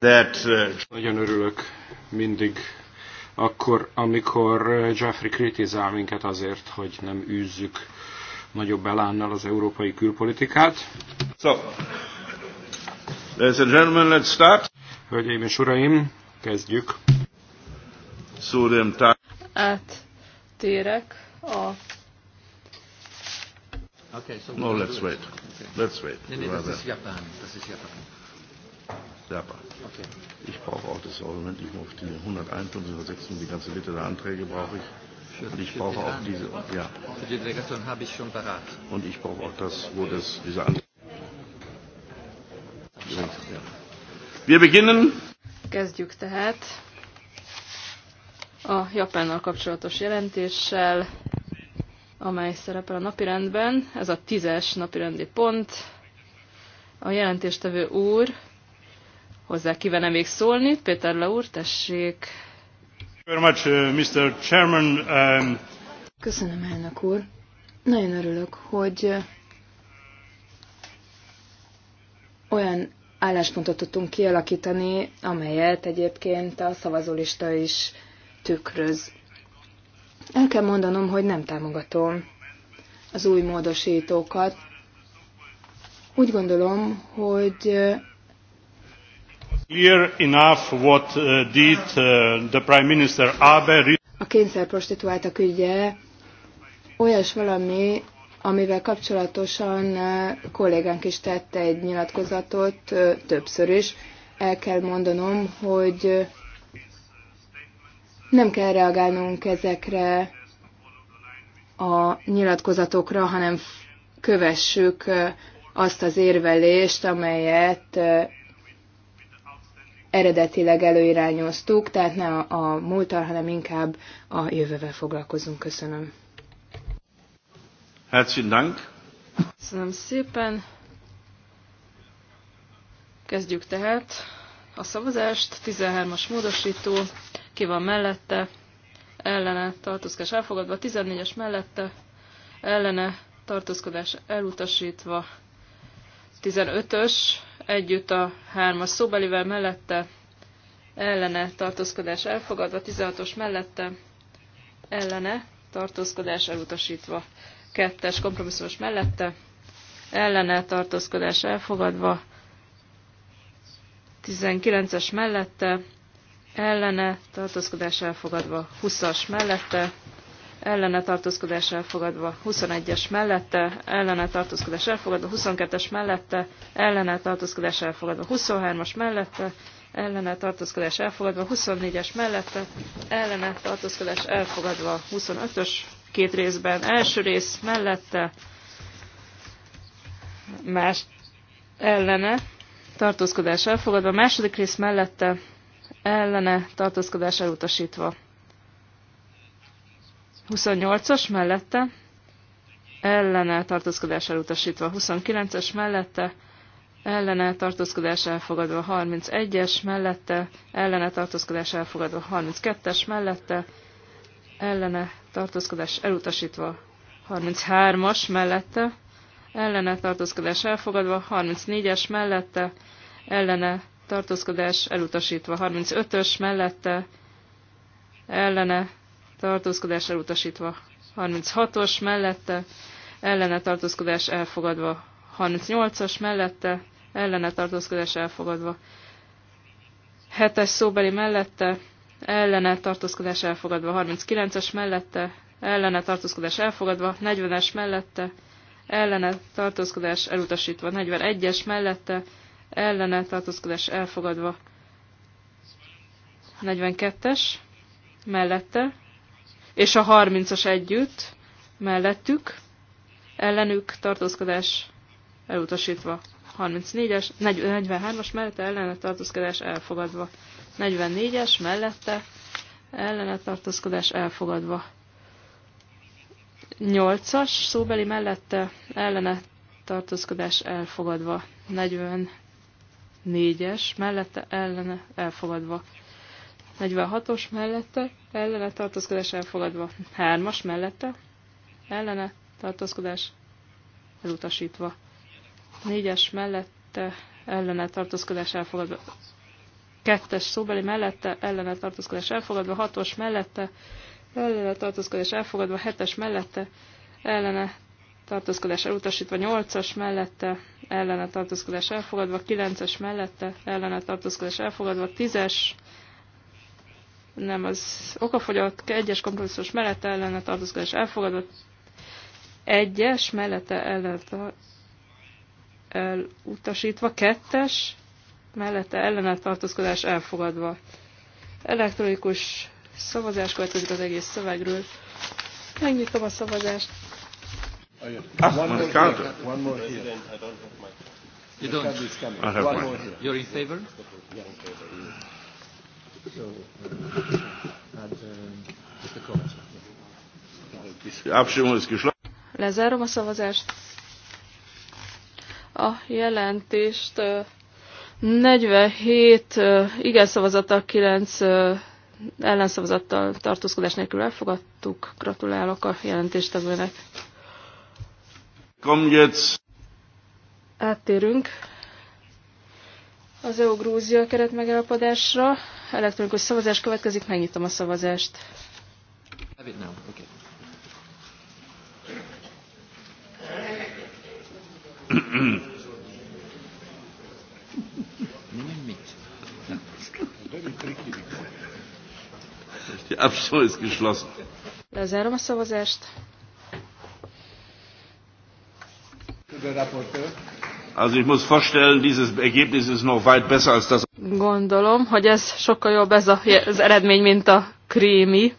That, uh, Nagyon örülök mindig akkor, amikor Jeffrey uh, kritizál minket azért, hogy nem űzzük nagyobb elánnal az európai külpolitikát. So, ladies and gentlemen, let's start. Hölgyeim és uraim, kezdjük. térek a Okay, so no, let's wait. Okay. Let's wait. Nem, nem, ez is japán. Ez is japán. Serpa. Okay. Ich brauche auch das Argument, ich brauche die 151 Übersetzung, die ganze Liste der Anträge brauche ich. Für, und ich brauche auch diese, ja. Für die Delegation habe ich schon parat. Und ich brauche auch das, wo das, diese Anträge. Wir beginnen. Kezdjük tehát a Japánnal kapcsolatos jelentéssel, amely szerepel a napirendben. Ez a tízes napirendi pont. A jelentéstevő úr hozzá kívánne még szólni. Péter Laur, tessék. Uh, um, Köszönöm, elnök úr. Nagyon örülök, hogy uh, olyan álláspontot tudtunk kialakítani, amelyet egyébként a szavazólista is tükröz. El kell mondanom, hogy nem támogatom az új módosítókat. Úgy gondolom, hogy uh, Clear enough what uh, did uh, the Prime Minister Abe... A kényszerprostituáltak ügye olyas valami, amivel kapcsolatosan uh, kollégánk is tette egy nyilatkozatot többször is. El kell mondanom, hogy nem kell reagálnunk ezekre a nyilatkozatokra, hanem kövessük azt az érvelést, amelyet eredetileg előirányoztuk, tehát ne a, a múltal, hanem inkább a jövővel foglalkozunk. Köszönöm. Herzlichen Dank. Köszönöm szépen. Kezdjük tehát a szavazást. 13-as módosító, ki van mellette, ellene, tartózkodás elfogadva, 14-es mellette, ellene, tartózkodás elutasítva, 15-ös együtt a hármas szóbelivel mellette, ellene tartózkodás elfogadva, 16-os mellette, ellene tartózkodás elutasítva, 2-es kompromisszumos mellette, ellene tartózkodás elfogadva, 19-es mellette, ellene tartózkodás elfogadva, 20-as mellette, ellene tartózkodás elfogadva 21-es mellette, ellene tartózkodás elfogadva 22-es mellette, ellene tartózkodás elfogadva 23-as mellette, ellene tartózkodás elfogadva 24-es mellette, ellene tartózkodás elfogadva 25-ös két részben, első rész mellette, más ellene tartózkodás elfogadva, második rész mellette, ellene tartózkodás elutasítva. 28-as mellette, ellene tartózkodás elutasítva. 29-es mellette, ellene tartózkodás elfogadva. 31-es mellette, ellene tartózkodás elfogadva. 32-es mellette, ellene tartózkodás elutasítva. 33-as mellette, ellene tartózkodás elfogadva, 34-es mellette, ellene tartózkodás elutasítva, 35-ös mellette, ellene tartózkodás elutasítva. 36-os mellette, ellene tartózkodás elfogadva. 38-as mellette, ellene tartózkodás elfogadva. 7-es szóbeli mellette, ellene tartózkodás elfogadva. 39-es mellette, ellene tartózkodás elfogadva. 40-es mellette, ellene tartózkodás elutasítva. 41-es mellette, ellene tartózkodás elfogadva. 42-es mellette, és a 30-as együtt mellettük, ellenük tartózkodás elutasítva. 34-es, 43-as mellette ellenet tartózkodás elfogadva. 44-es mellette ellenet tartózkodás elfogadva. 8-as szóbeli mellette ellenet tartózkodás elfogadva. 44-es mellette ellene elfogadva. 46-os mellette, ellene tartózkodás elfogadva. 3-as mellette, ellene tartózkodás elutasítva. 4-es mellette, ellene tartózkodás elfogadva. 2-es szóbeli mellette, ellene tartózkodás elfogadva. 6-os mellette, ellene tartózkodás elfogadva. 7-es mellette, ellene tartózkodás elutasítva, 8-as mellette, ellene tartózkodás elfogadva, 9-es mellette, ellene tartózkodás elfogadva, 10-es nem az okafogyott, egyes kompromisszus mellette ellene tartózkodás elfogadott, egyes mellette ellene elutasítva, kettes mellette ellene tartózkodás elfogadva. Elektronikus szavazás következik az egész szövegről. Megnyitom a szavazást. Ah, one one more counter. One more here. You don't. I have one. one. You're in favor? Yeah, in favor. Yeah. Lezárom a szavazást. A jelentést 47 igen szavazattal, 9 ellenszavazattal tartózkodás nélkül elfogadtuk. Gratulálok a jelentéstevőnek. Áttérünk az EU-Grúzia keretmegállapodásra. Elektronikus szavazás következik, megnyitom a szavazást. Lezárom a szavazást. Gondolom, hogy ez sokkal jobb ez az eredmény, mint a krémi.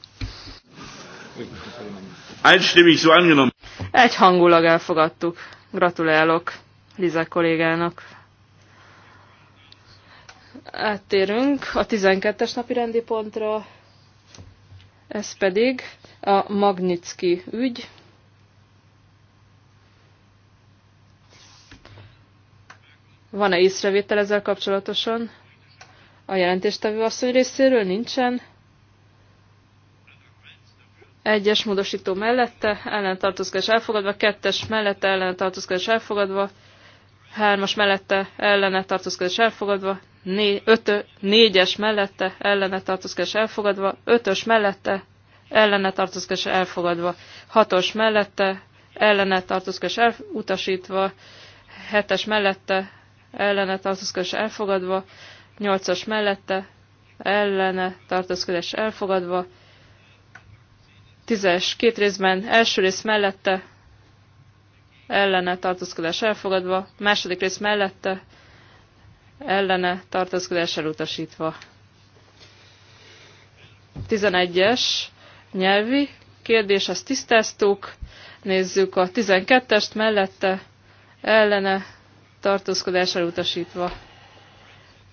Einstimmig so angenommen. Egyhangulag elfogadtuk. Gratulálok Liza kollégának. Áttérünk a 12-es napi rendi pontra. Ez pedig a Magnitsky ügy. Van-e észrevétel ezzel kapcsolatosan? A jelentéstevő asszony részéről nincsen. Egyes módosító mellette, ellentartózkodás elfogadva, kettes mellette, ellentartózkodás elfogadva, hármas mellette, ellentartózkodás elfogadva, né, ötö, négyes mellette, ellentartózkodás elfogadva, ötös mellette, ellentartózkodás elfogadva, hatos mellette, ellentartózkodás tartózkodás elutasítva, hetes mellette, ellene tartózkodás elfogadva, 8-as mellette ellene tartózkodás elfogadva, 10-es két részben első rész mellette ellene tartózkodás elfogadva, második rész mellette ellene tartózkodás elutasítva. 11-es nyelvi kérdés, ezt tisztáztuk, nézzük a 12-est mellette ellene tartózkodás utasítva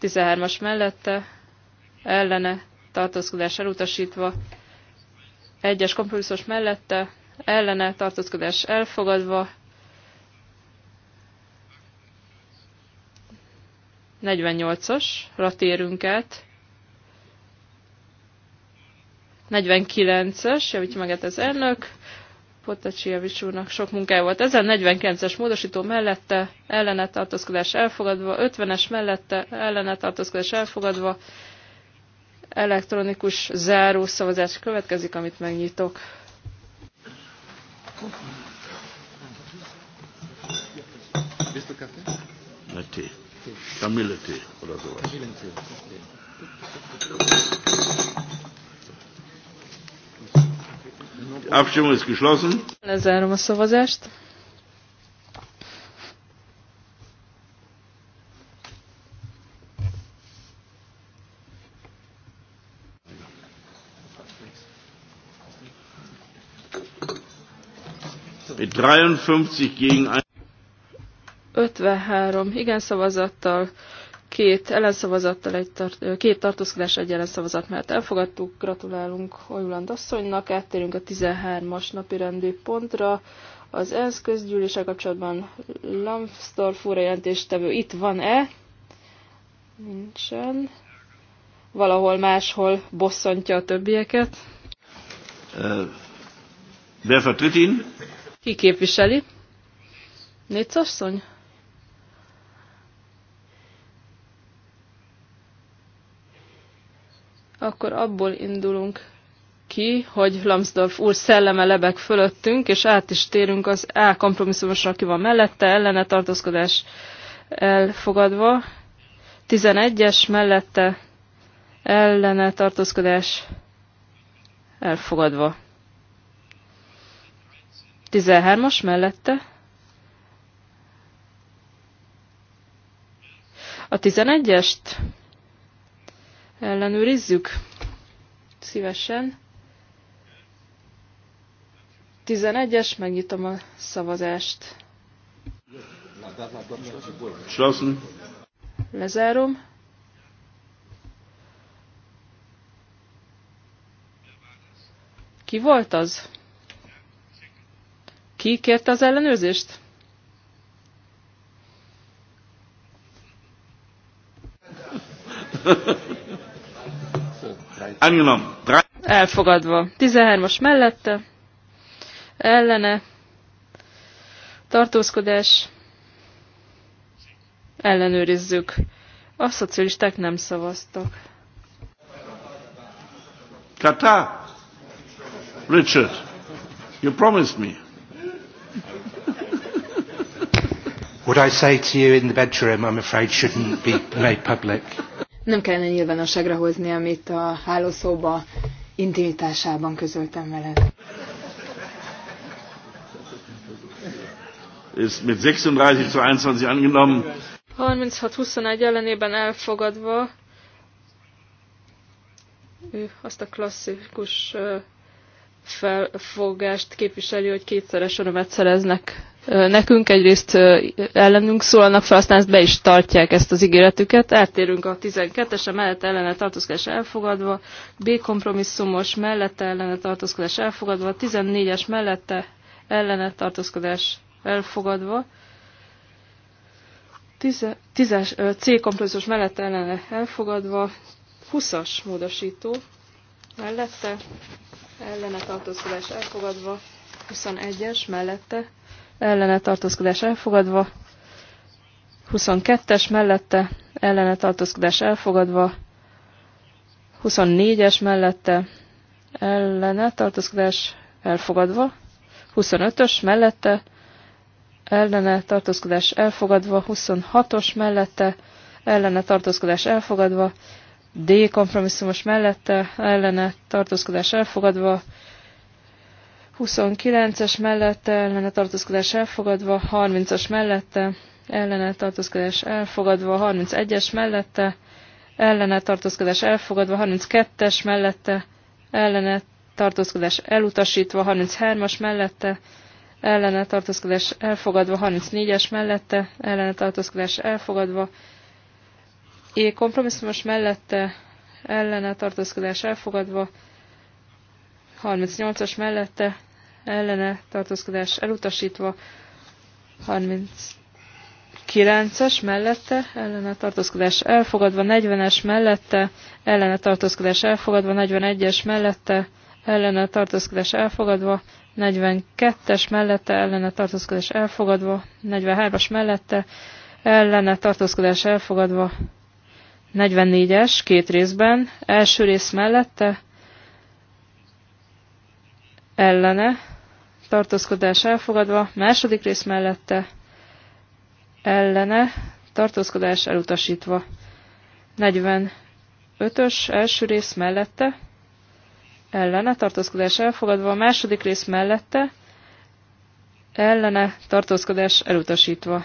13-as mellette, ellene, tartózkodás utasítva 1-es kompromisszus mellette, ellene, tartózkodás elfogadva. 48 as ratérünk át. 49-es, javítja meg az elnök, Potacsiavics úrnak sok munkája volt. Ezen es módosító mellette ellene tartózkodás elfogadva, 50-es mellette ellene tartózkodás elfogadva, elektronikus záró szavazás következik, amit megnyitok. Visto Abstimmung ist geschlossen. Lezárom a szavazást. Mit 53 gegen 53 igen szavazattal két ellenszavazattal, egy tart, két tartózkodás, egy ellenszavazat mellett elfogadtuk. Gratulálunk Hojuland asszonynak, áttérünk a 13-as napi rendi pontra. Az ENSZ közgyűlése kapcsolatban Lambsdorff úr jelentéstevő itt van-e? Nincsen. Valahol máshol bosszantja a többieket. Uh, vertritt Kiképviseli? Ki képviseli? Négy asszony? akkor abból indulunk ki, hogy Lambsdorff úr szelleme lebeg fölöttünk, és át is térünk az A kompromisszumosra, aki van mellette, ellene tartózkodás elfogadva, 11-es mellette ellene tartózkodás elfogadva. 13-as mellette. A 11-est ellenőrizzük. Szívesen. 11-es, megnyitom a szavazást. Schlossen. Lezárom. Ki volt az? Ki kérte az ellenőrzést? Elfogadva. 13-as mellette. Ellene. Tartózkodás. Ellenőrizzük. A szocialisták nem szavaztak. Kata! Richard, you promised me. What I say to you in the bedroom, I'm afraid, shouldn't be made public. Nem kellene nyilvánosságra hozni, amit a hálószóba intimitásában közöltem veled. Ez mit 36 21 angenommen. 36-21 ellenében elfogadva ő azt a klasszikus felfogást képviseli, hogy kétszeres örömet szereznek nekünk. Egyrészt ellenünk szólnak, fel, aztán ezt be is tartják ezt az ígéretüket. Eltérünk a 12-es, mellett ellene tartózkodás elfogadva, B kompromisszumos mellette ellene tartózkodás elfogadva, 14-es mellette ellene tartózkodás elfogadva, 10 C kompromisszumos mellette ellene elfogadva, 20-as módosító mellette ellene tartózkodás elfogadva, 21-es mellette ellene tartózkodás elfogadva, 22-es mellette ellene tartózkodás elfogadva, 24-es mellette ellene tartózkodás elfogadva, 25-ös mellette ellene tartózkodás elfogadva, 26-os mellette ellene tartózkodás elfogadva, D kompromisszumos mellette ellene tartózkodás elfogadva, 29-es mellette ellene tartózkodás elfogadva, 30-as mellette ellene tartózkodás elfogadva, 31-es mellette ellene tartózkodás elfogadva, 32-es mellette ellene tartózkodás elutasítva, 33-as mellette ellene tartózkodás elfogadva, 34-es mellette ellene tartózkodás elfogadva, É kompromisszumos mellette ellene tartózkodás elfogadva, 38-as mellette ellene tartózkodás elutasítva, 39-es mellette ellene tartózkodás elfogadva, 40-es mellette ellene tartózkodás elfogadva, 41-es mellette ellene tartózkodás elfogadva, 42-es mellette ellene tartózkodás elfogadva, 43-as mellette ellene tartózkodás elfogadva, 44-es, két részben, első rész mellette, ellene, tartózkodás elfogadva, második rész mellette, ellene, tartózkodás elutasítva. 45-ös első rész mellette, ellene, tartózkodás elfogadva, második rész mellette, ellene, tartózkodás elutasítva.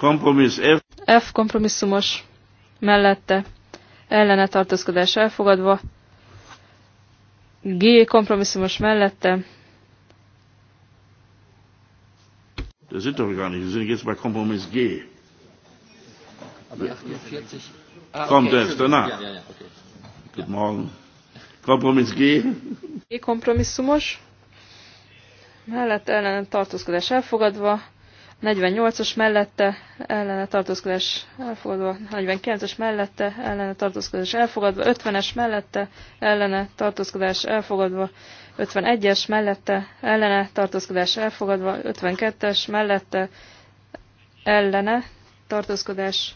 F. F kompromisszumos mellette ellene tartózkodás elfogadva. G kompromisszumos mellette. Das sind doch gar nicht, wir sind jetzt bei Kompromiss G. Kommt ah, erst danach. Ja, ja, ja, okay. Guten Morgen. Kompromiss G. G kompromisszumos. Mellett ellen tartózkodás elfogadva. 48 os mellette ellene tartózkodás elfogadva, 49-es mellette ellene tartózkodás elfogadva, 50-es mellette ellene tartózkodás elfogadva, 51-es mellette ellene tartózkodás elfogadva, 52-es mellette ellene tartózkodás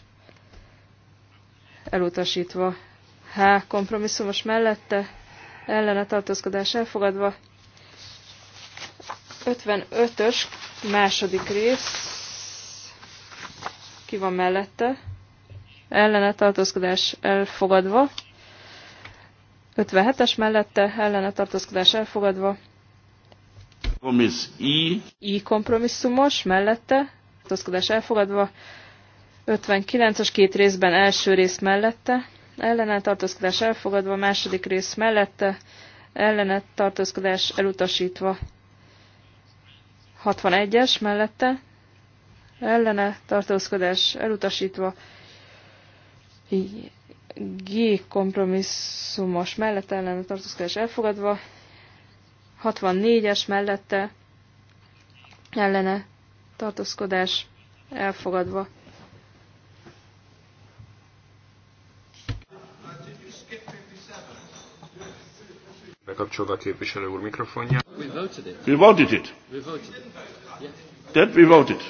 elutasítva, H kompromisszumos mellette ellene tartózkodás elfogadva, 55-ös második rész. Ki van mellette? Ellene tartózkodás elfogadva. 57-es mellette ellene tartózkodás elfogadva. Kompromiss I. I kompromisszumos mellette tartózkodás elfogadva. 59-es két részben első rész mellette. Ellene tartózkodás elfogadva. Második rész mellette. Ellene tartózkodás elutasítva. 61-es mellette ellene tartózkodás elutasítva G kompromisszumos mellette ellene tartózkodás elfogadva, 64-es mellette ellene tartózkodás elfogadva. Bekapcsolva a képviselő úr mikrofonja. We voted it. We voted it. We voted it. Yeah. That we voted.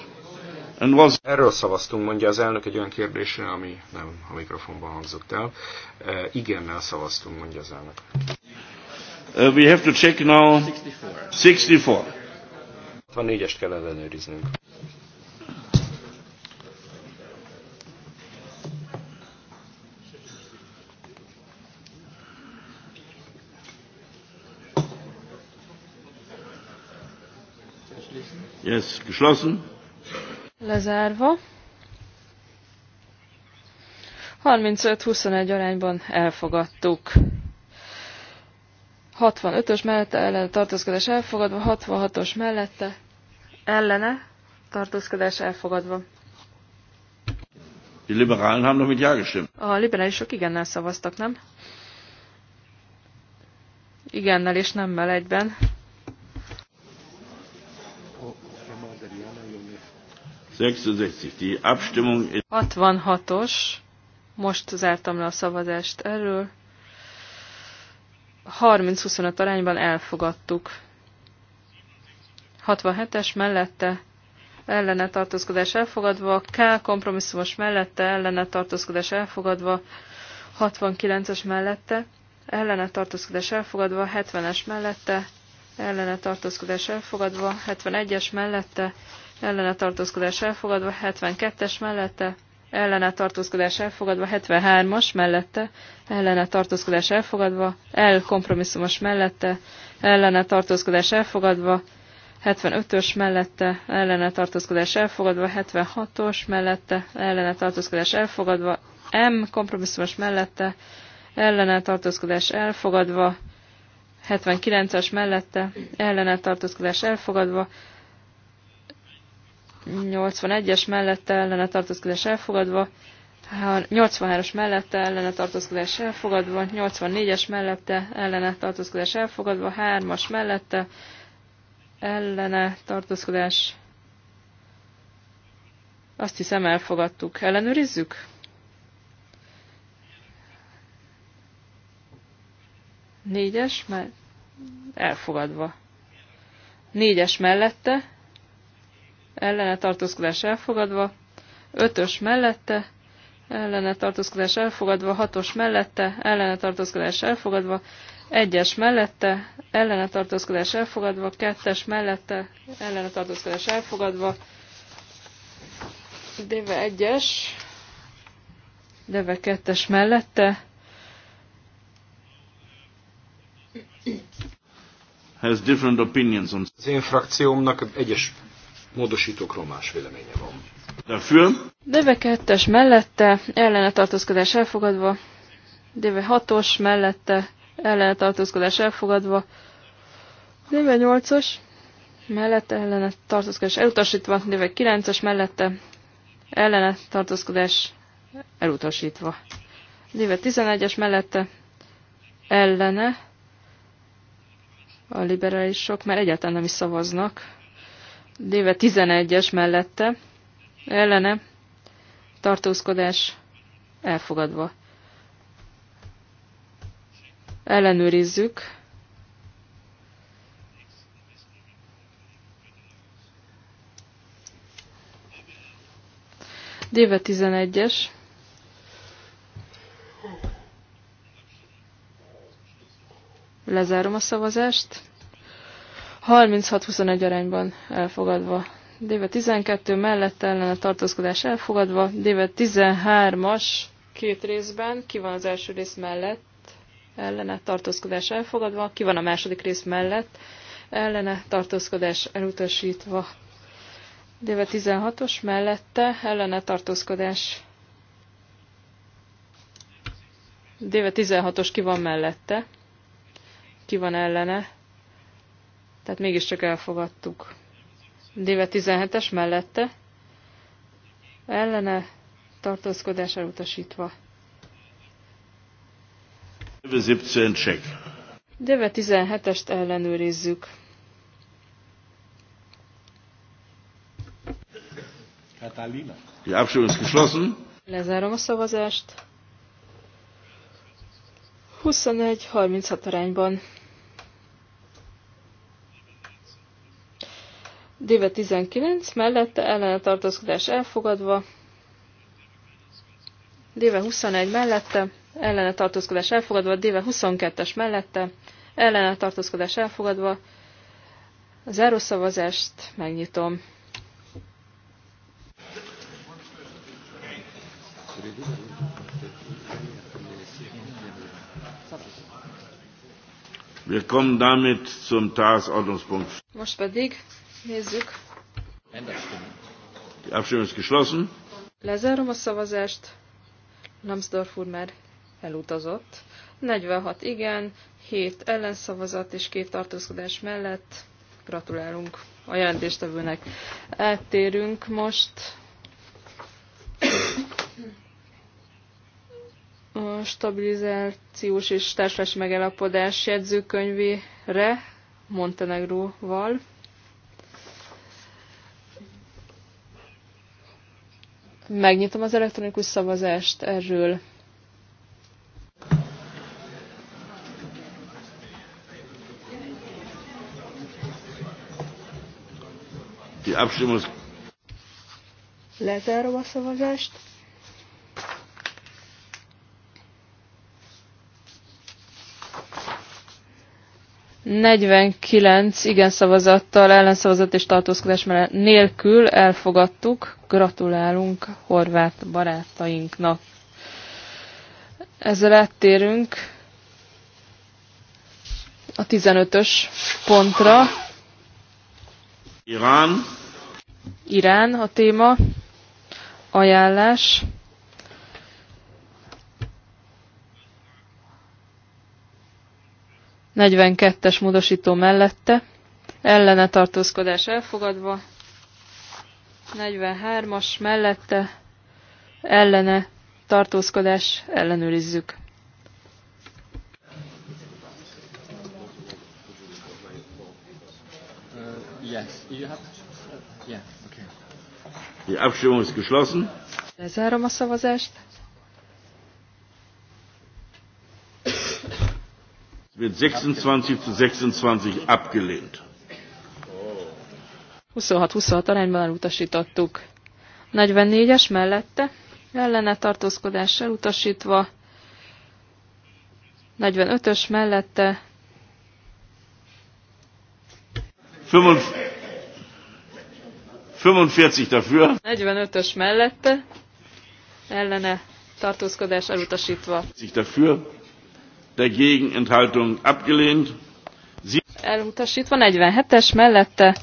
And was... Erről szavaztunk, mondja az elnök egy olyan kérdésre, ami nem a mikrofonban hangzott el. E, igennel szavaztunk, mondja az elnök. Uh, we have to check now 64. 64. 64-est kell ellenőriznünk. Yes, geschlossen. Lezárva. 35-21 arányban elfogadtuk. 65-ös mellette ellen tartózkodás elfogadva, 66-os mellette ellene tartózkodás elfogadva. Die Liberalen haben noch mit Ja gestimmt. A liberálisok igennel szavaztak, nem? Igennel és nemmel egyben. 66. os Most zártam le a szavazást erről. 30-25 arányban elfogadtuk. 67-es mellette ellene tartózkodás elfogadva, K kompromisszumos mellette ellene tartózkodás elfogadva, 69-es mellette ellene tartózkodás elfogadva, 70-es mellette ellene tartózkodás elfogadva, 71-es mellette ellene tartózkodás elfogadva, 72-es mellette, ellene tartózkodás elfogadva, 73-as mellette, ellene tartózkodás elfogadva, el kompromisszumos mellette, ellene tartózkodás elfogadva, 75-ös mellette, ellene tartózkodás elfogadva, 76-os mellette, ellene tartózkodás elfogadva, M kompromisszumos mellette, ellene tartózkodás elfogadva, 79-es mellette, ellene tartózkodás elfogadva, 81-es mellette ellene tartózkodás elfogadva, 83-as mellette ellene tartózkodás elfogadva, 84-es mellette ellene tartózkodás elfogadva, 3-as mellette ellene tartózkodás. Azt hiszem elfogadtuk. Ellenőrizzük? Négyes, mert elfogadva. Négyes mellette, ellene tartózkodás elfogadva, 5-ös mellette, ellene tartózkodás elfogadva, 6-os mellette, ellene tartózkodás elfogadva, 1-es mellette, ellene tartózkodás elfogadva, 2-es mellette, ellene tartózkodás elfogadva, Deve 1-es, Deve 2-es mellette, Has different opinions on... Az én frakciómnak egyes módosítókról más véleménye van. fül? Döve 2-es mellette, ellene tartózkodás elfogadva. Deve 6-os mellette, ellene tartózkodás elfogadva. Deve 8-os mellette, ellene tartózkodás elutasítva. Deve 9-es mellette, ellene tartózkodás elutasítva. Deve 11-es mellette, ellene a liberálisok mert egyáltalán nem is szavaznak. Déve 11-es mellette, ellene, tartózkodás elfogadva. Ellenőrizzük. Déve 11-es. Lezárom a szavazást. 36-21 arányban elfogadva. Déve 12 mellett a tartózkodás elfogadva. Déve 13-as két részben. Ki van az első rész mellett? Ellene tartózkodás elfogadva. Ki van a második rész mellett? Ellene tartózkodás elutasítva. Déve 16-os mellette ellene tartózkodás. Déve 16-os ki van mellette? Ki van ellene? Tehát mégiscsak elfogadtuk. Déve 17-es mellette ellene tartózkodás elutasítva. Déve 17 est ellenőrizzük. Die Abstimmung ist geschlossen. Lezárom a szavazást. 21-36 arányban Déve 19 mellette ellene tartózkodás elfogadva. Déve 21 mellette ellene tartózkodás elfogadva. Déve 22-es mellette ellene tartózkodás elfogadva. A zárószavazást megnyitom. Willkommen damit zum Tagesordnungspunkt. Most pedig Nézzük. Die Abstimmung ist geschlossen. Lezárom a szavazást. Lambsdorff úr már elutazott. 46 igen, 7 ellenszavazat és 2 tartózkodás mellett. Gratulálunk a jelentéstevőnek. Áttérünk most a stabilizációs és társadalmi megállapodás jegyzőkönyvére Montenegróval. Megnyitom az elektronikus szavazást erről. Lezárom a szavazást. 49 igen szavazattal, ellenszavazat és tartózkodás mellett nélkül elfogadtuk. Gratulálunk horvát barátainknak. Ezzel áttérünk a 15-ös pontra. Irán. Irán a téma. Ajánlás. 42-es módosító mellette, ellene tartózkodás elfogadva, 43-as mellette, ellene tartózkodás ellenőrizzük. Uh, yes. Uh, yeah. okay. Die Abstimmung ist geschlossen. Lezárom a szavazást. wird 26 zu 26 abgelehnt. 26-26 arányban elutasítottuk. 44-es mellette ellene tartózkodás elutasítva, 45-ös mellette, 45 dafür. 45-ös mellette, ellene tartózkodás elutasítva. 45 dafür dagegen Enthaltung abgelehnt. Sie Elutasítva 47-es mellette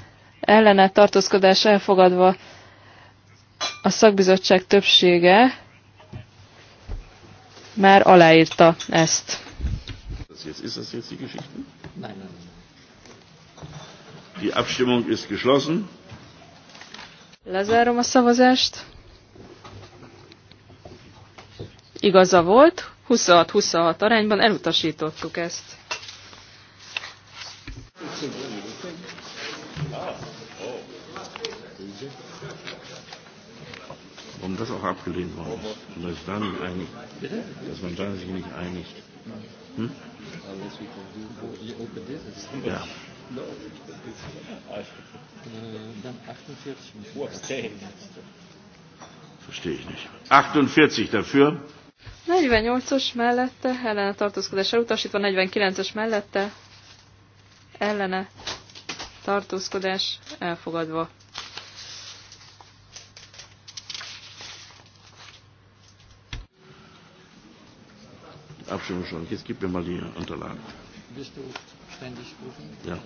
ellene tartózkodás elfogadva a szakbizottság többsége már aláírta ezt. Ist das jetzt die Geschichte? Nein, nein. Die Abstimmung ist geschlossen. Lezárom a szavazást. Igaza volt, 26-26 arányban elutasítottuk ezt. Warum das auch abgelehnt worden ist. Und das dann einig, dass man dann sich nicht einigt. Hm? Ja. Verstehe ich nicht. 48 dafür. 48-os mellette, ellene tartózkodás elutasítva, 49-es mellette, ellene tartózkodás elfogadva. Abszolút, kész Jetzt a mir mal die Unterlagen. du ständig Ja.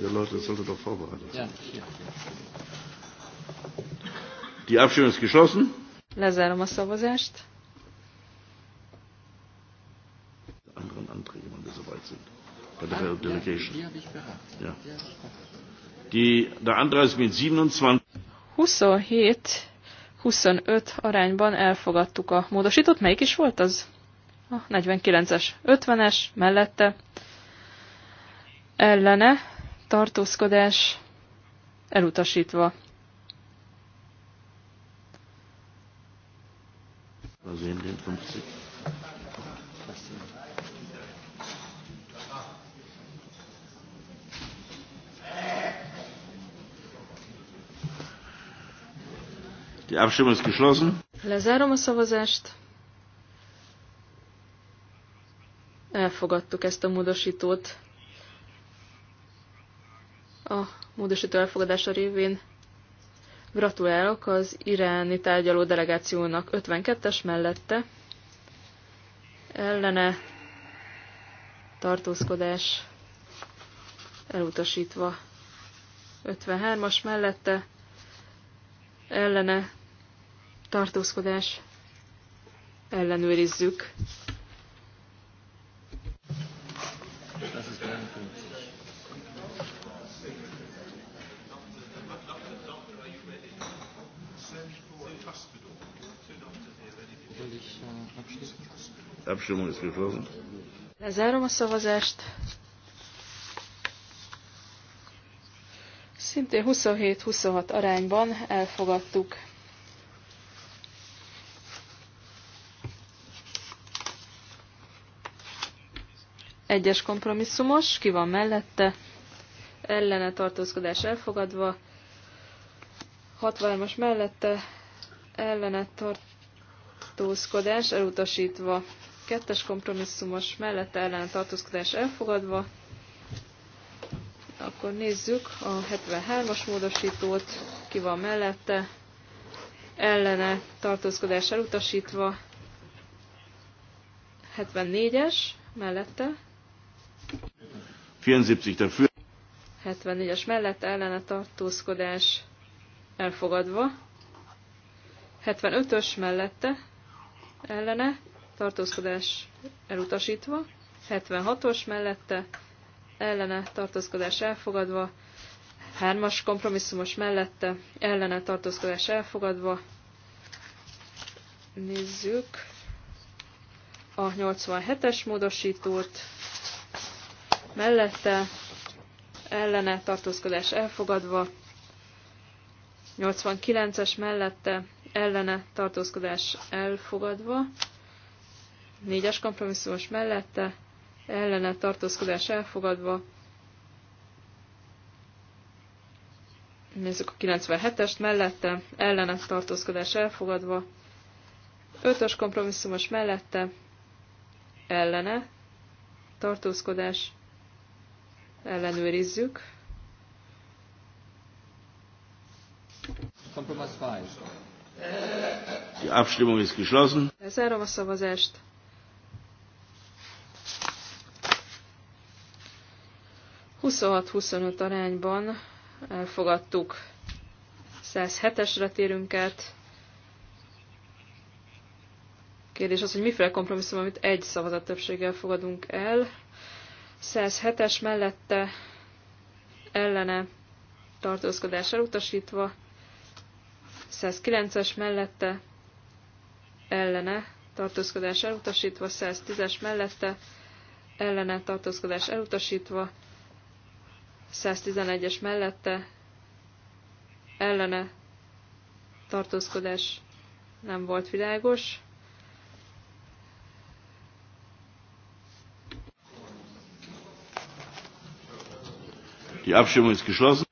Ja, Leute, das sollte doch vorbereitet sein. Die Abstimmung ist geschlossen. Lezárom a szavazást. Anderen Anträge, wenn wir soweit sind. Bei der Federal ah, Delegation. Ja. Die, der Antrag ist mit 27. 27 25 arányban elfogadtuk a módosított. Melyik is volt az? A 49-es, 50-es, mellette, ellene tartózkodás elutasítva. Also in Die Abstimmung ist geschlossen. Lezárom a szavazást. Elfogadtuk ezt a módosítót a módosító elfogadása révén gratulálok az iráni tárgyaló delegációnak 52-es mellette ellene tartózkodás elutasítva 53-as mellette ellene tartózkodás ellenőrizzük. Abstimmung ist geschlossen. Lezárom a szavazást. Szintén 27-26 arányban elfogadtuk. Egyes kompromisszumos, ki van mellette, ellene tartózkodás elfogadva, 63-as mellette, ellene tartózkodás tartózkodás elutasítva, kettes kompromisszumos mellette ellen tartózkodás elfogadva. Akkor nézzük a 73-as módosítót, ki van mellette, ellene tartózkodás elutasítva, 74-es mellette, 74 74-es mellette ellene tartózkodás elfogadva. 75-ös mellette ellene, tartózkodás elutasítva, 76-os mellette, ellene, tartózkodás elfogadva, 3-as kompromisszumos mellette, ellene, tartózkodás elfogadva. Nézzük a 87-es módosítót, mellette, ellene, tartózkodás elfogadva, 89-es mellette, ellene tartózkodás elfogadva, négyes kompromisszumos mellette, ellene tartózkodás elfogadva, nézzük a 97-est mellette, ellene tartózkodás elfogadva, ötös kompromisszumos mellette, ellene tartózkodás ellenőrizzük. Compromise 5. Die Abstimmung ist geschlossen. a szavazást. Huszonhat 25 arányban elfogadtuk. 107-esre térünk Kérdés az, hogy miféle kompromisszum, amit egy szavazat többséggel fogadunk el. 107-es mellette ellene tartózkodás elutasítva, 109-es mellette ellene tartózkodás elutasítva, 110-es mellette ellene tartózkodás elutasítva, 111-es mellette ellene tartózkodás nem volt világos.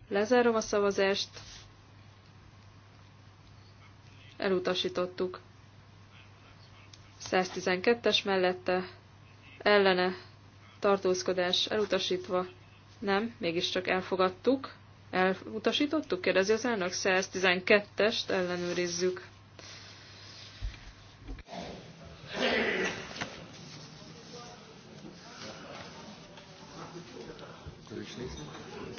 Lezárom a szavazást elutasítottuk. 112-es mellette, ellene, tartózkodás elutasítva, nem, mégiscsak elfogadtuk, elutasítottuk, kérdezi az elnök, 112-est ellenőrizzük.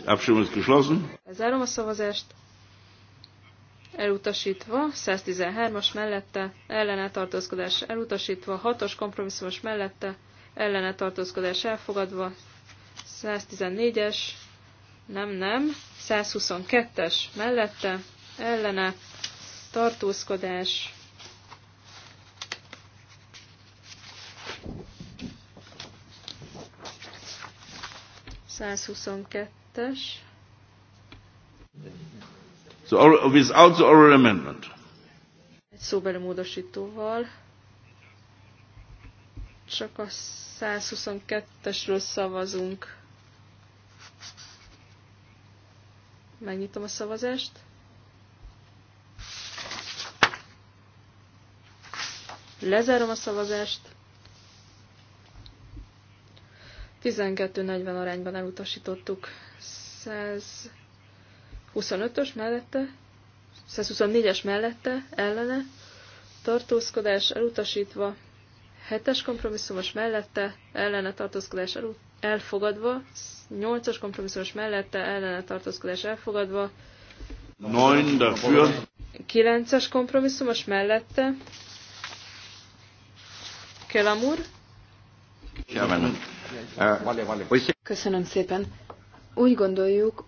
Abstimmung ist geschlossen. Zárom a szavazást elutasítva, 113-as mellette ellene tartózkodás elutasítva, 6-os kompromisszumos mellette ellene tartózkodás elfogadva, 114-es, nem, nem, 122-es mellette ellene tartózkodás Százhuszonkettes. The without the oral amendment. Egy szóbeli módosítóval. Csak a 122-esről szavazunk. Megnyitom a szavazást. Lezárom a szavazást. 12.40 arányban elutasítottuk. 100 25-ös mellette, 124-es szóval mellette, ellene, tartózkodás elutasítva, 7-es kompromisszumos mellette, ellene tartózkodás elfogadva, 8-as kompromisszumos mellette, ellene tartózkodás elfogadva, 9 es kompromisszumos mellette, Kelamur. Köszönöm szépen. Úgy gondoljuk,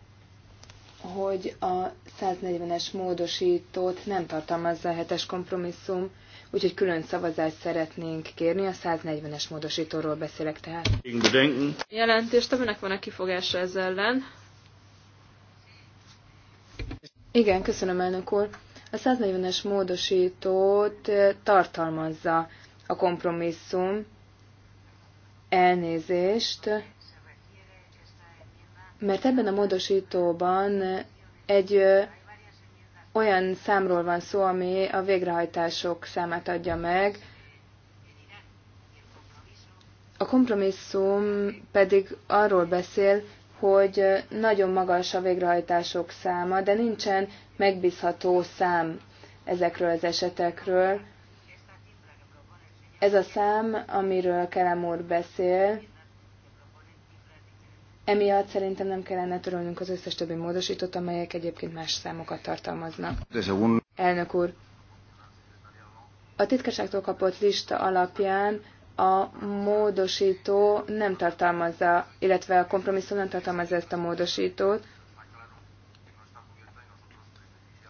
hogy a 140-es módosítót nem tartalmazza a hetes kompromisszum, úgyhogy külön szavazást szeretnénk kérni, a 140-es módosítóról beszélek tehát. Jelentést, aminek van a kifogása ez ellen? Igen, köszönöm elnök úr. A 140-es módosítót eh, tartalmazza a kompromisszum elnézést, mert ebben a módosítóban egy olyan számról van szó, ami a végrehajtások számát adja meg, a kompromisszum pedig arról beszél, hogy nagyon magas a végrehajtások száma, de nincsen megbízható szám ezekről az esetekről. Ez a szám, amiről Kelem úr beszél, Emiatt szerintem nem kellene törölnünk az összes többi módosítót, amelyek egyébként más számokat tartalmaznak. Elnök úr, a titkaságtól kapott lista alapján a módosító nem tartalmazza, illetve a kompromisszum nem tartalmazza ezt a módosítót.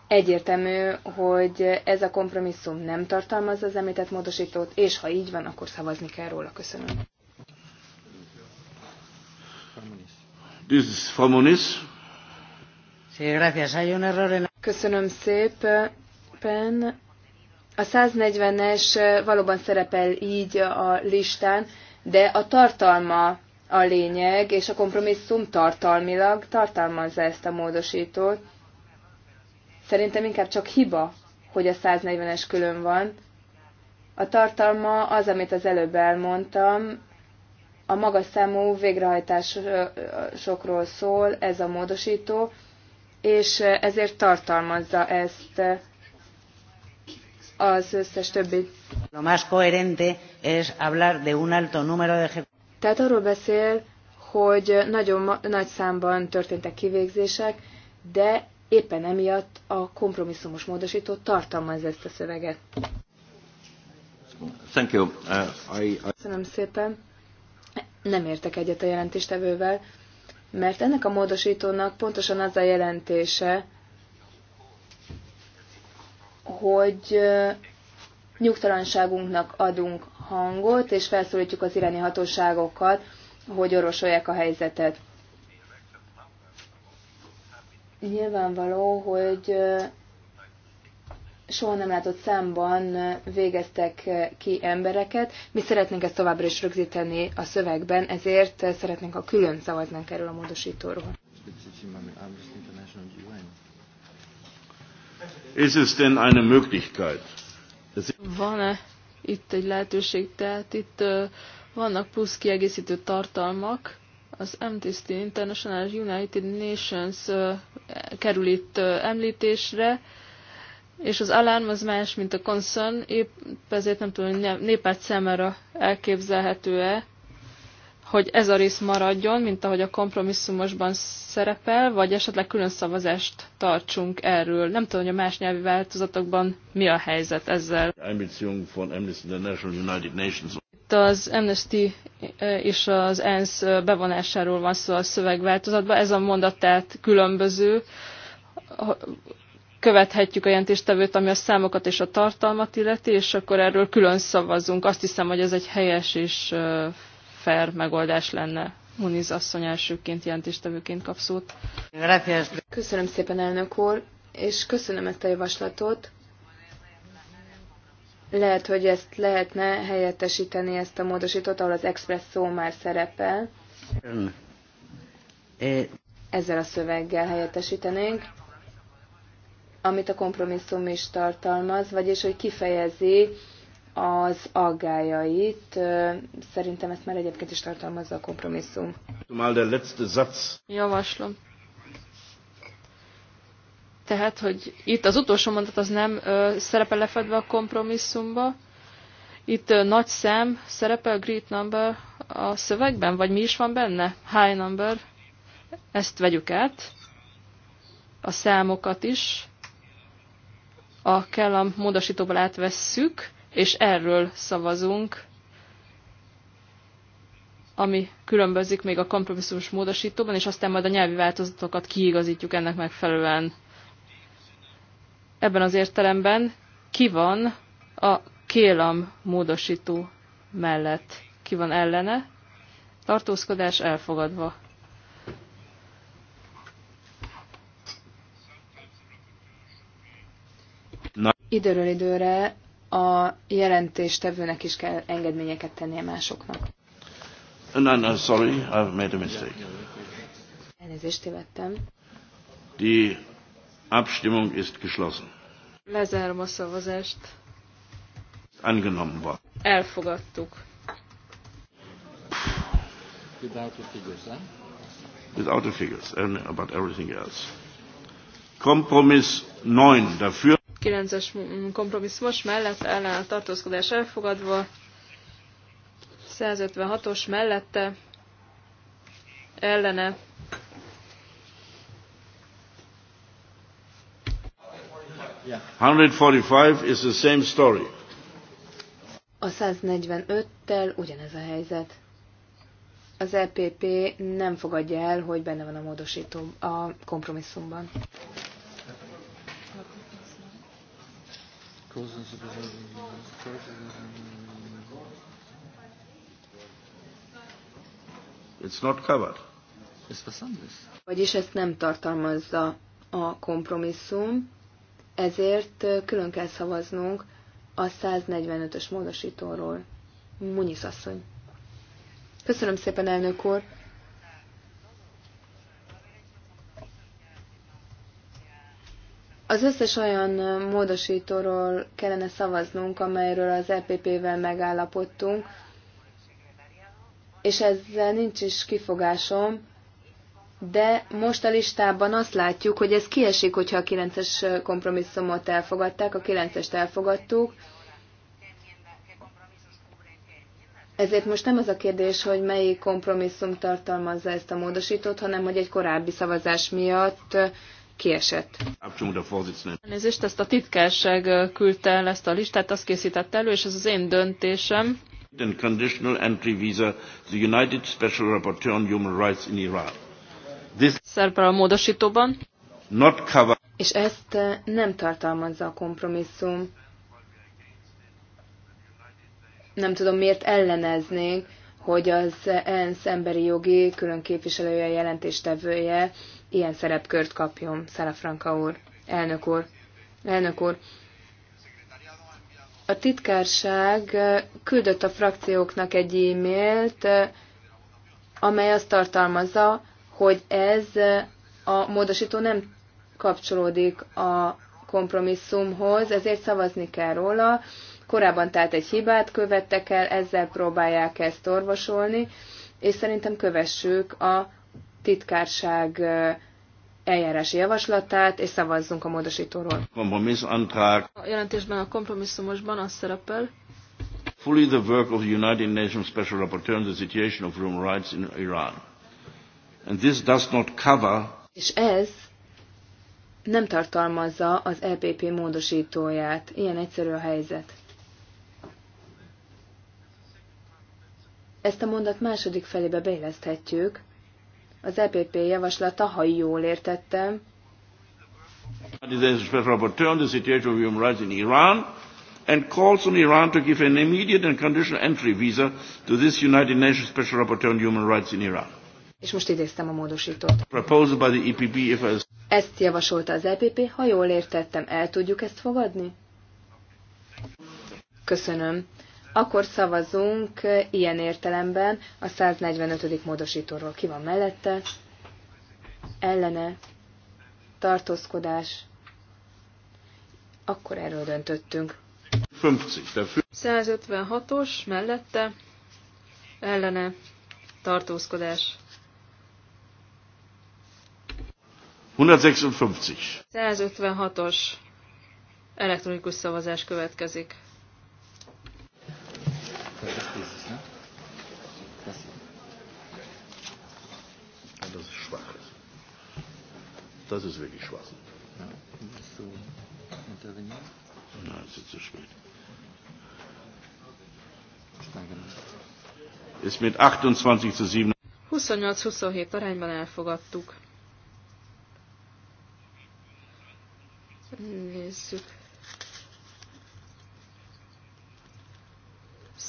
Egyértelmű, hogy ez a kompromisszum nem tartalmazza az említett módosítót, és ha így van, akkor szavazni kell róla. Köszönöm. Köszönöm szépen. A 140-es eh, valóban szerepel így a listán, de a tartalma a lényeg, és a kompromisszum tartalmilag tartalmazza ezt a módosítót. Szerintem inkább csak hiba, hogy a 140-es külön van. A tartalma az, amit az előbb elmondtam, a magas számú végrehajtásokról szól ez a módosító, és ezért tartalmazza ezt az összes többi. Lo más coherente es hablar de un alto número de Tehát arról beszél, hogy nagyon nagy számban történtek kivégzések, de éppen emiatt a kompromisszumos módosító tartalmaz ezt a szöveget. Thank you. Uh, I, I... Köszönöm szépen nem értek egyet a jelentéstevővel, mert ennek a módosítónak pontosan az a jelentése, hogy nyugtalanságunknak adunk hangot, és felszólítjuk az iráni hatóságokat, hogy orvosolják a helyzetet. Nyilvánvaló, hogy soha nem látott számban végeztek ki embereket. Mi szeretnénk ezt továbbra is rögzíteni a szövegben, ezért szeretnénk, ha külön szavaznánk erről a módosítóról. Ist es denn eine Möglichkeit? Van-e itt egy lehetőség? Tehát itt vannak plusz kiegészítő tartalmak, az Amnesty International United Nations kerül itt említésre, és az alarm az más, mint a concern, épp ezért nem tudom, hogy népát számára elképzelhető-e, hogy ez a rész maradjon, mint ahogy a kompromisszumosban szerepel, vagy esetleg külön szavazást tartsunk erről. Nem tudom, hogy a más nyelvi változatokban mi a helyzet ezzel. Itt az Amnesty e, és az ENSZ e, bevonásáról van szó a szövegváltozatban. Ez a mondat tehát különböző követhetjük a jelentéstevőt, ami a számokat és a tartalmat illeti, és akkor erről külön szavazzunk. Azt hiszem, hogy ez egy helyes és fair megoldás lenne. Muniz asszony elsőként jelentéstevőként kap szót. Köszönöm szépen, elnök úr, és köszönöm ezt a javaslatot. Lehet, hogy ezt lehetne helyettesíteni, ezt a módosítót, ahol az express szó már szerepel. Mm. Eh. Ezzel a szöveggel helyettesítenénk amit a kompromisszum is tartalmaz, vagyis hogy kifejezi az aggájait. Szerintem ezt már egyébként is tartalmazza a kompromisszum. Javaslom. Tehát, hogy itt az utolsó mondat az nem ö, szerepel lefedve a kompromisszumba. Itt ö, nagy szem szerepel, great number a szövegben, vagy mi is van benne? High number. Ezt vegyük át. A számokat is a Kellam módosítóval átvesszük, és erről szavazunk, ami különbözik még a kompromisszumos módosítóban, és aztán majd a nyelvi változatokat kiigazítjuk ennek megfelelően. Ebben az értelemben ki van a kélam módosító mellett? Ki van ellene? Tartózkodás elfogadva. időről időre a jelentéstevőnek is kell engedményeket tennie másoknak. No, no, sorry, I've made a mistake. Elnézést tévedtem. Die Abstimmung ist geschlossen. Lezárom a szavazást. Angenommen war. Elfogadtuk. Without the figures, eh? Without the figures, and about everything else. Kompromiss 9 dafür. 9-es mm, kompromisszumos mellett ellen tartózkodás elfogadva, 156-os mellette ellene Yeah. 145 is the same story. A 145-tel ugyanez a helyzet. Az EPP nem fogadja el, hogy benne van a módosító a kompromisszumban. It's not covered. Ez a Vagyis ezt nem tartalmazza a kompromisszum, ezért külön kell szavaznunk a 145-ös módosítóról. Munyisz asszony. Köszönöm szépen, elnök úr! Az összes olyan módosítóról kellene szavaznunk, amelyről az EPP-vel megállapodtunk, és ezzel nincs is kifogásom, de most a listában azt látjuk, hogy ez kiesik, hogyha a 9-es kompromisszumot elfogadták, a 9-est elfogadtuk, ezért most nem az a kérdés, hogy melyik kompromisszum tartalmazza ezt a módosítót, hanem hogy egy korábbi szavazás miatt kiesett. Elnézést, ezt a titkárság küldte el ezt a listát, azt készített elő, és ez az én döntésem. Szerpel conditional entry visa, the United Special on Human Rights in Iran. a módosítóban. Not cover. És ezt nem tartalmazza a kompromisszum. Nem tudom, miért elleneznénk, hogy az ENSZ emberi jogi külön képviselője, jelentéstevője ilyen szerepkört kapjon, Szalafranka úr, elnök úr. Elnök úr, a titkárság küldött a frakcióknak egy e-mailt, amely azt tartalmazza, hogy ez a módosító nem kapcsolódik a kompromisszumhoz, ezért szavazni kell róla. Korábban tehát egy hibát követtek el, ezzel próbálják ezt orvosolni, és szerintem kövessük a titkárság eljárási javaslatát, és szavazzunk a módosítóról. Kompromisszantrag. A jelentésben a kompromisszumosban az szerepel, fully the work of the United Nations Special Rapporteur on the situation of human rights in Iran. And this does not cover és ez nem tartalmazza az EPP módosítóját. Ilyen egyszerű a helyzet. Ezt a mondat második felébe beilleszthetjük, az EPP javaslata, ha jól értettem, rapporteur the situation of human rights in Iran and calls on Iran to give an immediate and conditional entry visa to this United Nations Special Rapporteur on Human Rights in Iran. És most idéztem a módosítót. Proposed by the EPP if I... Ezt javasolta az EPP, ha jól értettem, el tudjuk ezt fogadni? Köszönöm akkor szavazunk eh, ilyen értelemben a 145. módosítóról. Ki van mellette? Ellene? Tartózkodás? Akkor erről döntöttünk. 156-os mellette ellene tartózkodás. 156. 156-os elektronikus szavazás következik. Das ist wirklich schwach. Ja. Ist mit 28 zu 7. 28-27 arányban elfogadtuk. Nézzük.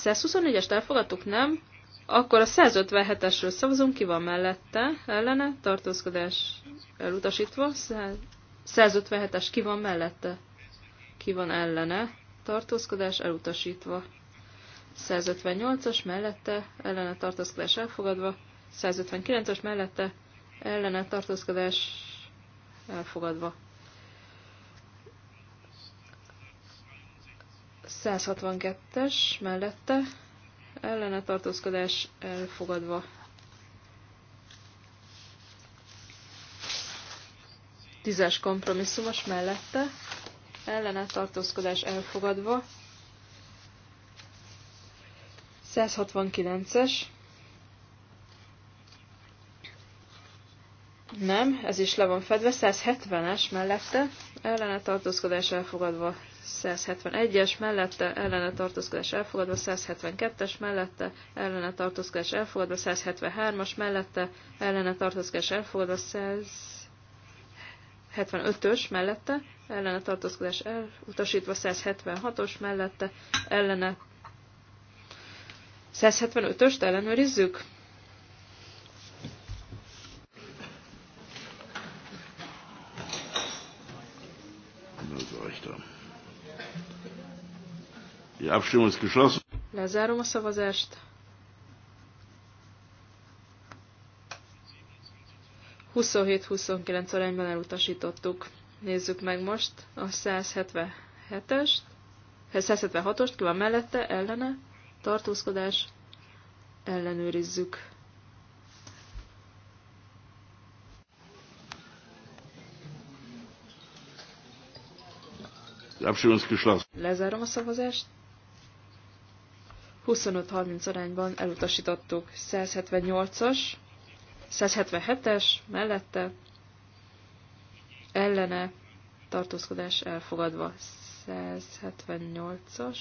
124-est elfogadtuk, nem? Akkor a 157-esről szavazunk, ki van mellette, ellene, tartózkodás elutasítva, 157-es ki van mellette, ki van ellene, tartózkodás elutasítva, 158-as mellette, ellene tartózkodás elfogadva, 159-as mellette, ellene tartózkodás elfogadva. 162-es mellette, ellene tartózkodás elfogadva. Tízes kompromisszumos mellette, ellene tartózkodás elfogadva. 169-es. Nem, ez is le van fedve. 170-es mellette, ellene tartózkodás elfogadva. 171-es mellette ellene tartózkodás elfogadva, 172-es mellette ellene tartózkodás elfogadva, 173-as mellette ellene tartózkodás elfogadva, 175-ös mellette ellene tartózkodás elutasítva, 176-os mellette ellene 175-öst ellenőrizzük. Die Abstimmung ist geschlossen. Lezárom a szavazást. 27-29 arányban elutasítottuk. Nézzük meg most a 177-est, 176-ost, eh, ki van mellette, ellene, tartózkodás, ellenőrizzük. Lezárom a szavazást. 25-30 arányban elutasítottuk. 178-as, 177-es mellette ellene tartózkodás elfogadva. 178-as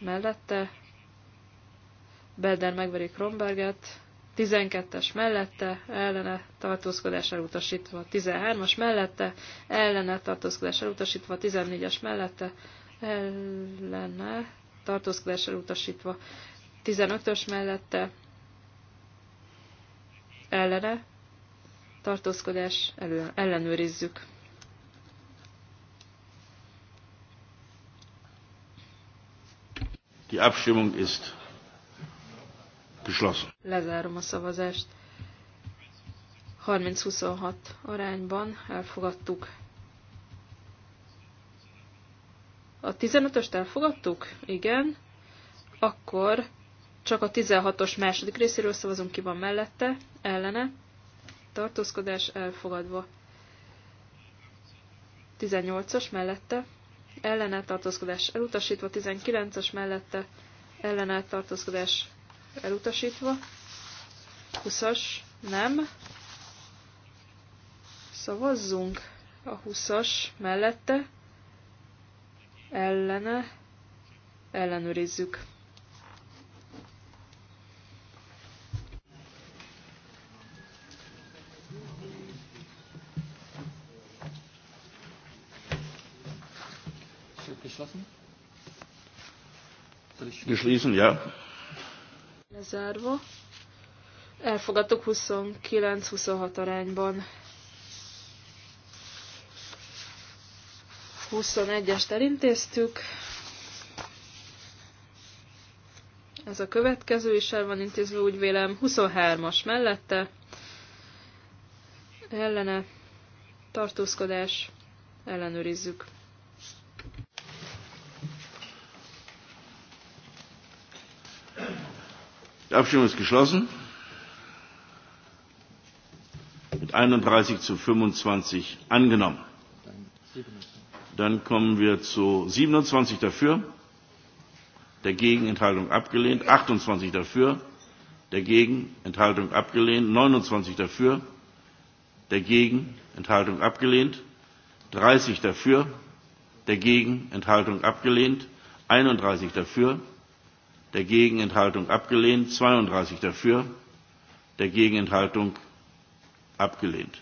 mellette Belder megverik Kromberget, 12-es mellette, ellene tartózkodás elutasítva, 13-as mellette, ellene tartózkodás elutasítva, 14-es mellette, ellene tartózkodással utasítva 15-ös mellette ellene tartózkodás elő, ellenőrizzük. Die Abstimmung ist geschlossen. Lezárom a szavazást. 30-26 arányban elfogadtuk. A 15-öst elfogadtuk? Igen. Akkor csak a 16-os második részéről szavazunk ki van mellette, ellene. Tartózkodás elfogadva. 18-as mellette, ellene tartózkodás elutasítva, 19-as mellette, ellene tartózkodás elutasítva, 20-as nem. Szavazzunk a 20-as mellette, ellene ellenőrizzük. Geschlossen? ja. Lezárva. Elfogadtuk 29-26 arányban. 21-est elintéztük. Ez a következő is el van intézve, úgy vélem, 23-as mellette. Ellene tartózkodás, ellenőrizzük. Die Abstimmung ist geschlossen. Mit 31 zu 25 angenommen. Dann kommen wir zu 27 dafür, dagegen Enthaltung abgelehnt, 28 dafür, dagegen Enthaltung abgelehnt, 29 dafür, dagegen Enthaltung abgelehnt, 30 dafür, dagegen Enthaltung abgelehnt, 31 dafür, dagegen Enthaltung abgelehnt, 32 dafür, dagegen Enthaltung abgelehnt.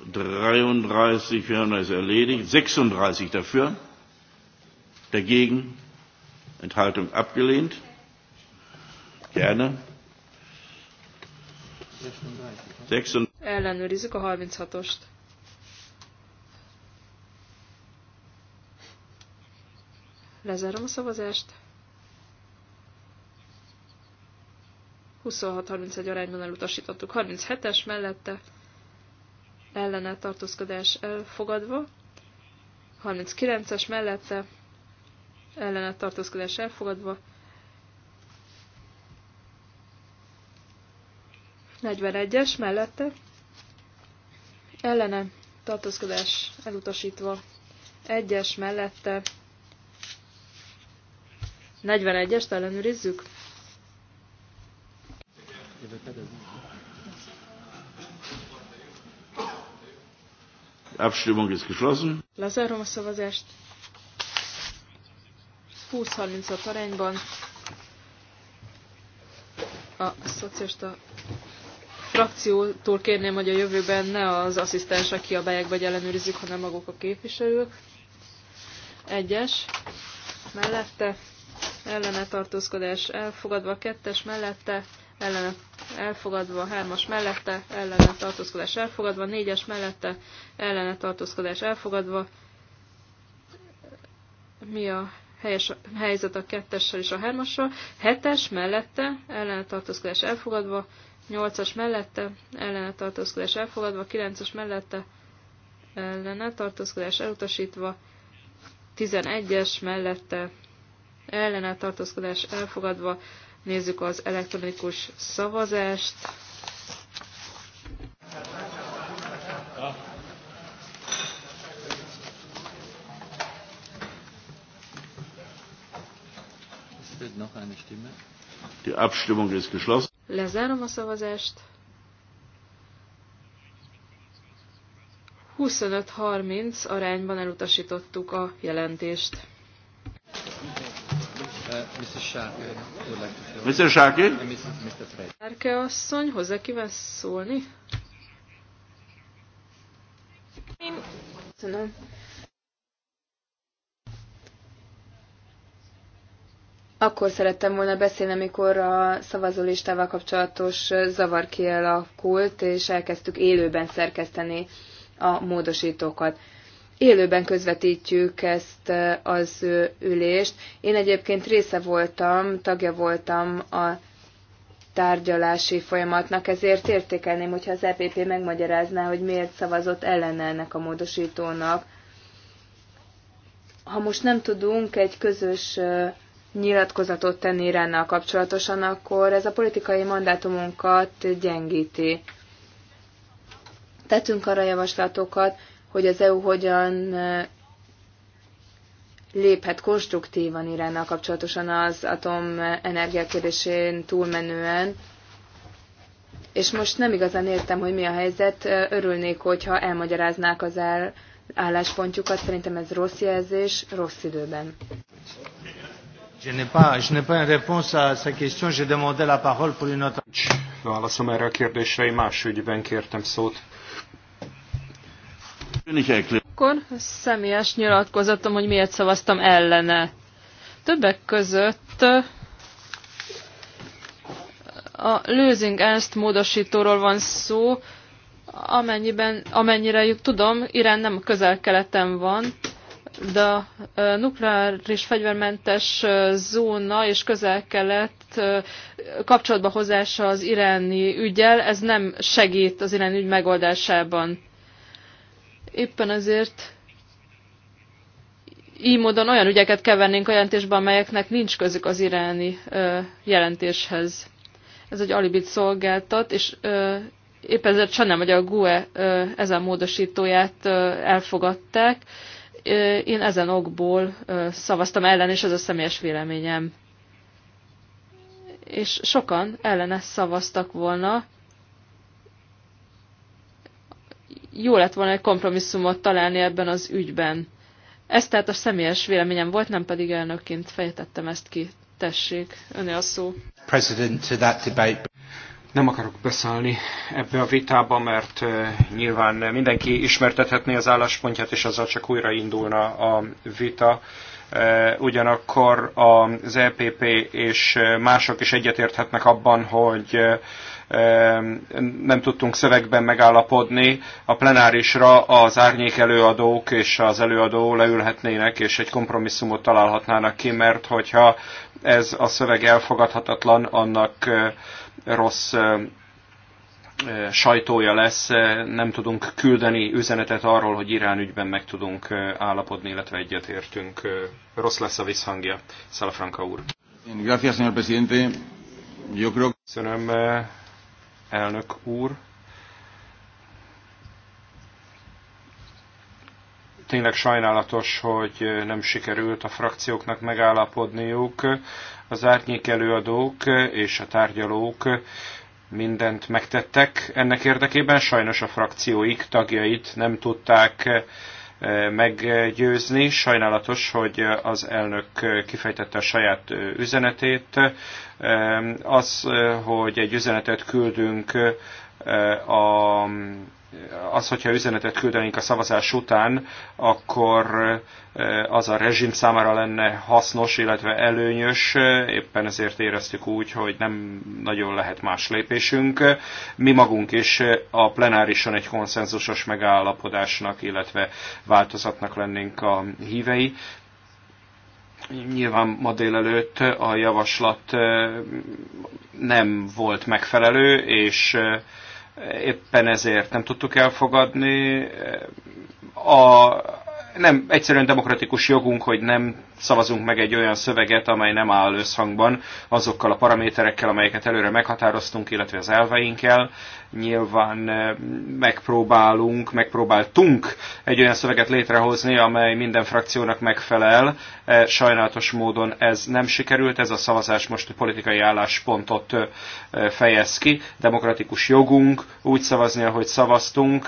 33, wir haben das erledigt, 36 dafür, dagegen, Enthaltung abgelehnt. Gerne. 36. Ellenőrizzük a 36-ost. Lezárom a szavazást. 26-31 arányban elutasítottuk. 37-es mellette ellene tartózkodás elfogadva, 39-es mellette ellene tartózkodás elfogadva, 41-es mellette ellene tartózkodás elutasítva, 1-es mellette 41-est ellenőrizzük. Abstimmung ist geschlossen. Lezárom a szavazást. 20-36 arányban a szocialista frakciótól kérném, hogy a jövőben ne az asszisztensek kiabálják vagy ellenőrizzük, hanem maguk a képviselők. Egyes mellette ellene tartózkodás elfogadva, kettes mellette ellene elfogadva, 3-as mellette, ellene tartózkodás elfogadva, 4-es mellette, ellene tartózkodás elfogadva. Mi a helyes helyzet a 2-essel és a 3-assal? 7-es mellette, ellene tartózkodás elfogadva, 8-as mellette, ellene tartózkodás elfogadva, 9 mellette, ellene tartózkodás elutasítva, 11-es mellette, ellene tartózkodás elfogadva, Nézzük az elektronikus szavazást. Die Abstimmung ist geschlossen. Lezárom a szavazást. 25-30 arányban elutasítottuk a jelentést. Mr. Sharkey? Erke asszony, hozzá kíván szólni? Köszönöm. Akkor szerettem volna beszélni, amikor a szavazólistával kapcsolatos zavar kialakult, és elkezdtük élőben szerkeszteni a módosítókat élőben közvetítjük ezt az ülést. Én egyébként része voltam, tagja voltam a tárgyalási folyamatnak, ezért értékelném, hogyha az EPP megmagyarázná, hogy miért szavazott ellen ennek a módosítónak. Ha most nem tudunk egy közös nyilatkozatot tenni Iránnal kapcsolatosan, akkor ez a politikai mandátumunkat gyengíti. Tettünk arra javaslatokat, hogy az EU hogyan léphet konstruktívan Iránnal kapcsolatosan az atomenergia kérdésén túlmenően. És most nem igazán értem, hogy mi a helyzet. Örülnék, hogyha elmagyaráznák az el álláspontjukat. Szerintem ez rossz jelzés, rossz időben. Je n'ai pas, je n'ai pas une réponse à sa question. J'ai demandé la parole pour une autre. Válaszom erre a kérdésre, én más ügyben kértem szót. Akkor személyes nyilatkozatom, hogy miért szavaztam ellene. Többek között a losing ernst módosítóról van szó, amennyiben, amennyire tudom, Irán nem közel-keleten van, de a nukleáris fegyvermentes zóna és közel-kelet kapcsolatba hozása az iráni ügyel, ez nem segít az iráni ügy megoldásában. Éppen ezért így módon olyan ügyeket kevernénk a jelentésbe, amelyeknek nincs közük az iráni ö, jelentéshez. Ez egy alibit szolgáltat, és ö, épp ezért sajnálom, hogy a GUE ö, ezen módosítóját ö, elfogadták. Ö, én ezen okból ö, szavaztam ellen, és ez a személyes véleményem. És sokan ellene szavaztak volna, jó lett volna egy kompromisszumot találni ebben az ügyben. Ez tehát a személyes véleményem volt, nem pedig elnökként fejtettem ezt ki. Tessék, öné a szó. Nem akarok beszállni ebbe a vitába, mert nyilván mindenki ismertethetné az álláspontját, és azzal csak újraindulna a vita ugyanakkor az EPP és mások is egyetérthetnek abban, hogy nem tudtunk szövegben megállapodni. A plenárisra az árnyék előadók és az előadó leülhetnének, és egy kompromisszumot találhatnának ki, mert hogyha ez a szöveg elfogadhatatlan, annak eh, rossz eh, eh, sajtója lesz, nem tudunk küldeni üzenetet arról, hogy Irán ügyben meg tudunk állapodni, illetve egyetértünk. Rossz lesz a visszhangja. Szalafranka úr. presidente. creo... Köszönöm, elnök úr. Tényleg sajnálatos, hogy nem sikerült a frakcióknak megállapodniuk. Az árnyék előadók és a tárgyalók mindent megtettek ennek érdekében, sajnos a frakcióik tagjait nem tudták meggyőzni. Sajnálatos, hogy az elnök kifejtette a saját üzenetét. Az, hogy egy üzenetet küldünk a az, hogyha üzenetet küldenénk a szavazás után, akkor e, az a rezsim számára lenne hasznos, illetve előnyös. Éppen ezért éreztük úgy, hogy nem nagyon lehet más lépésünk. Mi magunk is a plenárison egy konszenzusos megállapodásnak, illetve változatnak lennénk a hívei. Nyilván ma délelőtt a javaslat e, nem volt megfelelő, és e, éppen ezért nem tudtuk elfogadni. A, nem egyszerűen demokratikus jogunk, hogy nem szavazunk meg egy olyan szöveget, amely nem áll összhangban azokkal a paraméterekkel, amelyeket előre meghatároztunk, illetve az elveinkkel nyilván eh, megpróbálunk, megpróbáltunk egy olyan szöveget létrehozni, amely minden frakciónak megfelel. Eh, sajnálatos módon ez nem sikerült, ez a szavazás most a politikai álláspontot eh, fejez ki. Demokratikus jogunk úgy szavazni, ahogy szavaztunk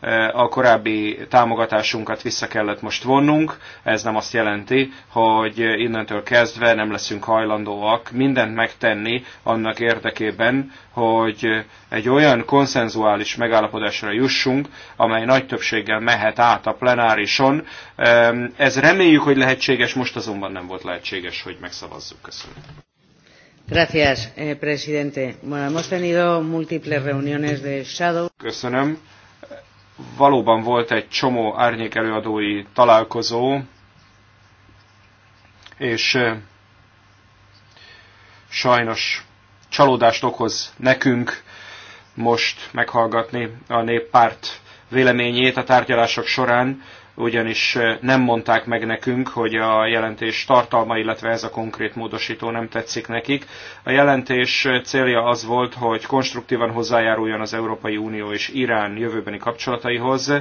Eh, a korábbi támogatásunkat vissza kellett most vonnunk. Ez nem azt jelenti, hogy innentől kezdve nem leszünk hajlandóak mindent megtenni annak érdekében, hogy egy olyan konszenzuális megállapodásra jussunk, amely nagy többséggel mehet át a plenárison. Eh, ez reméljük, hogy lehetséges, most azonban nem volt lehetséges, hogy megszavazzuk. Köszönöm. Gracias, eh, presidente. Bueno, hemos tenido múltiples reuniones de shadow. Köszönöm valóban volt egy csomó árnyék előadói találkozó, és sajnos csalódást okoz nekünk most meghallgatni a néppárt véleményét a tárgyalások során ugyanis nem mondták meg nekünk, hogy a jelentés tartalma, illetve ez a konkrét módosító nem tetszik nekik. A jelentés célja az volt, hogy konstruktívan hozzájáruljon az Európai Unió és Irán jövőbeni kapcsolataihoz.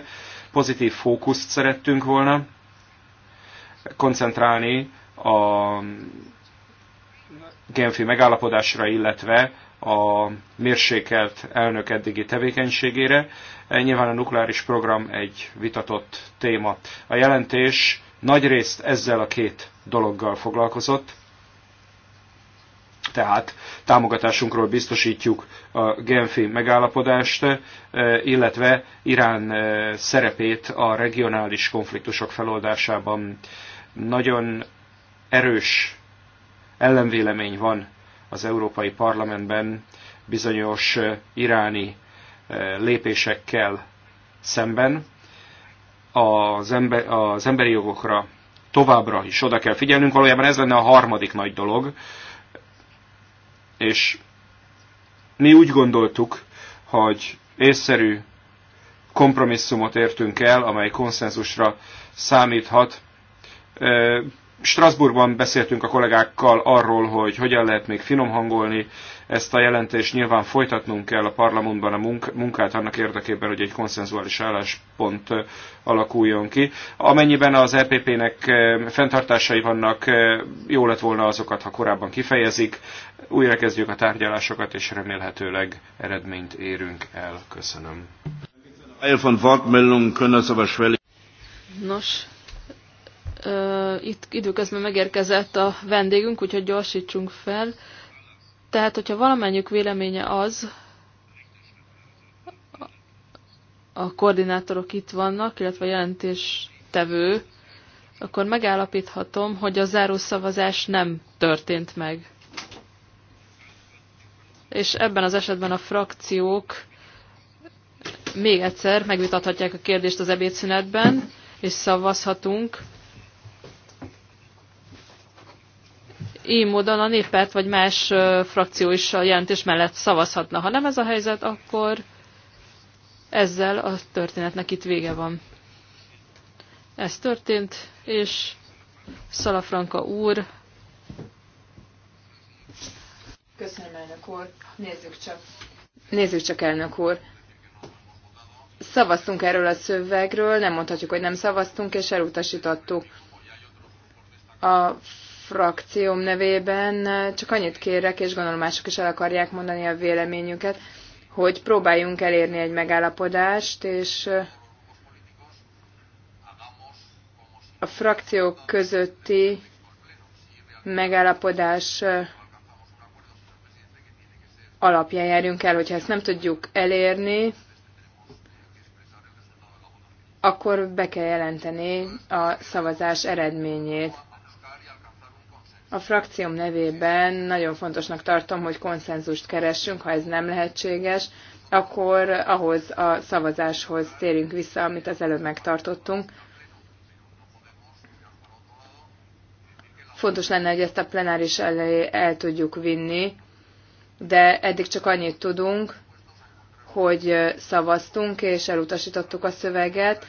Pozitív fókuszt szerettünk volna koncentrálni a Genfi megállapodásra, illetve a mérsékelt elnök eddigi tevékenységére. E, nyilván a nukleáris program egy vitatott téma. A jelentés nagy részt ezzel a két dologgal foglalkozott, tehát támogatásunkról biztosítjuk a Genfi megállapodást, e, illetve Irán e, szerepét a regionális konfliktusok feloldásában. Nagyon erős ellenvélemény van az Európai Parlamentben bizonyos iráni lépésekkel szemben az, ember, az emberi jogokra továbbra is oda kell figyelnünk. Valójában ez lenne a harmadik nagy dolog. És mi úgy gondoltuk, hogy észszerű kompromisszumot értünk el, amely konszenzusra számíthat. Strasbourgban beszéltünk a kollégákkal arról, hogy hogyan lehet még finomhangolni ezt a jelentést. Nyilván folytatnunk kell a parlamentben a munkát annak érdekében, hogy egy konszenzuális álláspont alakuljon ki. Amennyiben az EPP-nek fenntartásai vannak, jó lett volna azokat, ha korábban kifejezik. Újra kezdjük a tárgyalásokat, és remélhetőleg eredményt érünk el. Köszönöm. Nos, itt időközben megérkezett a vendégünk, úgyhogy gyorsítsunk fel. Tehát, hogyha valamennyük véleménye az, a koordinátorok itt vannak, illetve a jelentéstevő, akkor megállapíthatom, hogy a zárószavazás nem történt meg. És ebben az esetben a frakciók még egyszer megvitathatják a kérdést az ebédszünetben, és szavazhatunk így módon a néppárt vagy más frakció is a jelentés mellett szavazhatna. Ha nem ez a helyzet, akkor ezzel a történetnek itt vége van. Ez történt, és Szalafranka úr. Köszönöm, elnök úr. Nézzük csak. Nézzük csak, elnök úr. Szavaztunk erről a szövegről, nem mondhatjuk, hogy nem szavaztunk, és elutasítottuk. A frakcióm nevében csak annyit kérek, és gondolom mások is el akarják mondani a véleményüket, hogy próbáljunk elérni egy megállapodást, és eh, a frakciók közötti megállapodás eh, alapján járjunk el, hogyha ezt nem tudjuk elérni, akkor be kell jelenteni a szavazás eredményét. A frakcióm nevében nagyon fontosnak tartom, hogy konszenzust keressünk, ha ez nem lehetséges, akkor ahhoz a szavazáshoz térünk vissza, amit az előbb megtartottunk. Fontos lenne, hogy ezt a plenáris elé el tudjuk vinni, de eddig csak annyit tudunk, hogy szavaztunk és elutasítottuk a szöveget,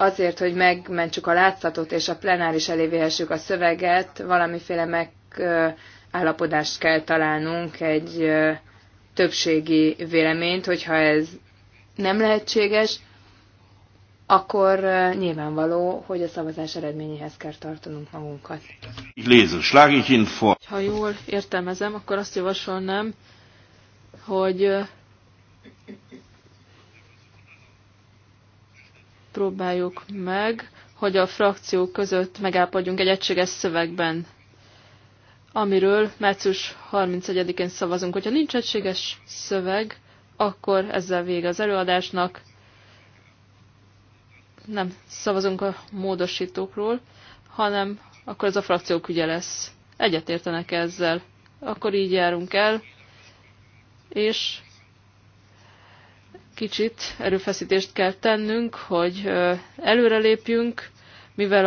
azért, hogy megmentsük a látszatot és a plenáris elévéhessük a szöveget, valamiféle megállapodást kell találnunk, egy többségi véleményt, hogyha ez nem lehetséges, akkor nyilvánvaló, hogy a szavazás eredményéhez kell tartanunk magunkat. Ha jól értelmezem, akkor azt javasolnám, hogy próbáljuk meg, hogy a frakciók között megállapodjunk egy egységes szövegben, amiről március 31-én szavazunk. Hogyha nincs egységes szöveg, akkor ezzel vége az előadásnak. Nem szavazunk a módosítókról, hanem akkor ez a frakciók ügye lesz. Egyetértenek ezzel. Akkor így járunk el, és kicsit erőfeszítést kell tennünk, hogy előrelépjünk, mivel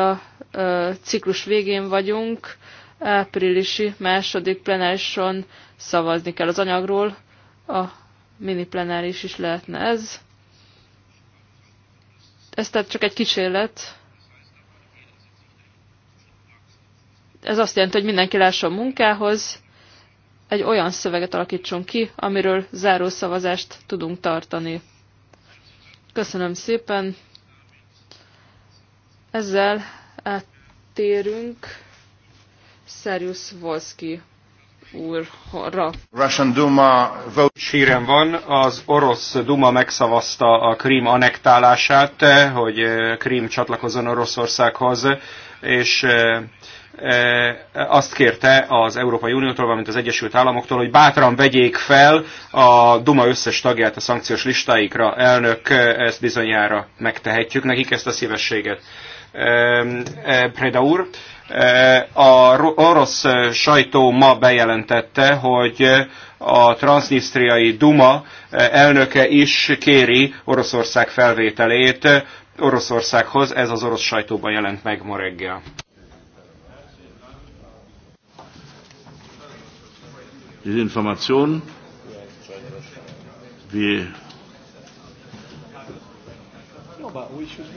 a ciklus végén vagyunk, áprilisi második plenárison szavazni kell az anyagról, a mini plenáris is lehetne ez. Ez tehát csak egy kísérlet. Ez azt jelenti, hogy mindenki lássa a munkához, egy olyan szöveget alakítsunk ki, amiről záró szavazást tudunk tartani. Köszönöm szépen. Ezzel áttérünk Szerius Volszki úrra. Russian Duma vote. Sírem van, az orosz Duma megszavazta a Krím anektálását, hogy Krím csatlakozzon Oroszországhoz, és Eh, azt kérte az Európai Uniótól, valamint az Egyesült Államoktól, hogy bátran vegyék fel a Duma összes tagját a szankciós listáikra. Elnök, eh, ezt bizonyára megtehetjük nekik, ezt a szívességet. Eh, Preda úr, a orosz sajtó ma bejelentette, hogy a transznisztriai Duma elnöke is kéri Oroszország felvételét Oroszországhoz, ez az orosz sajtóban jelent meg ma reggel. diese Informationen. Wie I, th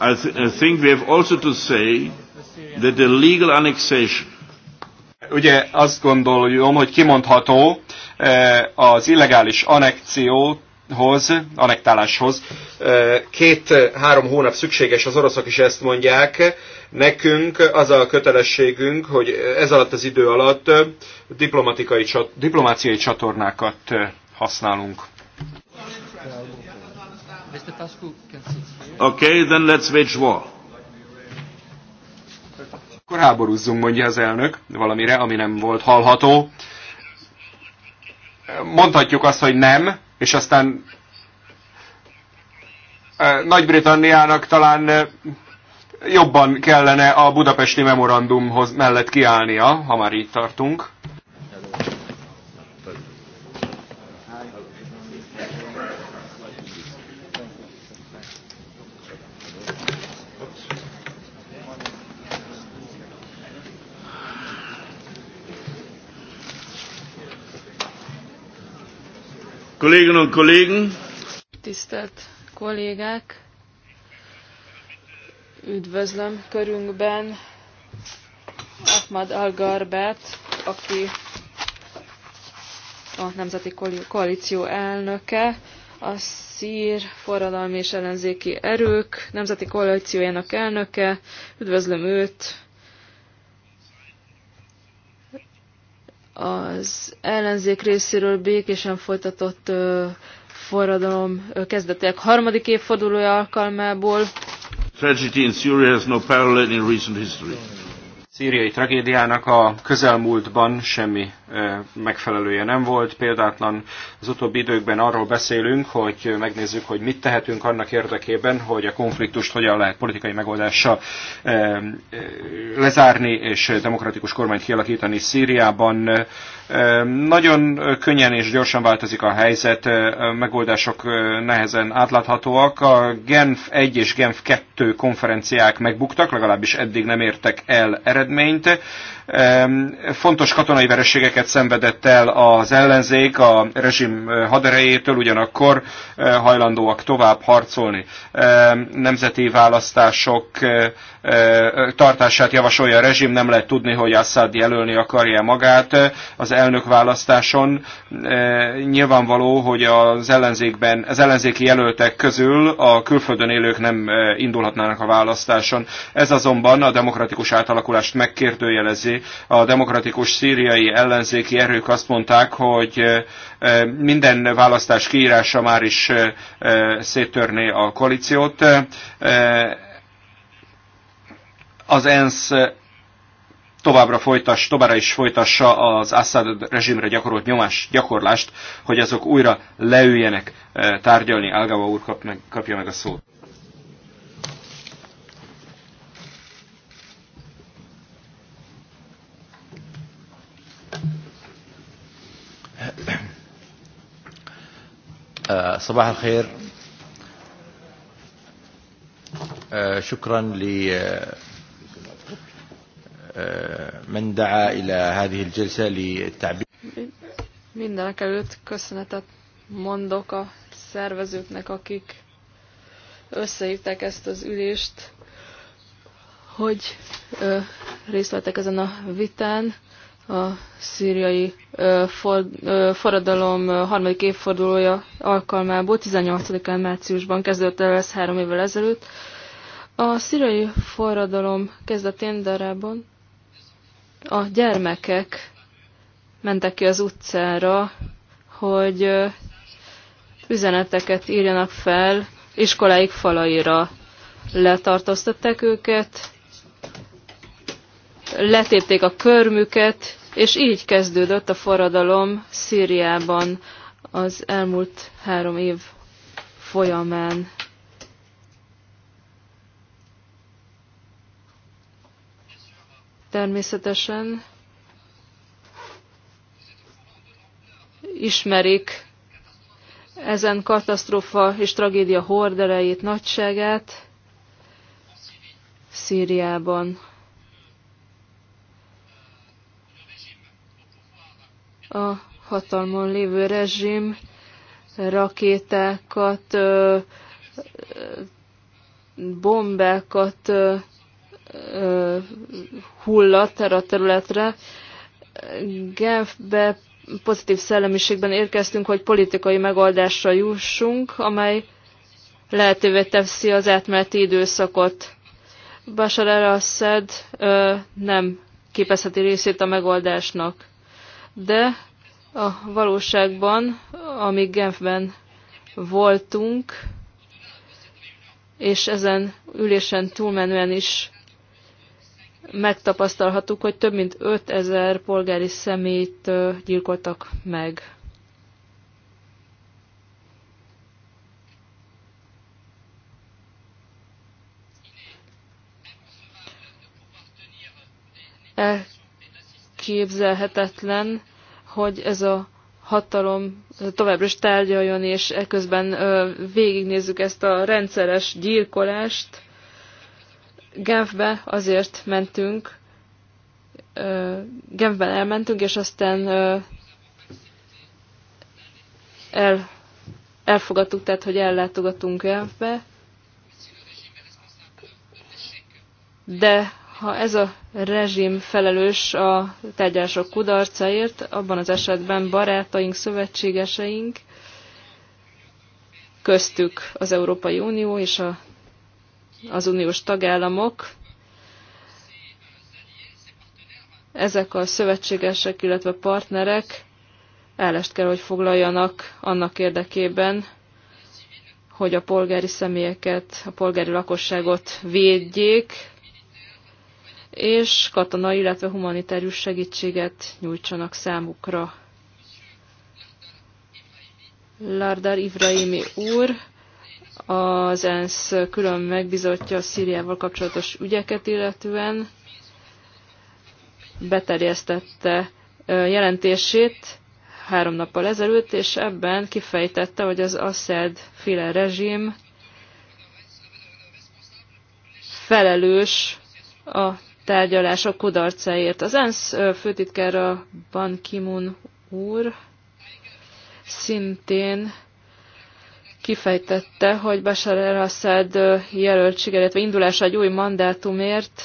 I think we have also to say that the legal annexation. Ugye azt gondolom, hogy kimondható, eh, az illegális annexiót hoz, anektáláshoz. Két-három hónap szükséges, az oroszok is ezt mondják. Nekünk az a kötelességünk, hogy ez alatt az idő alatt diplomatikai, diplomáciai csatornákat használunk. Okay, then let's wage war. Akkor háborúzzunk, mondja az elnök, valamire, ami nem volt hallható. Mondhatjuk azt, hogy nem, és aztán eh, Nagy-Britanniának talán eh, jobban kellene a budapesti memorandumhoz mellett kiállnia, ha már így tartunk. Kolleginnen und Kollegen! Tisztelt kollégák! Üdvözlöm körünkben Ahmad Algarbet, aki a Nemzeti Koalíció elnöke, a Szír forradalmi és ellenzéki erők Nemzeti Koalíciójának elnöke. Üdvözlöm őt! az ellenzék részéről békésen folytatott forradalom kezdetek harmadik évfordulója alkalmából. Tragedy in Syria has no parallel in recent history. Szíriai tragédiának a közelmúltban semmi megfelelője nem volt. Példátlan az utóbbi időkben arról beszélünk, hogy megnézzük, hogy mit tehetünk annak érdekében, hogy a konfliktust hogyan lehet politikai megoldással lezárni és demokratikus kormányt kialakítani Szíriában. Nagyon könnyen és gyorsan változik a helyzet, a megoldások nehezen átláthatóak. A Genf 1 és Genf 2 konferenciák megbuktak, legalábbis eddig nem értek el eredményt. Fontos katonai vereségeket szenvedett el az ellenzék a rezsim haderejétől, ugyanakkor hajlandóak tovább harcolni. Nemzeti választások tartását javasolja a rezsim, nem lehet tudni, hogy Assad jelölni akarja magát az elnök választáson. Nyilvánvaló, hogy az ellenzékben, az ellenzéki jelöltek közül a külföldön élők nem indulhatnának a választáson. Ez azonban a demokratikus átalakulást megkérdőjelezi, a demokratikus szíriai ellenzéki erők azt mondták, hogy minden választás kiírása már is széttörné a koalíciót. Az ENSZ továbbra, folytas, továbbra is folytassa az Assad rezsimre gyakorolt nyomás, gyakorlást, hogy azok újra leüljenek tárgyalni. Algava úr kap meg, kapja meg a szót. صباح الخير شكرا لمن دعا إلى هذه الجلسة للتعبير Mindenek előtt köszönetet mondok a szervezőknek, akik összehívták ezt az ülést, hogy ö, részt vettek ezen a vitán a szíriai for, forradalom harmadik évfordulója alkalmából 18 márciusban kezdődött el ez három évvel ezelőtt. A szíriai forradalom kezdetén Darában a gyermekek mentek ki az utcára, hogy üzeneteket írjanak fel iskoláik falaira. Letartóztatták őket, letépték a körmüket, és így kezdődött a forradalom Szíriában az elmúlt három év folyamán. Természetesen ismerik ezen katasztrófa és tragédia horderejét, nagyságát Szíriában. a hatalmon lévő rezsim rakétákat, bombákat hullat erre a területre. Genfbe pozitív szellemiségben érkeztünk, hogy politikai megoldásra jussunk, amely lehetővé teszi az átmeneti időszakot. Bashar al-Assad nem képezheti részét a megoldásnak de a valóságban, amíg Genfben voltunk, és ezen ülésen túlmenően is megtapasztalhattuk, hogy több mint 5000 polgári szemét gyilkoltak meg elképzelhetetlen, hogy ez a hatalom továbbra is tárgyaljon, és eközben végignézzük ezt a rendszeres gyilkolást. Genfbe azért mentünk, Genfben elmentünk, és aztán el, elfogadtuk, tehát hogy ellátogatunk Genfbe, de ha ez a rezsim felelős a tárgyalások kudarcaért, abban az esetben barátaink, szövetségeseink, köztük az Európai Unió és a, az uniós tagállamok, ezek a szövetségesek, illetve partnerek állást kell, hogy foglaljanak annak érdekében, hogy a polgári személyeket, a polgári lakosságot védjék, és katonai, illetve humanitárius segítséget nyújtsanak számukra. Lardar Ivraimi úr, az ENSZ külön megbizotja a Szíriával kapcsolatos ügyeket illetően beterjesztette jelentését három nappal ezelőtt, és ebben kifejtette, hogy az Assad féle rezsim felelős a tárgyalások kudarcáért. Az ENSZ főtitkára Ban ki úr szintén kifejtette, hogy Bashar el assad jelöltség, illetve indulása egy új mandátumért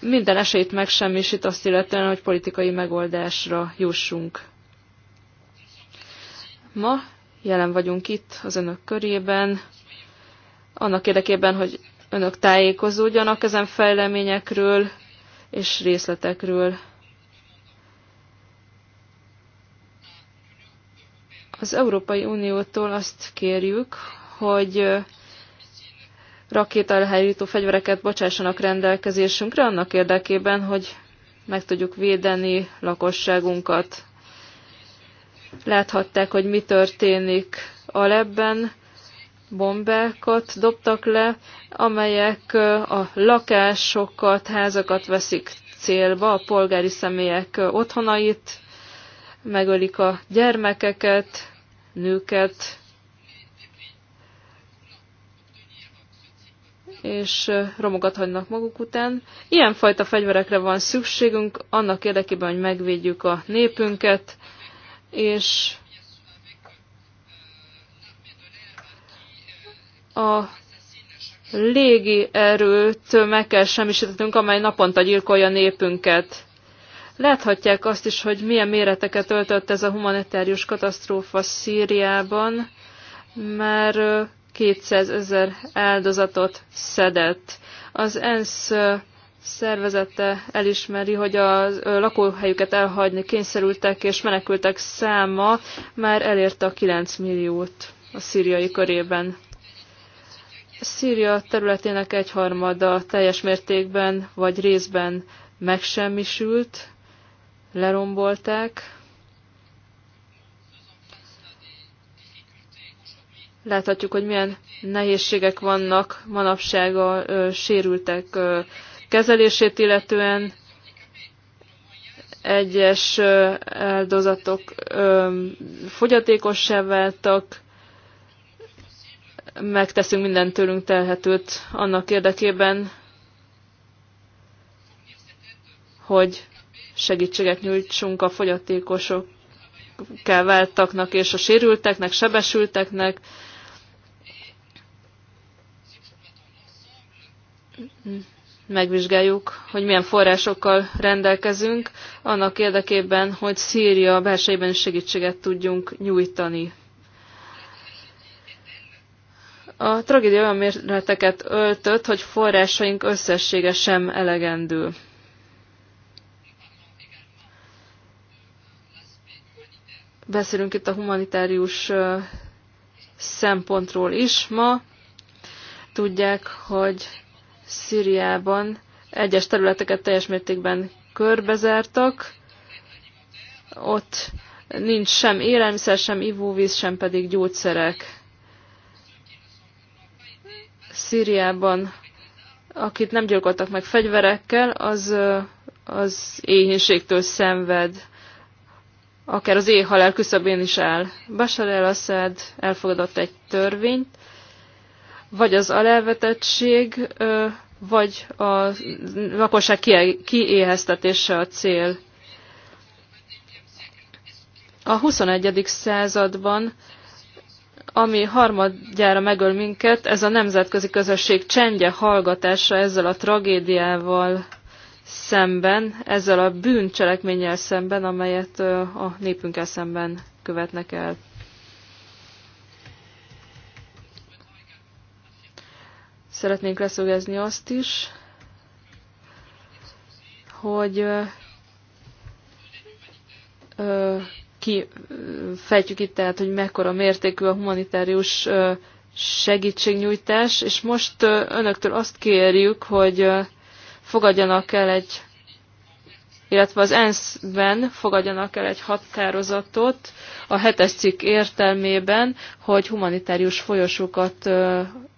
minden esélyt megsemmisít azt illetően, hogy politikai megoldásra jussunk. Ma jelen vagyunk itt az önök körében, annak érdekében, hogy önök tájékozódjanak ezen fejleményekről és részletekről. Az Európai Uniótól azt kérjük, hogy rakétalhelyító fegyvereket bocsássanak rendelkezésünkre annak érdekében, hogy meg tudjuk védeni lakosságunkat. Láthatták, hogy mi történik Alebben, bombákat dobtak le, amelyek a lakásokat, házakat veszik célba, a polgári személyek otthonait, megölik a gyermekeket, nőket, és romokat hagynak maguk után. Ilyenfajta fegyverekre van szükségünk, annak érdekében, hogy megvédjük a népünket, és a légi erőt meg kell semmisítenünk, amely naponta gyilkolja népünket. Láthatják azt is, hogy milyen méreteket öltött ez a humanitárius katasztrófa Szíriában, mert 200 ezer áldozatot szedett. Az ENSZ szervezete elismeri, hogy a lakóhelyüket elhagyni kényszerültek és menekültek száma már elérte a 9 milliót a szíriai körében. Szíria területének egyharmada teljes mértékben vagy részben megsemmisült, lerombolták. Láthatjuk, hogy milyen nehézségek vannak manapság a ö, sérültek ö, kezelését illetően. Egyes ö, áldozatok ö, fogyatékossá váltak, megteszünk minden tőlünk telhetőt annak érdekében, hogy segítséget nyújtsunk a kell váltaknak és a sérülteknek, sebesülteknek. Megvizsgáljuk, hogy milyen forrásokkal rendelkezünk, annak érdekében, hogy Szíria belsejében segítséget tudjunk nyújtani. A tragédia olyan méreteket öltött, hogy forrásaink összessége sem elegendő. Beszélünk itt a humanitárius szempontról is ma. Tudják, hogy Szíriában egyes területeket teljes mértékben körbezártak. Ott nincs sem élelmiszer, sem ivóvíz, sem pedig gyógyszerek. Szíriában, akit nem gyilkoltak meg fegyverekkel, az, az éhénységtől szenved. Akár az éhhalál küszöbén is áll. Bashar el-Assad elfogadott egy törvényt, vagy az alelvetettség, vagy a lakosság kiéheztetése a cél. A 21. században ami harmadjára megöl minket, ez a nemzetközi közösség csendje hallgatása ezzel a tragédiával szemben, ezzel a bűncselekménnyel szemben, amelyet a népünkkel szemben követnek el. Szeretnénk leszögezni azt is, hogy ö, ö, kifejtjük itt tehát, hogy mekkora mértékű a humanitárius segítségnyújtás, és most önöktől azt kérjük, hogy fogadjanak el egy, illetve az ENSZ-ben fogadjanak el egy határozatot a hetes cikk értelmében, hogy humanitárius folyosókat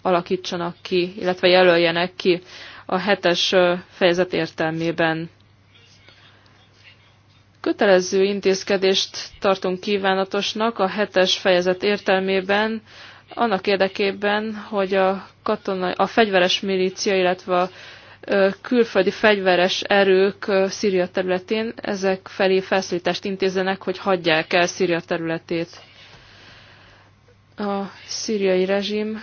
alakítsanak ki, illetve jelöljenek ki a hetes fejezet értelmében. Kötelező intézkedést tartunk kívánatosnak a hetes fejezet értelmében, annak érdekében, hogy a, katonai, a fegyveres milícia, illetve a külföldi fegyveres erők Szíria területén ezek felé felszólítást intézenek, hogy hagyják el Szíria területét. A szíriai rezsim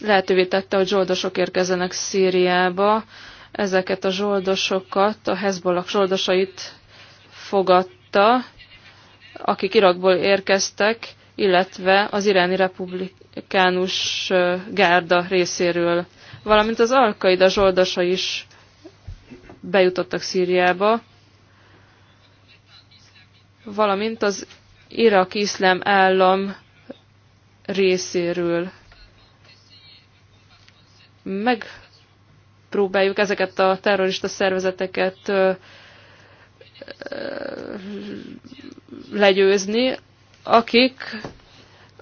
lehetővé tette, hogy zsoldosok érkezzenek Szíriába, ezeket a zsoldosokat, a Hezbollah zsoldosait fogadta, akik Irakból érkeztek, illetve az iráni republikánus gárda részéről, valamint az Alkaida zsoldosa is bejutottak Szíriába, valamint az Irak iszlám állam részéről. Meg próbáljuk ezeket a terrorista szervezeteket legyőzni, akik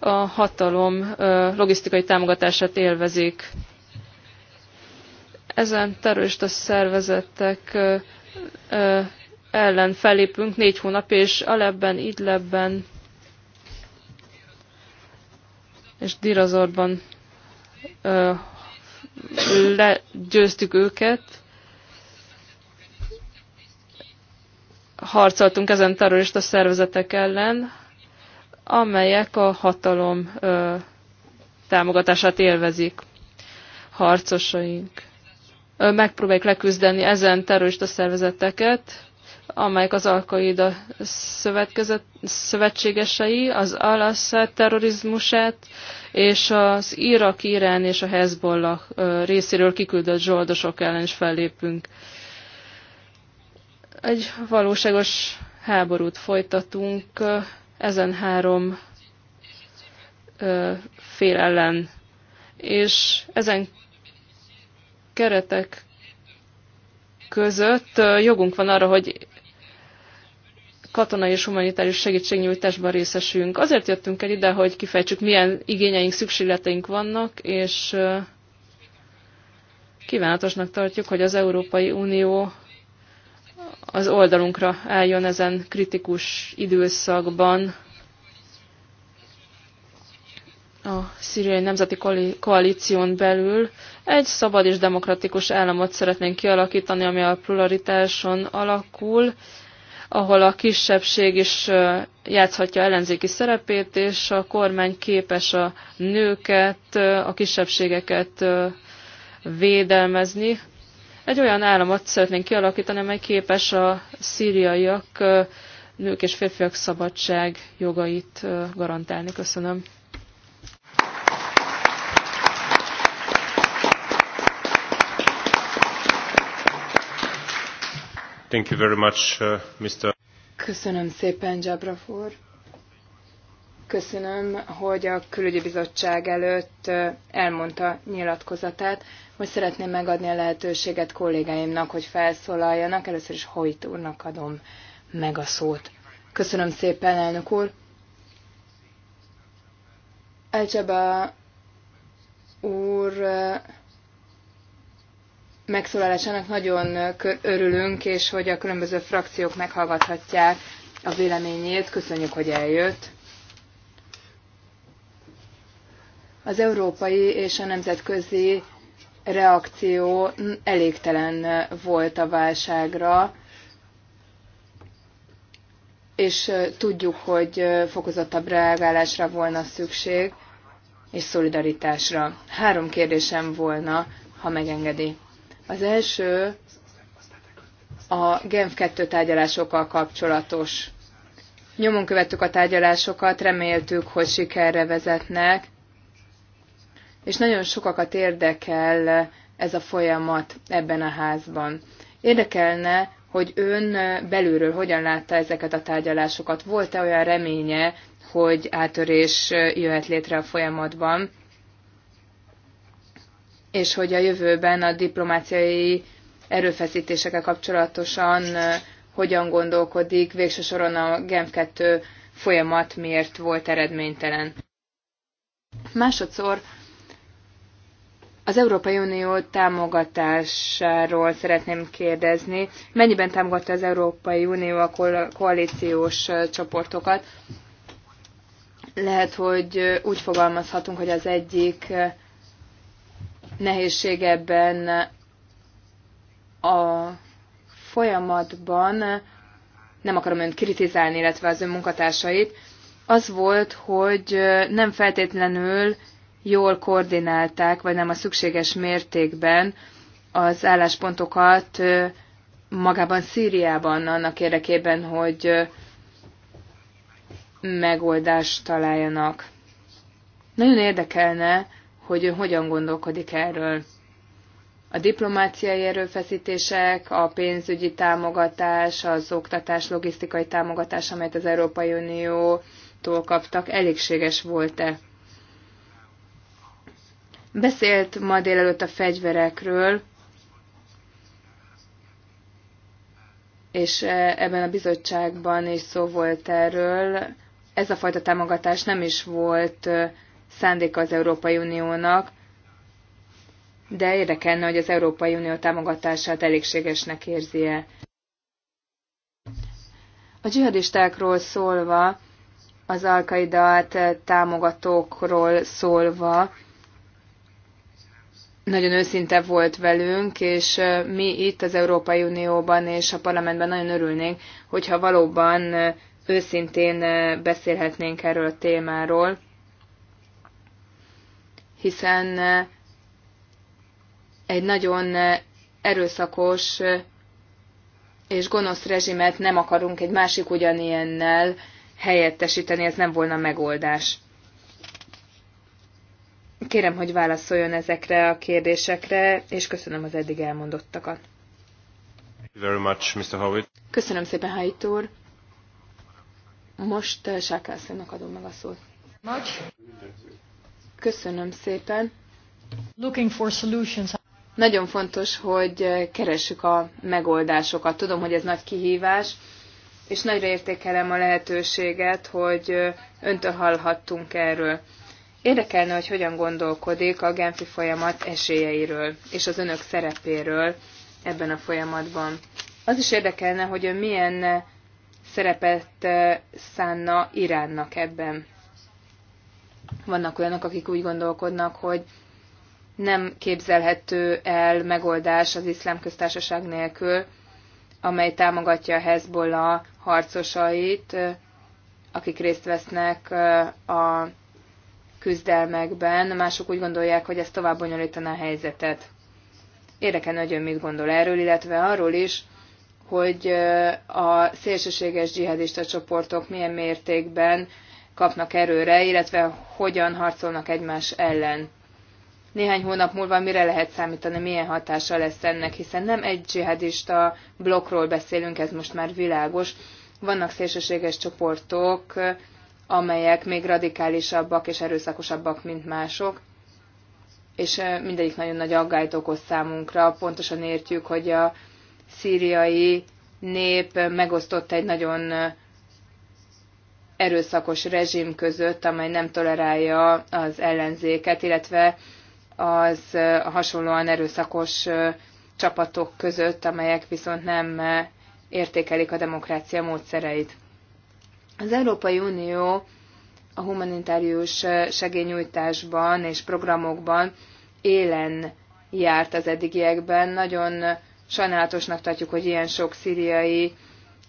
a hatalom logisztikai támogatását élvezik. Ezen terrorista szervezetek ellen felépünk négy hónap, és Alepben, Idlebben és Dirazorban legyőztük őket, harcoltunk ezen terrorista szervezetek ellen, amelyek a hatalom ö, támogatását élvezik. Harcosaink. Ö, megpróbáljuk leküzdeni ezen terrorista szervezeteket, amelyek az Alkaida szövetségesei, az al terrorizmusát és az Irak, Irán és a Hezbollah részéről kiküldött zsoldosok ellen is fellépünk. Egy valóságos háborút folytatunk ezen három fél ellen. És ezen keretek között jogunk van arra, hogy katonai és humanitárius segítségnyújtásban részesünk. Azért jöttünk el ide, hogy kifejtsük, milyen igényeink, szükségleteink vannak, és kívánatosnak tartjuk, hogy az Európai Unió az oldalunkra álljon ezen kritikus időszakban a szíriai nemzeti koalíción belül. Egy szabad és demokratikus államot szeretnénk kialakítani, ami a pluralitáson alakul, ahol a kisebbség is játszhatja ellenzéki szerepét, és a kormány képes a nőket, a kisebbségeket védelmezni. Egy olyan államot szeretnénk kialakítani, amely képes a szíriaiak, nők és férfiak szabadság jogait garantálni. Köszönöm. Thank you very much, uh, Mr. Köszönöm szépen, Jabraf úr. Köszönöm, hogy a külügyi bizottság előtt uh, elmondta nyilatkozatát. Most szeretném megadni a lehetőséget kollégáimnak, hogy felszólaljanak. Először is Hoyt úrnak adom meg a szót. Köszönöm szépen, elnök úr. Elcsaba úr uh, megszólalásának nagyon örülünk, és hogy a különböző frakciók meghallgathatják a véleményét. Köszönjük, hogy eljött. Az európai és a nemzetközi reakció elégtelen volt a válságra, és tudjuk, hogy fokozottabb reagálásra volna szükség, és szolidaritásra. Három kérdésem volna, ha megengedi. Az első a Genf 2 tárgyalásokkal kapcsolatos. Nyomon követtük a tárgyalásokat, reméltük, hogy sikerre vezetnek, és nagyon sokakat érdekel ez a folyamat ebben a házban. Érdekelne, hogy ön belülről hogyan látta ezeket a tárgyalásokat? Volt-e olyan reménye, hogy átörés jöhet létre a folyamatban? és hogy a jövőben a diplomáciai erőfeszítésekkel kapcsolatosan hogyan gondolkodik, végső soron a Genf 2 folyamat miért volt eredménytelen. Másodszor az Európai Unió támogatásáról szeretném kérdezni. Mennyiben támogatta az Európai Unió a koalíciós csoportokat? Lehet, hogy úgy fogalmazhatunk, hogy az egyik nehézség ebben a folyamatban, nem akarom önt kritizálni, illetve az ön munkatársait, az volt, hogy nem feltétlenül jól koordinálták, vagy nem a szükséges mértékben az álláspontokat magában Szíriában annak érdekében, hogy megoldást találjanak. Nagyon érdekelne, hogy ő hogyan gondolkodik erről. A diplomáciai erőfeszítések, a pénzügyi támogatás, az oktatás, logisztikai támogatás, amelyet az Európai Uniótól kaptak, elégséges volt-e? Beszélt ma délelőtt a fegyverekről, és e, ebben a bizottságban is szó volt erről. Ez a fajta támogatás nem is volt e, szándék az Európai Uniónak, de érdekelne, hogy az Európai Unió támogatását elégségesnek érzi-e. A dzsihadistákról szólva, az alkaidát támogatókról szólva, nagyon őszinte volt velünk, és mi itt az Európai Unióban és a parlamentben nagyon örülnénk, hogyha valóban őszintén beszélhetnénk erről a témáról hiszen eh, egy nagyon eh, erőszakos eh, és gonosz rezsimet nem akarunk egy másik ugyanilyennel helyettesíteni, ez nem volna megoldás. Kérem, hogy válaszoljon ezekre a kérdésekre, és köszönöm az eddig elmondottakat. Köszönöm szépen, Haidt úr. Most Sákászlónak adom meg a szót. Nagy. Köszönöm szépen. Looking for solutions. Nagyon fontos, hogy keressük a megoldásokat. Tudom, hogy ez nagy kihívás, és nagyra értékelem a lehetőséget, hogy öntől hallhattunk erről. Érdekelne, hogy hogyan gondolkodik a Genfi folyamat esélyeiről és az önök szerepéről ebben a folyamatban. Az is érdekelne, hogy ön milyen szerepet szánna Iránnak ebben. Vannak olyanok, akik úgy gondolkodnak, hogy nem képzelhető el megoldás az iszlám köztársaság nélkül, amely támogatja Hezbollah harcosait, akik részt vesznek a küzdelmekben. Mások úgy gondolják, hogy ez tovább bonyolítaná a helyzetet. Érdekel nagyon mit gondol erről, illetve arról is, hogy a szélsőséges dzsihadista csoportok milyen mértékben kapnak erőre, illetve hogyan harcolnak egymás ellen. Néhány hónap múlva mire lehet számítani, milyen hatása lesz ennek, hiszen nem egy dzsihadista blokkról beszélünk, ez most már világos. Vannak szélsőséges csoportok, amelyek még radikálisabbak és erőszakosabbak, mint mások, és mindegyik nagyon nagy aggályt okoz számunkra. Pontosan értjük, hogy a szíriai nép megosztott egy nagyon erőszakos rezsim között, amely nem tolerálja az ellenzéket, illetve az hasonlóan erőszakos csapatok között, amelyek viszont nem értékelik a demokrácia módszereit. Az Európai Unió a humanitárius segélynyújtásban és programokban élen járt az eddigiekben. Nagyon sajnálatosnak tartjuk, hogy ilyen sok szíriai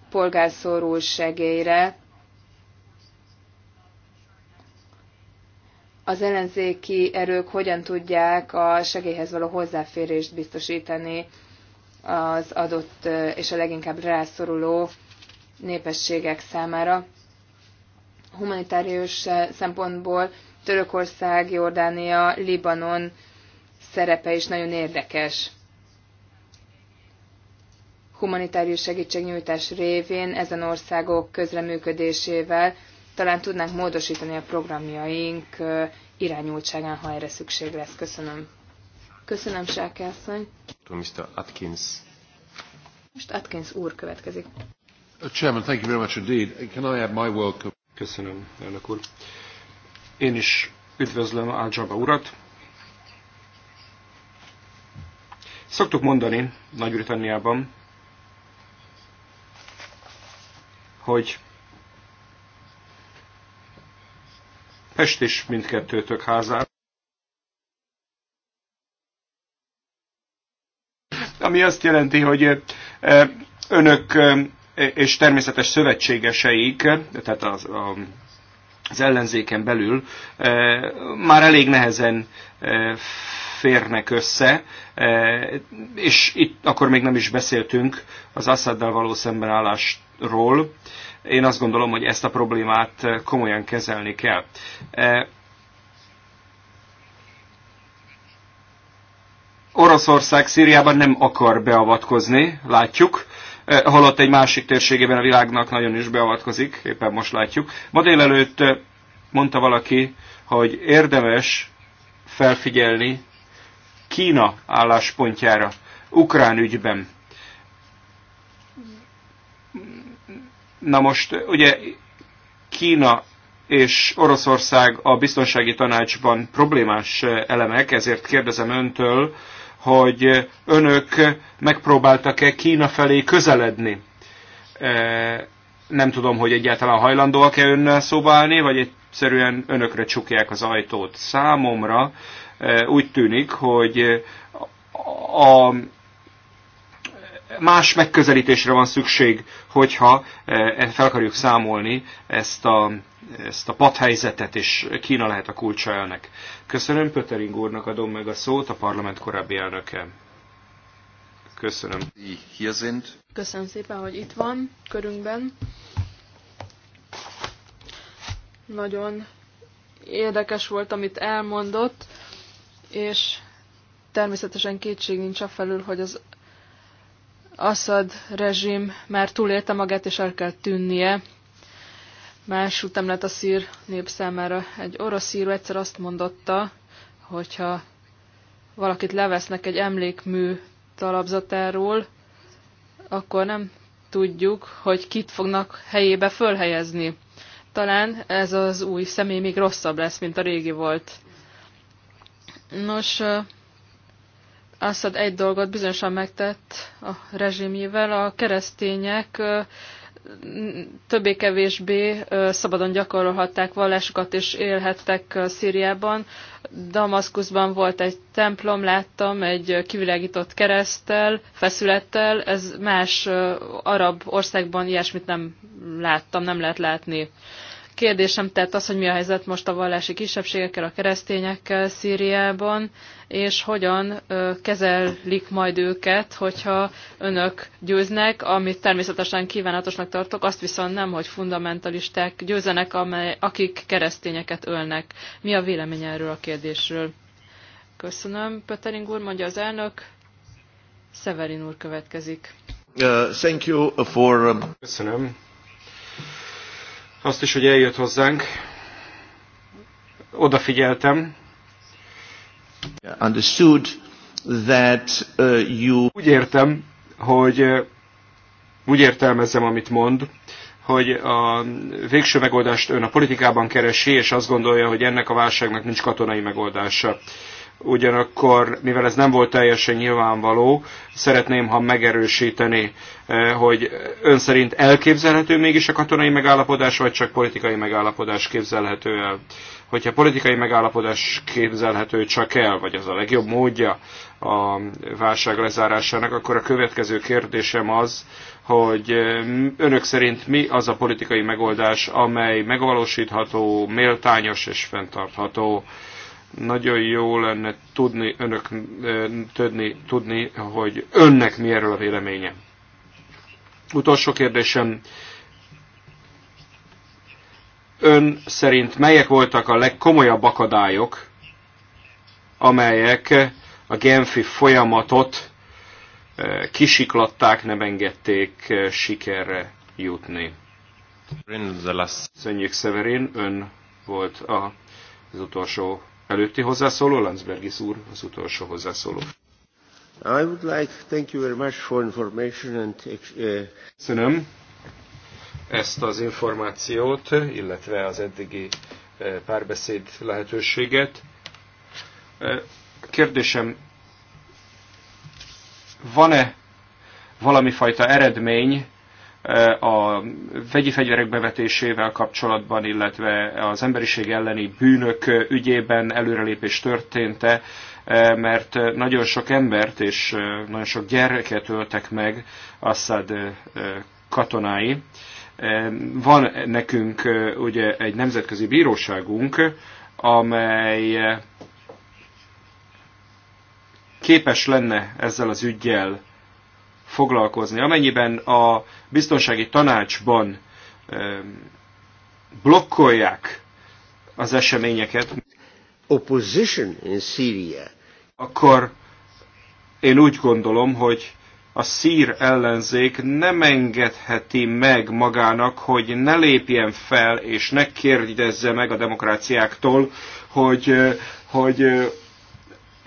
polgárszorul segélyre, az ellenzéki erők hogyan tudják a segélyhez való hozzáférést biztosítani az adott és a leginkább rászoruló népességek számára. Humanitárius szempontból Törökország, Jordánia, Libanon szerepe is nagyon érdekes. Humanitárius segítségnyújtás révén ezen országok közreműködésével talán tudnánk módosítani a programjaink irányultságán, ha erre szükség lesz. Köszönöm. Köszönöm, Sáki Mr. Atkins. Most Atkins úr következik. Uh, Chairman, thank you very much indeed. Can I add my welcome? Köszönöm, elnök úr. Én is üdvözlöm Ádzsaba urat. Szoktuk mondani Nagy-Britanniában, hogy Pest is mindkettőtök házán. Ami azt jelenti, hogy eh, önök eh, és természetes szövetségeseik, tehát az, az ellenzéken belül eh, már elég nehezen férnek össze, és itt akkor még nem is beszéltünk az Assaddal való szembenállásról, én azt gondolom, hogy ezt a problémát eh, komolyan kezelni kell. Eh, Oroszország Szíriában nem akar beavatkozni, látjuk, eh, holott egy másik térségében a világnak nagyon is beavatkozik, éppen most látjuk. Ma délelőtt mondta valaki, hogy érdemes felfigyelni Kína álláspontjára Ukrán ügyben. Na most ugye Kína és Oroszország a biztonsági tanácsban problémás elemek, ezért kérdezem öntől, hogy önök megpróbáltak-e Kína felé közeledni. E, nem tudom, hogy egyáltalán hajlandóak-e önnel szóba állni, vagy egyszerűen önökre csukják az ajtót. Számomra e, úgy tűnik, hogy a más megközelítésre van szükség, hogyha eh, e, fel akarjuk számolni ezt a, ezt a padhelyzetet, és Kína lehet a kulcsa elnek. Köszönöm, Pötering úrnak adom meg a szót, a parlament korábbi elnöke. Köszönöm. Köszönöm szépen, hogy itt van körünkben. Nagyon érdekes volt, amit elmondott, és természetesen kétség nincs felül, hogy az Assad rezsim már túlélte magát, és el kell tűnnie. Más utam lett a szír nép számára. Egy orosz író egyszer azt mondotta, hogyha valakit levesznek egy emlékmű talapzatáról, akkor nem tudjuk, hogy kit fognak helyébe fölhelyezni. Talán ez az új személy még rosszabb lesz, mint a régi volt. Nos, Assad egy dolgot bizonyosan megtett a rezsimjével, a keresztények többé-kevésbé szabadon gyakorolhatták vallásukat és élhettek Szíriában. Damaszkuszban volt egy templom, láttam egy kivilágított keresztel, feszülettel, ez más arab országban ilyesmit nem láttam, nem lehet látni. Kérdésem tehát az, hogy mi a helyzet most a vallási kisebbségekkel, a keresztényekkel Szíriában, és hogyan kezelik majd őket, hogyha önök győznek, amit természetesen kívánatosnak tartok, azt viszont nem, hogy fundamentalisták győzenek, amely, akik keresztényeket ölnek. Mi a vélemény erről a kérdésről? Köszönöm, Pöttering úr, mondja az elnök. Severin úr következik. Uh, thank you for... Um, Köszönöm azt is, hogy eljött hozzánk. Odafigyeltem. Understood that uh, you... Úgy értem, hogy uh, úgy értelmezem, amit mond, hogy a végső megoldást ön a politikában keresi, és azt gondolja, hogy ennek a válságnak nincs katonai megoldása ugyanakkor, mivel ez nem volt teljesen nyilvánvaló, szeretném, ha megerősíteni, eh, hogy ön szerint elképzelhető mégis a katonai megállapodás, vagy csak politikai megállapodás képzelhető el? Hogyha politikai megállapodás képzelhető csak el, vagy az a legjobb módja a válság lezárásának, akkor a következő kérdésem az, hogy eh, önök szerint mi az a politikai megoldás, amely megvalósítható, méltányos és fenntartható nagyon jó lenne tudni, önök, tudni, tudni hogy önnek mi erről a véleménye. Utolsó kérdésem. Ön szerint melyek voltak a legkomolyabb akadályok, amelyek a Genfi folyamatot kisiklatták, nem engedték sikerre jutni. Köszönjük Severin, ön volt az utolsó előtti hozzászóló, Landsbergis úr az utolsó hozzászóló. I would like thank you very much for information and uh, Köszönöm ezt az információt, illetve az eddigi uh, párbeszéd lehetőséget. Uh, kérdésem, van-e valami fajta eredmény, Eh, a vegyi fegyverek bevetésével kapcsolatban, illetve az emberiség elleni bűnök ügyében előrelépés történt-e, eh, mert nagyon sok embert és eh, nagyon sok gyereket öltek meg Assad katonái. Van nekünk ugye egy nemzetközi bíróságunk, amely képes lenne ezzel az ügyjel foglalkozni. Amennyiben a biztonsági tanácsban blokkolják az eseményeket, opposition in Syria. akkor én úgy gondolom, hogy a szír ellenzék nem engedheti meg magának, hogy ne lépjen fel és ne kérdezze meg a demokráciáktól, hogy, hogy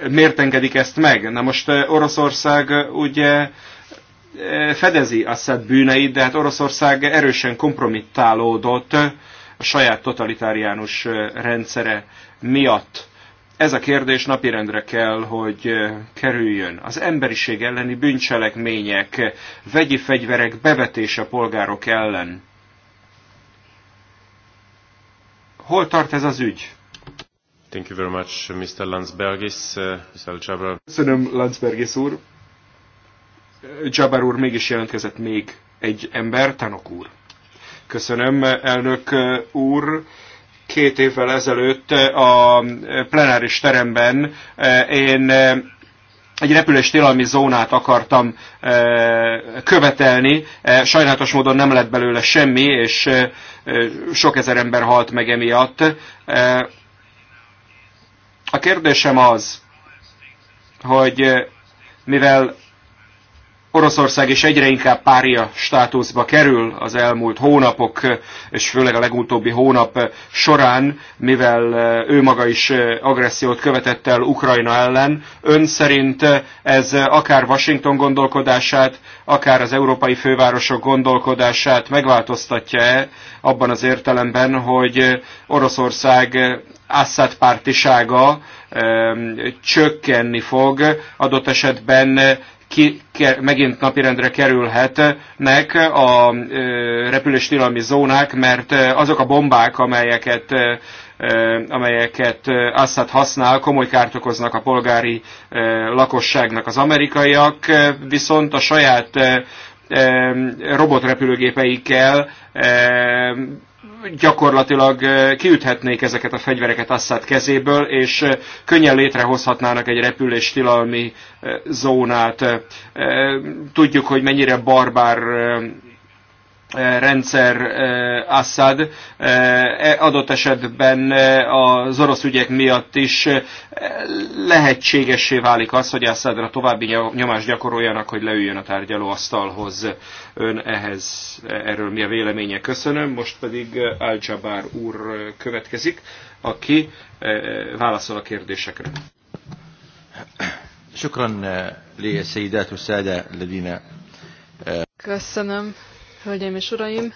miért engedik ezt meg. Na most Oroszország ugye fedezi Assad bűneit, de hát Oroszország erősen kompromittálódott a saját totalitáriánus rendszere miatt. Ez a kérdés napirendre kell, hogy kerüljön. Az emberiség elleni bűncselekmények, vegyi fegyverek bevetése polgárok ellen. Hol tart ez az ügy? Thank you very much, Mr. Landsbergis, uh, Mr. Köszönöm, Landsbergis úr. Jabbar úr mégis jelentkezett még egy ember, Tanok úr. Köszönöm, elnök úr két évvel ezelőtt a plenáris teremben én egy repülés tilalmi zónát akartam követelni, sajnálatos módon nem lett belőle semmi, és sok ezer ember halt meg emiatt. A kérdésem az, hogy mivel Oroszország is egyre inkább párja státuszba kerül az elmúlt hónapok, és főleg a legutóbbi hónap során, mivel ő maga is agressziót követett el Ukrajna ellen. Ön szerint ez akár Washington gondolkodását, akár az európai fővárosok gondolkodását megváltoztatja-e abban az értelemben, hogy Oroszország Assad pártisága csökkenni fog, adott esetben ki, ke, megint napirendre kerülhetnek a repüléstilalmi zónák, mert azok a bombák, amelyeket amelyeket Assad használ, komoly kárt okoznak a polgári lakosságnak. Az amerikaiak viszont a saját robotrepülőgépeikkel gyakorlatilag eh, kiüthetnék ezeket a fegyvereket Assad kezéből, és eh, könnyen létrehozhatnának egy repülés tilalmi eh, zónát. Tudjuk, hogy mennyire barbár Eh, rendszer eh, Assad eh, e adott esetben az orosz ügyek miatt is lehetségessé válik az, hogy Assadra további nyomást gyakoroljanak, hogy leüljön a tárgyalóasztalhoz. Ön ehhez erről mi a véleménye? Köszönöm. Most pedig al úr következik, aki válaszol a kérdésekre. شكرا hát Köszönöm Hölgyeim és Uraim,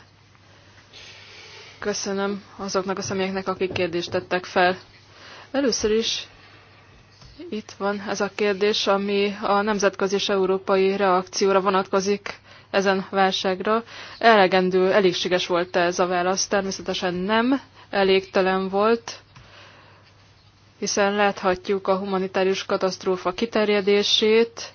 köszönöm azoknak a személyeknek, akik kérdést tettek fel. Először is itt van ez a kérdés, ami a nemzetközi és európai reakcióra vonatkozik ezen válságra. Elegendő, elégséges volt -e ez a válasz? Természetesen nem, elégtelen volt, hiszen láthatjuk a humanitárius katasztrófa kiterjedését,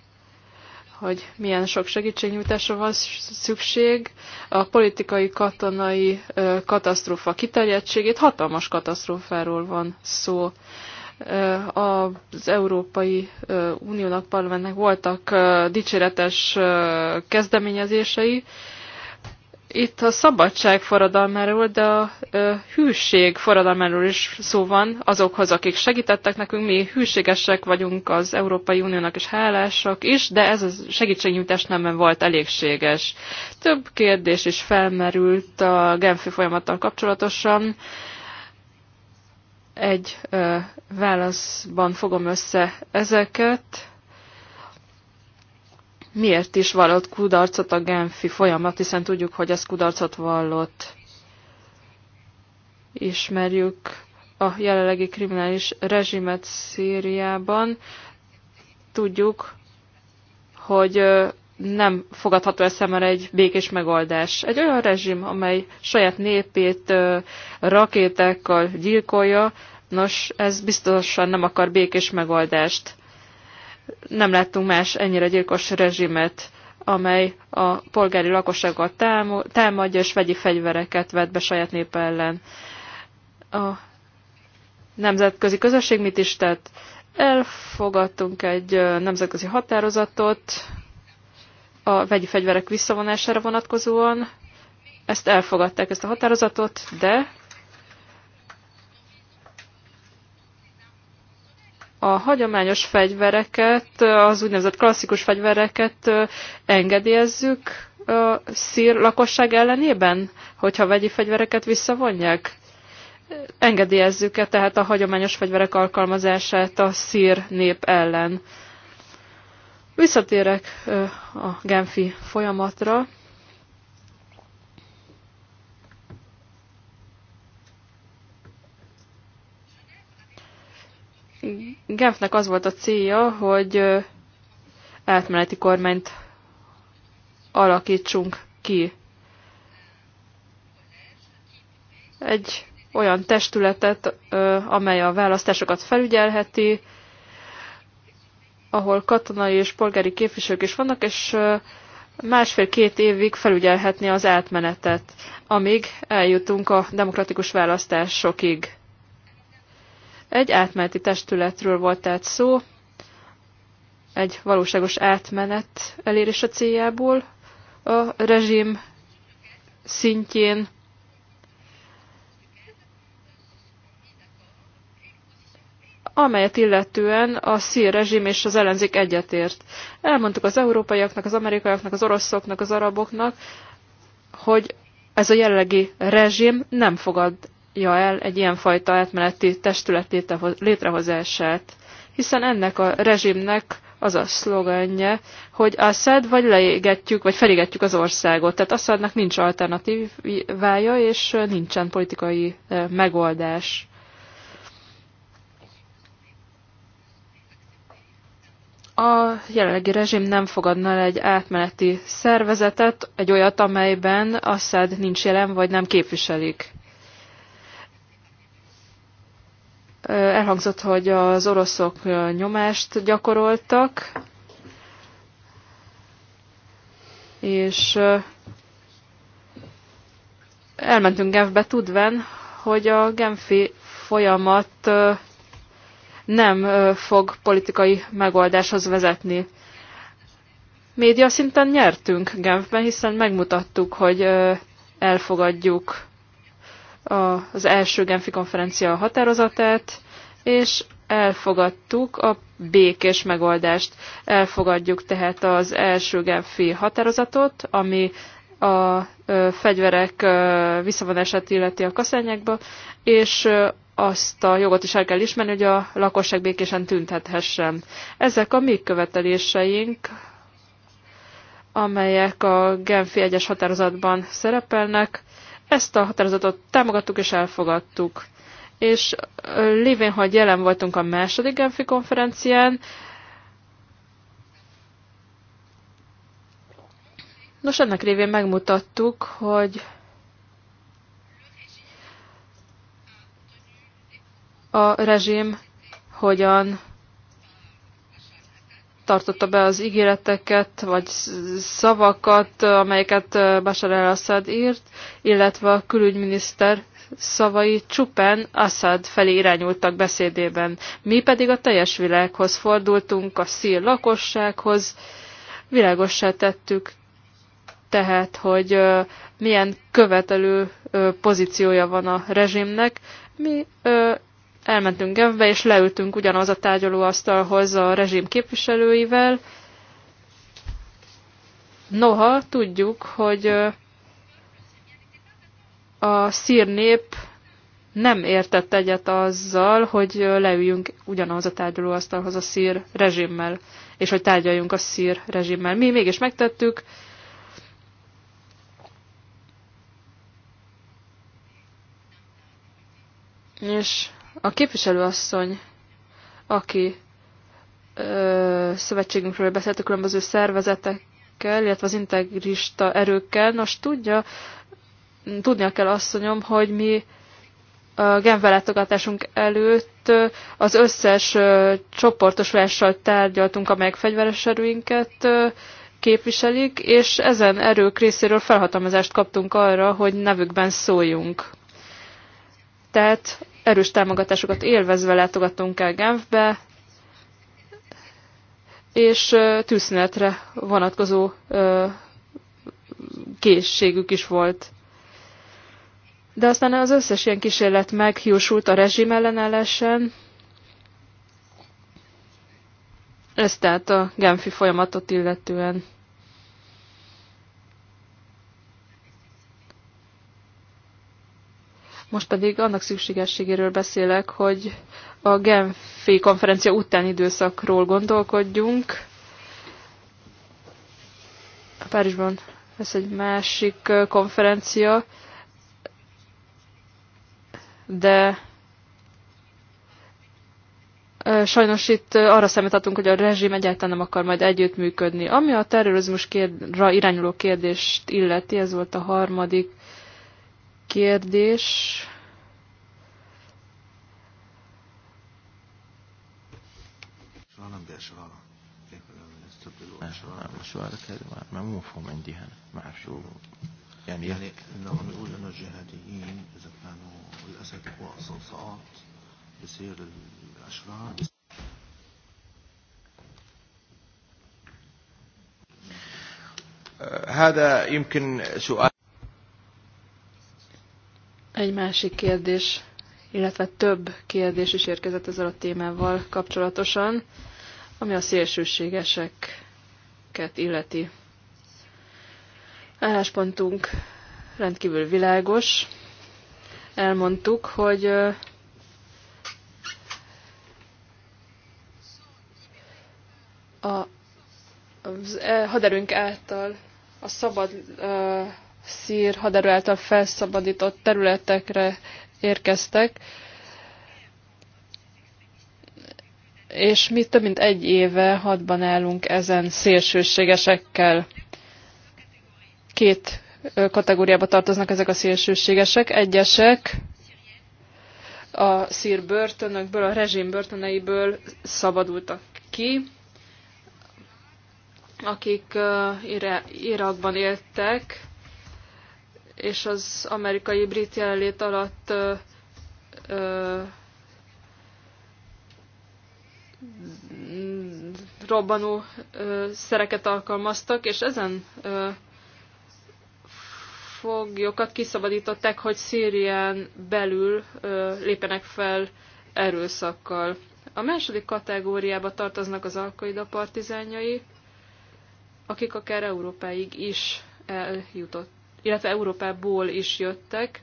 hogy milyen sok segítségnyújtásra van szükség. A politikai katonai katasztrófa kiterjedtségét hatalmas katasztrófáról van szó. Az Európai Uniónak, parlamentnek voltak dicséretes kezdeményezései, itt a szabadság forradalmáról, de a ö, hűség forradalmáról is szó van azokhoz, akik segítettek nekünk. Mi hűségesek vagyunk az Európai Uniónak és hálásak is, de ez a segítségnyújtás nem volt elégséges. Több kérdés is felmerült a Genfi folyamattal kapcsolatosan. Egy ö, válaszban fogom össze ezeket miért is vallott kudarcot a Genfi folyamat, hiszen tudjuk, hogy ez kudarcot vallott. Ismerjük a jelenlegi kriminális rezsimet Szíriában. Tudjuk, hogy nem fogadható eszemre egy békés megoldás. Egy olyan rezsim, amely saját népét rakétákkal gyilkolja, nos, ez biztosan nem akar békés megoldást nem láttunk más ennyire gyilkos rezsimet, amely a polgári lakosságot támadja és vegyi fegyvereket vet be saját népe ellen. A nemzetközi közösség mit is tett? Elfogadtunk egy nemzetközi határozatot a vegyi fegyverek visszavonására vonatkozóan. Ezt elfogadták, ezt a határozatot, de a hagyományos fegyvereket, az úgynevezett klasszikus fegyvereket engedélyezzük a szír lakosság ellenében, hogyha vegyi fegyvereket visszavonják? Engedélyezzük-e tehát a hagyományos fegyverek alkalmazását a szír nép ellen? Visszatérek a Genfi folyamatra. Genfnek az volt a célja, hogy átmeneti kormányt alakítsunk ki. Egy olyan testületet, amely a választásokat felügyelheti, ahol katonai és polgári képviselők is vannak, és másfél-két évig felügyelhetni az átmenetet, amíg eljutunk a demokratikus választásokig. Egy átmeneti testületről volt tehát szó, egy valóságos átmenet elérés a céljából a rezsim szintjén. amelyet illetően a szír rezsim és az ellenzék egyetért. Elmondtuk az európaiaknak, az amerikaiaknak, az oroszoknak, az araboknak, hogy ez a jellegi rezsim nem fogad ja el egy ilyenfajta átmeneti testület létrehozását, hiszen ennek a rezsimnek az a szlogenje, hogy Assad vagy leégetjük, vagy felégetjük az országot. Tehát Assadnak nincs alternatívája, és nincsen politikai e, megoldás. a jelenlegi rezsim nem fogadna el egy átmeneti szervezetet, egy olyat, amelyben Assad nincs jelen, vagy nem képviselik. Elhangzott, hogy az oroszok nyomást gyakoroltak, és elmentünk Genfbe tudván, hogy a Genfi folyamat nem fog politikai megoldáshoz vezetni. Média szinten nyertünk Genfben, hiszen megmutattuk, hogy elfogadjuk az első Genfi konferencia határozatát, és elfogadtuk a békés megoldást. Elfogadjuk tehát az első Genfi határozatot, ami a fegyverek visszavonását illeti a kaszányákba, és azt a jogot is el kell ismerni, hogy a lakosság békésen tüntethessen. Ezek a mi követeléseink, amelyek a Genfi egyes határozatban szerepelnek, ezt a határozatot támogattuk és elfogadtuk. És lévén, hogy jelen voltunk a második Genfi konferencián, Nos, ennek révén megmutattuk, hogy a rezsim hogyan tartotta be az ígéreteket, vagy szavakat, amelyeket Bashar el-Assad írt, illetve a külügyminiszter szavai csupán Assad felé irányultak beszédében. Mi pedig a teljes világhoz fordultunk, a szír lakossághoz, világossá tettük tehát, hogy milyen követelő pozíciója van a rezsimnek. Mi elmentünk Genfbe, és leültünk ugyanaz a tárgyalóasztalhoz a rezsim képviselőivel. Noha tudjuk, hogy a szír nép nem értett egyet azzal, hogy leüljünk ugyanaz a tárgyalóasztalhoz a szír rezsimmel, és hogy tárgyaljunk a szír rezsimmel. Mi mégis megtettük, és a képviselőasszony, aki ö, szövetségünkről beszélt a különböző szervezetekkel, illetve az integrista erőkkel, nos tudja, tudnia kell asszonyom, hogy mi a genvelátogatásunk előtt az összes csoportos csoportosulással tárgyaltunk, amelyek fegyveres erőinket képviselik, és ezen erők részéről felhatalmazást kaptunk arra, hogy nevükben szóljunk. Tehát erős támogatásokat élvezve látogattunk el Genfbe, és tűzszünetre vonatkozó készségük is volt. De aztán az összes ilyen kísérlet meghiúsult a rezsim ellenállásán. Ez tehát a Genfi folyamatot illetően. Most pedig annak szükségességéről beszélek, hogy a Genfi konferencia utáni időszakról gondolkodjunk. A Párizsban lesz egy másik konferencia, de sajnos itt arra számíthatunk, hogy a rezsim egyáltalán nem akar majd együttműködni. Ami a terrorizmusra irányuló kérdést illeti, ez volt a harmadik kérdés. هذا يمكن سؤال egy másik kérdés, illetve több kérdés is érkezett ezzel a témával kapcsolatosan, ami a szélsőségeseket illeti. Álláspontunk rendkívül világos. Elmondtuk, hogy a, az e, által a szabad szír haderő által felszabadított területekre érkeztek, és mi több mint egy éve hadban állunk ezen szélsőségesekkel. Két kategóriába tartoznak ezek a szélsőségesek. Egyesek a szír börtönökből, a rezsim börtöneiből szabadultak ki, akik Irakban éltek, és az amerikai brit jelenlét alatt ö, ö, robbanó ö, szereket alkalmaztak, és ezen ö, foglyokat kiszabadították, hogy Szírián belül ö, lépenek fel erőszakkal. A második kategóriába tartoznak az alkaida partizánjai, akik akár Európáig is eljutottak illetve Európából is jöttek.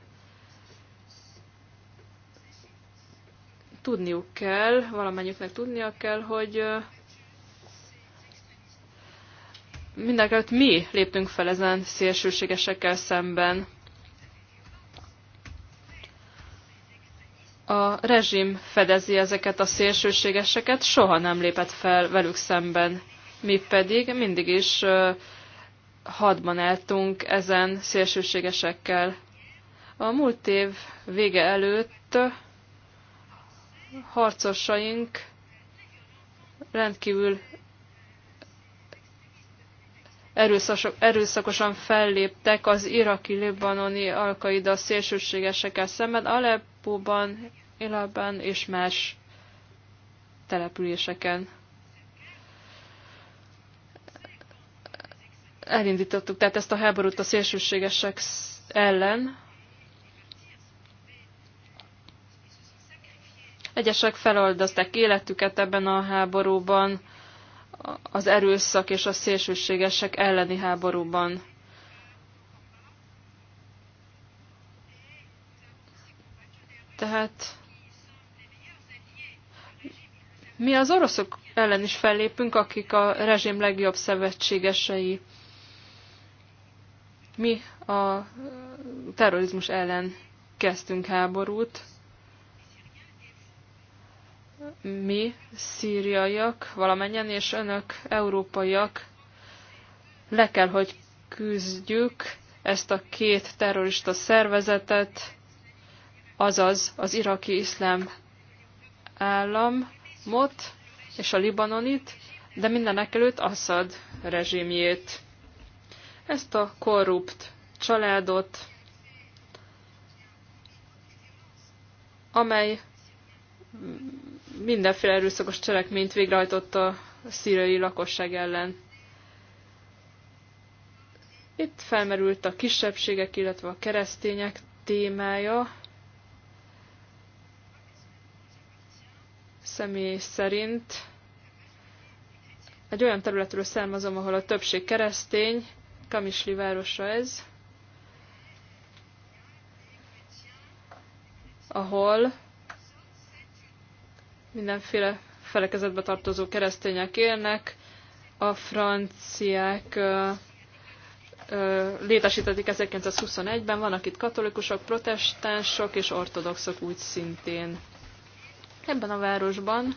Tudniuk kell, valamennyiknek tudnia kell, hogy mindenkelőtt mi léptünk fel ezen szélsőségesekkel szemben. A rezsim fedezi ezeket a szélsőségeseket, soha nem lépett fel velük szemben. Mi pedig mindig is hadban álltunk ezen szélsőségesekkel. A múlt év vége előtt harcosaink rendkívül erőszakosan felléptek az iraki-libanoni alkaida szélsőségesekkel szemben Aleppóban, Ilában és más településeken. elindítottuk tehát ezt a háborút a szélsőségesek ellen. Egyesek feloldozták életüket ebben a háborúban, az erőszak és a szélsőségesek elleni háborúban. Tehát mi az oroszok ellen is fellépünk, akik a rezsim legjobb szövetségesei. Mi a terrorizmus ellen kezdtünk háborút, mi, szíriaiak valamennyien, és önök, európaiak, le kell, hogy küzdjük ezt a két terrorista szervezetet, azaz az iraki iszlám államot és a libanonit, de mindenek előtt Assad rezsimjét ezt a korrupt családot, amely mindenféle erőszakos cselekményt végrehajtott a szírai lakosság ellen. Itt felmerült a kisebbségek, illetve a keresztények témája. Személy szerint egy olyan területről származom, ahol a többség keresztény, Kamisli városa ez, ahol mindenféle felekezetbe tartozó keresztények élnek, a franciák ö, ö, létesítették 1921-ben, vannak itt katolikusok, protestánsok és ortodoxok úgy szintén. Ebben a városban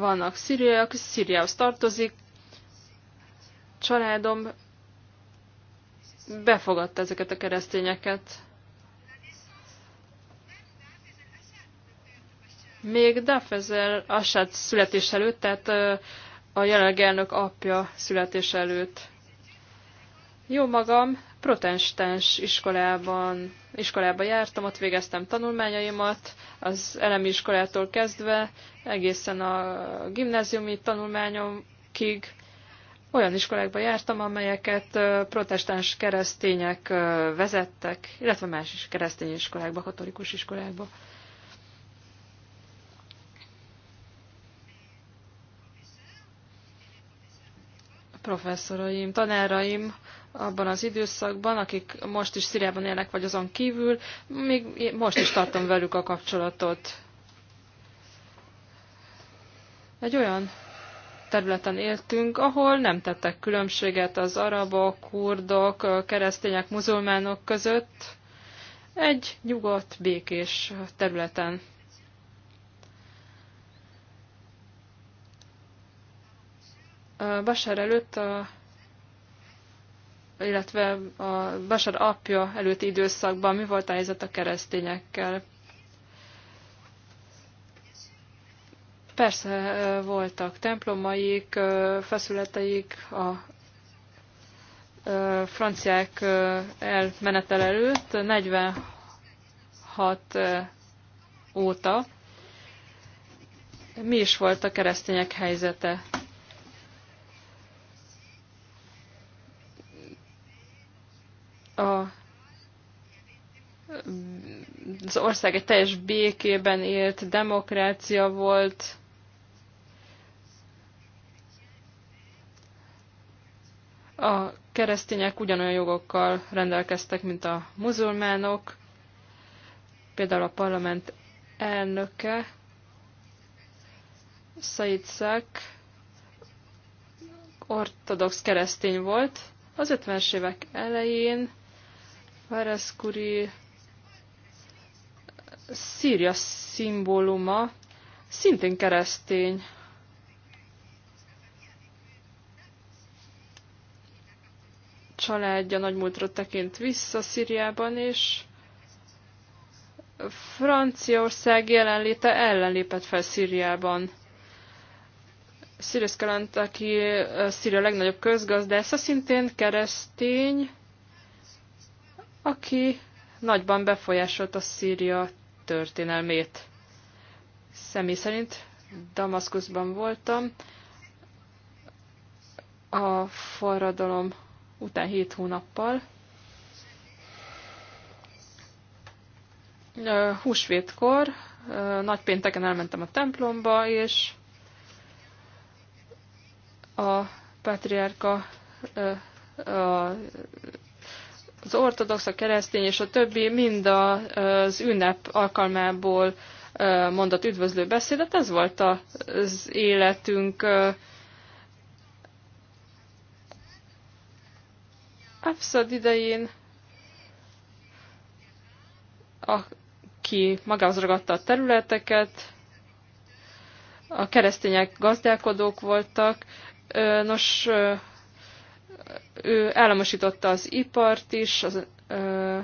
vannak szíriak, Szíriához tartozik, családom befogadta ezeket a keresztényeket. Még Dafezel Assad születés előtt, tehát a jelenleg elnök apja születés előtt. Jó magam, protestáns iskolában, iskolában jártam, ott végeztem tanulmányaimat, az elemi iskolától kezdve egészen a gimnáziumi tanulmányomkig olyan iskolákba jártam, amelyeket protestáns keresztények vezettek, illetve más is keresztény iskolákba, katolikus iskolákba. professzoraim, tanáraim abban az időszakban, akik most is Szíriában élnek, vagy azon kívül, még most is tartom velük a kapcsolatot. Egy olyan területen éltünk, ahol nem tettek különbséget az arabok, kurdok, keresztények, muzulmánok között, egy nyugodt, békés területen. Basár előtt a illetve a Basar apja előtti időszakban mi volt a helyzet a keresztényekkel? Persze voltak templomaik, feszületeik a franciák elmenetel előtt, 46 óta. Mi is volt a keresztények helyzete? a, az ország egy teljes békében élt, demokrácia volt, a keresztények ugyanolyan jogokkal rendelkeztek, mint a muzulmánok, például a parlament elnöke, Said Szak, ortodox keresztény volt. Az 50-es évek elején Pereszkuri Szíria szimbóluma szintén keresztény. Családja nagymúltra tekint vissza Szíriában, és Franciaország jelenléte ellenlépett fel Szíriában. Sirius aki Szíria legnagyobb közgazdásza, szintén keresztény, aki nagyban befolyásolt a Szíria történelmét. Személy szerint Damaszkuszban voltam, a forradalom után hét hónappal. Húsvétkor, nagypénteken elmentem a templomba, és a patriárka a az ortodox, a keresztény és a többi mind az ünnep alkalmából mondott üdvözlő beszédet. Ez volt az életünk Abszad idején, aki magához ragadta a területeket, a keresztények gazdálkodók voltak. Nos, ő államosította az ipart is, az, ö,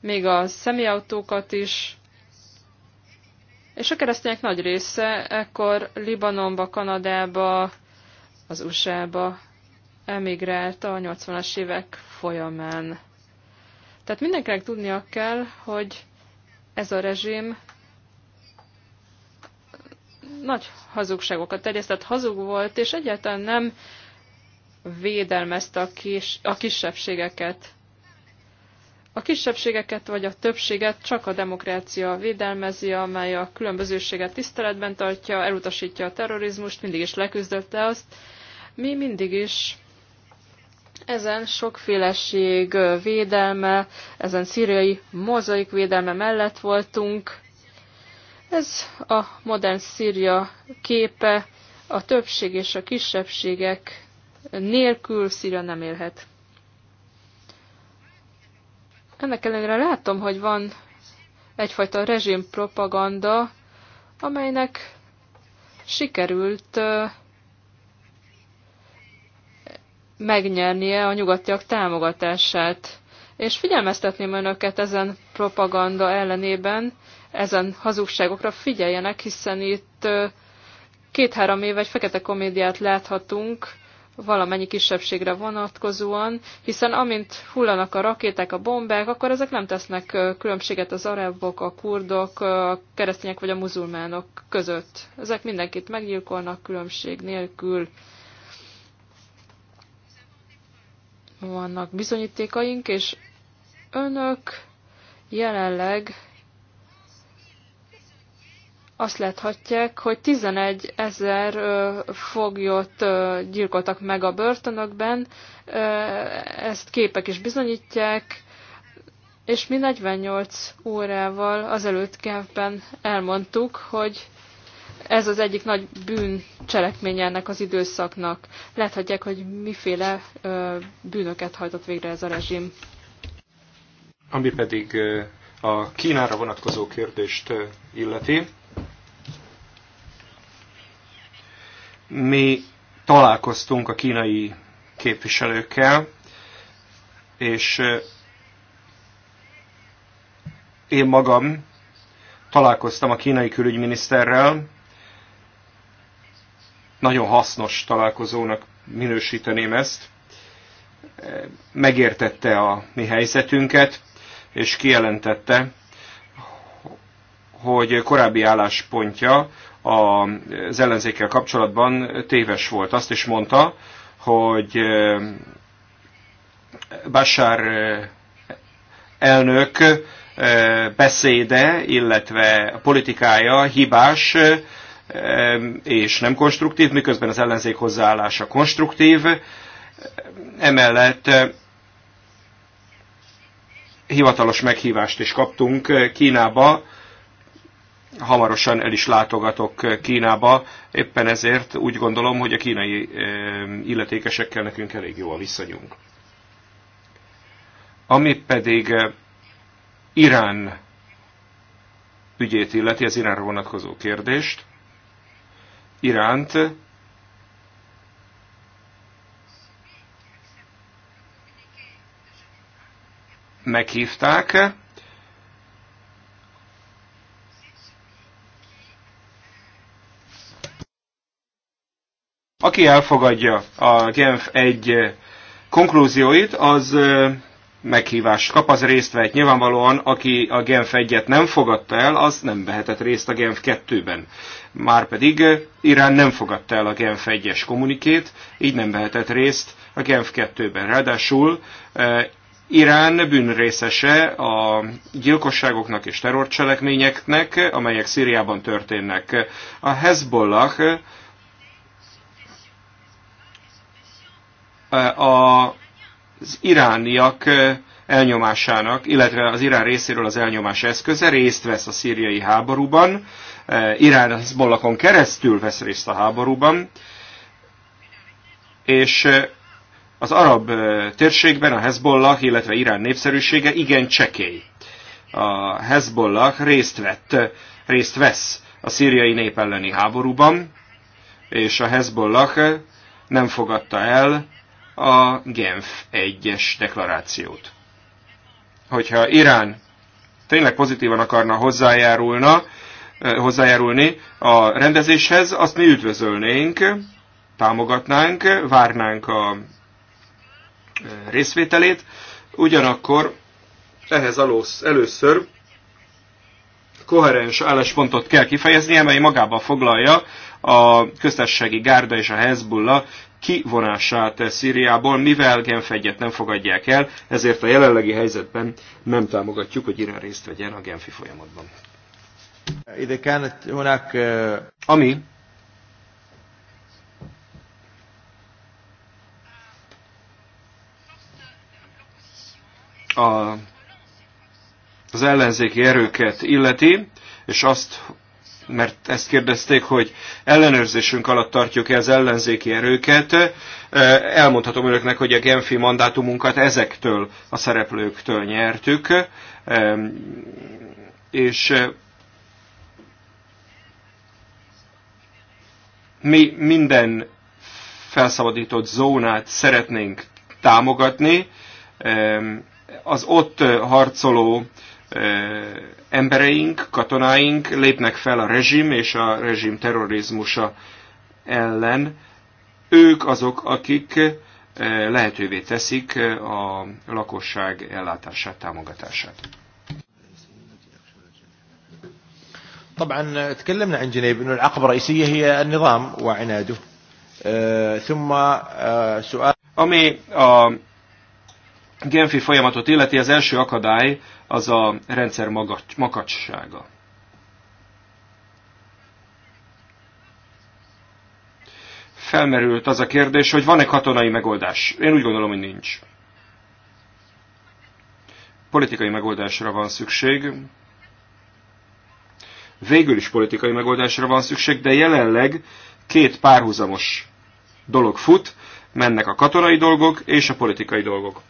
még a személyautókat is, és a keresztények nagy része ekkor Libanonba, Kanadába, az USA-ba emigrált a 80-as évek folyamán. Tehát mindenkinek tudnia kell, hogy ez a rezsim nagy hazugságokat terjesztett, hazug volt, és egyáltalán nem védelmezte a, kis, a kisebbségeket. A kisebbségeket vagy a többséget csak a demokrácia védelmezi, amely a különbözőséget tiszteletben tartja, elutasítja a terrorizmust, mindig is leküzdötte azt. Mi mindig is ezen sokféleség védelme, ezen szíriai mozaik védelme mellett voltunk. Ez a modern Szíria képe, a többség és a kisebbségek nélkül Szíria nem élhet. Ennek ellenére látom, hogy van egyfajta propaganda, amelynek sikerült megnyernie a nyugatiak támogatását. És figyelmeztetném önöket ezen propaganda ellenében, ezen hazugságokra figyeljenek, hiszen itt két-három év egy fekete komédiát láthatunk, valamennyi kisebbségre vonatkozóan, hiszen amint hullanak a rakéták, a bombák, akkor ezek nem tesznek különbséget az arabok, a kurdok, a keresztények vagy a muzulmánok között. Ezek mindenkit meggyilkolnak különbség nélkül. Vannak bizonyítékaink, és önök jelenleg azt láthatják, hogy 11 ezer foglyot gyilkoltak meg a börtönökben, ezt képek is bizonyítják, és mi 48 órával azelőtt kevben elmondtuk, hogy ez az egyik nagy bűn cselekménye ennek az időszaknak. Láthatják, hogy miféle bűnöket hajtott végre ez a rezsim. Ami pedig a Kínára vonatkozó kérdést illeti, Mi találkoztunk a kínai képviselőkkel, és én magam találkoztam a kínai külügyminiszterrel, nagyon hasznos találkozónak minősíteném ezt, megértette a mi helyzetünket, és kijelentette, hogy korábbi álláspontja az ellenzékkel kapcsolatban téves volt. Azt is mondta, hogy eh, Bashar eh, elnök eh, beszéde, illetve politikája hibás és nem konstruktív, miközben az ellenzék hozzáállása konstruktív. Emellett hivatalos meghívást is kaptunk Kínába, hamarosan el is látogatok Kínába. Éppen ezért úgy gondolom, hogy a kínai eh, illetékesekkel nekünk elég jó a viszonyunk. Ami pedig eh, Irán ügyét illeti, az Iránra vonatkozó kérdést, Iránt meghívták, aki elfogadja a Genf egy eh, konklúzióit, az eh, meghívást kap, az részt vehet. Nyilvánvalóan, aki a Genf 1-et nem fogadta el, az nem vehetett részt a Genf 2-ben. Márpedig eh, Irán nem fogadta el a Genf 1-es kommunikét, így nem vehetett részt a Genf 2-ben. Ráadásul Irán bűnrészese a gyilkosságoknak és terrorcselekményeknek, amelyek Szíriában történnek. A Hezbollah az irániak elnyomásának, illetve az Irán részéről az elnyomás eszköze, részt vesz a szíriai háborúban, Irán a Hezbollakon keresztül vesz részt a háborúban, és az arab térségben a Hezbollah, illetve Irán népszerűsége igen csekély. A Hezbollah részt vett, részt vesz a szíriai nép elleni háborúban, és a Hezbollah nem fogadta el a Genf 1-es deklarációt. Hogyha Irán tényleg pozitívan akarna hozzájárulna, eh, hozzájárulni a rendezéshez, azt mi üdvözölnénk, támogatnánk, várnánk a eh, részvételét, ugyanakkor ehhez először koherens álláspontot kell kifejezni, amely magába foglalja a köztársasági gárda és a Hezbollah kivonását Szíriából, mivel Genf egyet nem fogadják el, ezért a jelenlegi helyzetben nem támogatjuk, hogy Irán részt vegyen a Genfi folyamatban. Ide Ami a, az ellenzéki erőket illeti, és azt, mert ezt kérdezték, hogy ellenőrzésünk alatt tartjuk-e az ellenzéki erőket. Elmondhatom önöknek, hogy a Genfi mandátumunkat ezektől a szereplőktől nyertük, és mi minden felszabadított zónát szeretnénk támogatni, az ott harcoló embereink, katonáink lépnek fel a rezsim és a rezsim terrorizmusa ellen. Ők azok, akik lehetővé teszik a lakosság ellátását, támogatását. طبعا تكلمنا عن جنيب أن العقبة الرئيسية هي النظام وعناده ثم سؤال أمي Genfi folyamatot illeti, az első akadály az a rendszer makacsága. Felmerült az a kérdés, hogy van-e katonai megoldás. Én úgy gondolom, hogy nincs. Politikai megoldásra van szükség. Végül is politikai megoldásra van szükség, de jelenleg két párhuzamos dolog fut, mennek a katonai dolgok és a politikai dolgok.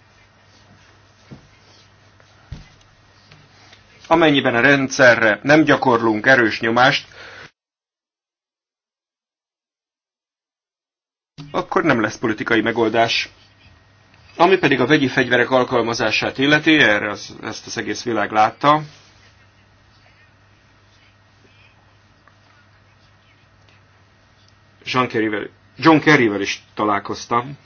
Amennyiben a rendszerre nem gyakorlunk erős nyomást, akkor nem lesz politikai megoldás. Ami pedig a vegyi fegyverek alkalmazását illeti, erre az, ezt az egész világ látta, John Kerryvel, John Kerryvel is találkoztam,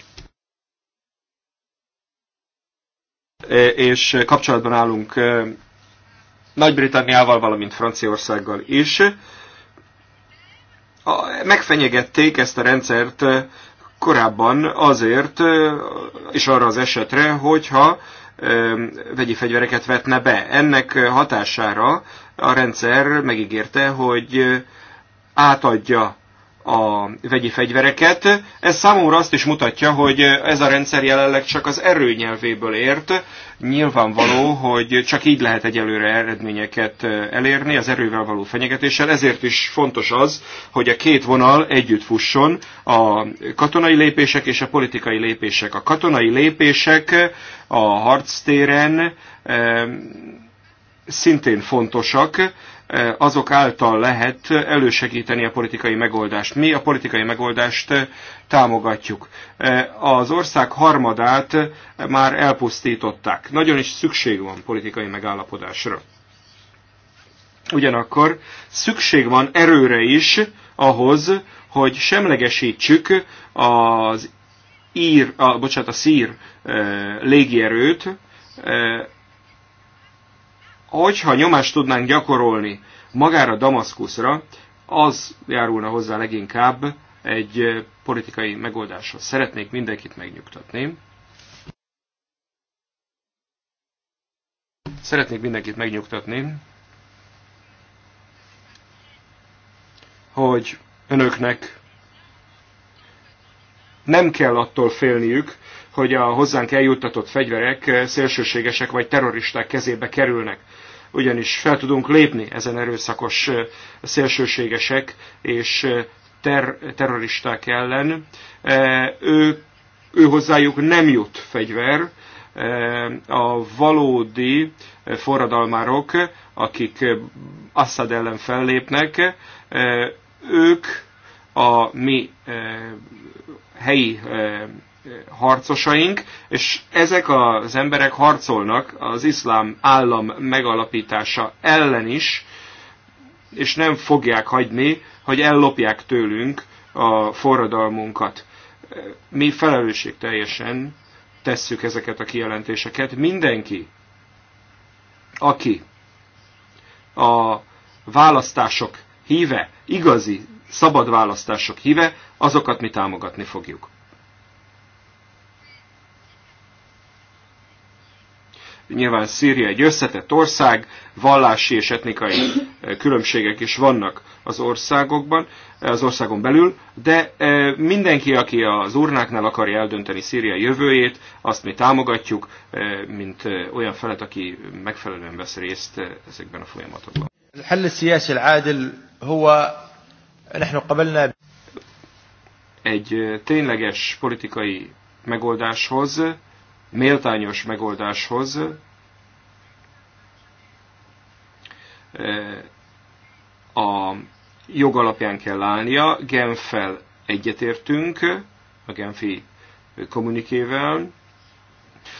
e, és kapcsolatban állunk e, nagy-Britanniával, valamint Franciaországgal is. Megfenyegették ezt a rendszert eh, korábban azért, eh, és arra az esetre, hogyha eh, vegyi fegyvereket vetne be. Ennek hatására a rendszer megígérte, hogy átadja a vegyi fegyvereket. Ez számomra azt is mutatja, hogy ez a rendszer jelenleg csak az erőnyelvéből ért. Nyilvánvaló, hogy csak így lehet egyelőre eredményeket elérni az erővel való fenyegetéssel, ezért is fontos az, hogy a két vonal együtt fusson, a katonai lépések és a politikai lépések. A katonai lépések a harctéren eh, szintén fontosak, Eh, azok által lehet elősegíteni a politikai megoldást. Mi a politikai megoldást eh, támogatjuk. Eh, az ország harmadát már elpusztították. Nagyon is szükség van politikai megállapodásra. Ugyanakkor szükség van erőre is ahhoz, hogy semlegesítsük az ír, a, bocsánat, a szír e, légierőt, e, hogyha nyomást tudnánk gyakorolni magára Damaszkuszra, az járulna hozzá leginkább egy politikai megoldáshoz. Szeretnék mindenkit megnyugtatni. Szeretnék mindenkit megnyugtatni, hogy önöknek nem kell attól félniük, hogy a hozzánk eljuttatott fegyverek szélsőségesek vagy terroristák kezébe kerülnek. Ugyanis fel tudunk lépni ezen erőszakos szélsőségesek és ter- terroristák ellen. Ő, ő hozzájuk nem jut fegyver, a valódi forradalmárok, akik Assad ellen fellépnek, ők a mi helyi harcosaink, és ezek az emberek harcolnak az iszlám állam megalapítása ellen is, és nem fogják hagyni, hogy ellopják tőlünk a forradalmunkat. Mi teljesen tesszük ezeket a kijelentéseket. Mindenki, aki a választások híve, igazi szabad választások híve, azokat mi támogatni fogjuk. Nyilván Szíria egy összetett ország, vallási és etnikai különbségek is vannak az országokban, az országon belül, de mindenki, aki az urnáknál akarja eldönteni Szíria jövőjét, azt mi támogatjuk, mint olyan felet, aki megfelelően vesz részt ezekben a folyamatokban. Egy tényleges politikai megoldáshoz, méltányos megoldáshoz a jog alapján kell állnia. Genfel egyetértünk, a Genfi kommunikével.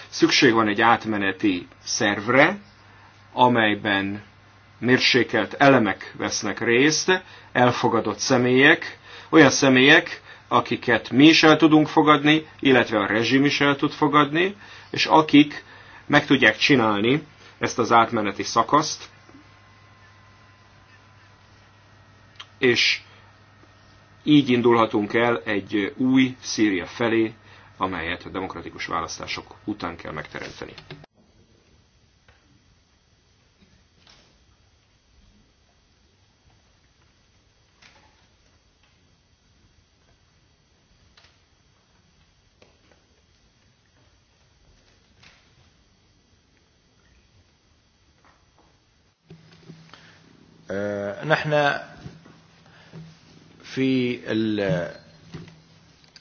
Szükség van egy átmeneti szervre, amelyben mérsékelt elemek vesznek részt, elfogadott személyek, olyan személyek, akiket mi is el tudunk fogadni, illetve a rezsim is el tud fogadni, és akik meg tudják csinálni ezt az átmeneti szakaszt, és így indulhatunk el egy új Szíria felé, amelyet a demokratikus választások után kell megteremteni.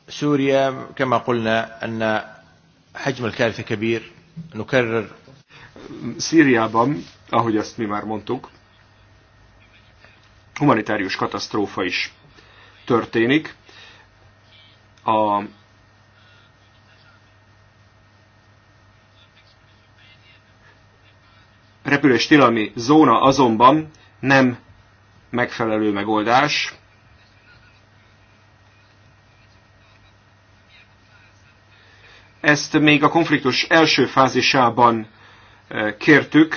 سوريا كما قلنا أن حجم الكارثة كبير نكرر Szíriában, ahogy azt mi már mondtuk, humanitárius katasztrófa is történik. A repülés tilalmi zóna azonban nem megfelelő megoldás, Ezt még a konfliktus első fázisában eh, kértük,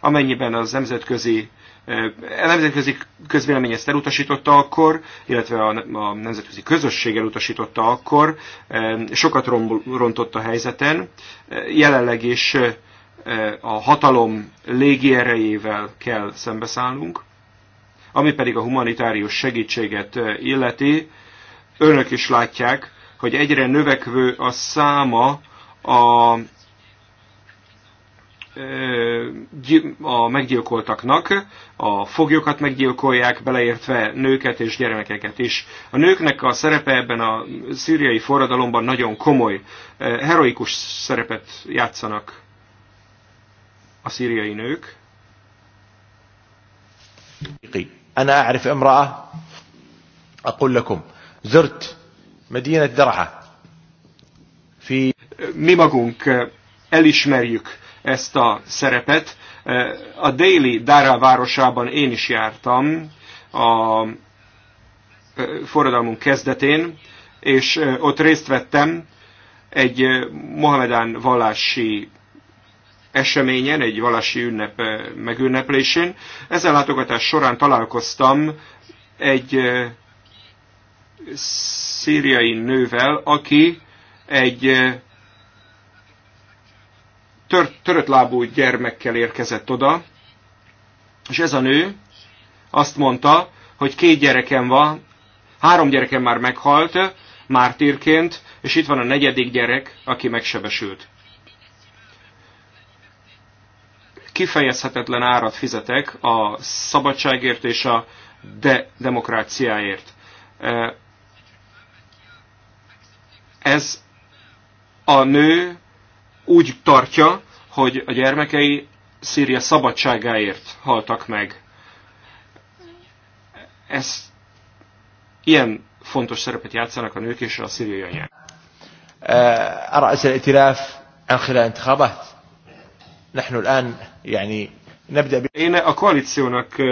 amennyiben az nemzetközi eh, a nemzetközi közvélemény ezt elutasította akkor, illetve a, a nemzetközi közösség elutasította akkor, eh, sokat rontott a helyzeten. Jelenleg is a hatalom légierejével kell szembeszállnunk, ami pedig a humanitárius segítséget illeti. Önök is látják, hogy egyre növekvő a száma a, a meggyilkoltaknak, a foglyokat meggyilkolják, beleértve nőket és gyermekeket is. A nőknek a szerepe ebben a szíriai forradalomban nagyon komoly, heroikus szerepet játszanak a szíriai nők. أنا أعرف امرأة أقول لكم زرت مدينة درعة في mi magunk eh, elismerjük ezt a szerepet. Eh, a déli Dara városában én is jártam a eh, forradalmunk kezdetén, és ott részt vettem egy Mohamedán vallási eseményen, egy vallási ünnep megünneplésén. Ezen látogatás során találkoztam egy szíriai nővel, aki egy eh, tör, törött lábú gyermekkel érkezett oda, és ez a nő azt mondta, hogy két gyerekem van, három gyerekem már meghalt, mártírként, és itt van a negyedik gyerek, aki megsebesült. Kifejezhetetlen árat fizetek a szabadságért és a de demokráciáért. Eh, ez a nő úgy tartja, hogy a gyermekei Szíria szabadságáért haltak meg. Ez ilyen fontos szerepet játszanak a nők és a szíriai anyák. أرأس الائتلاف عن خلال انتخابات نحن الآن يعني نبدأ Én a koalíciónak eh,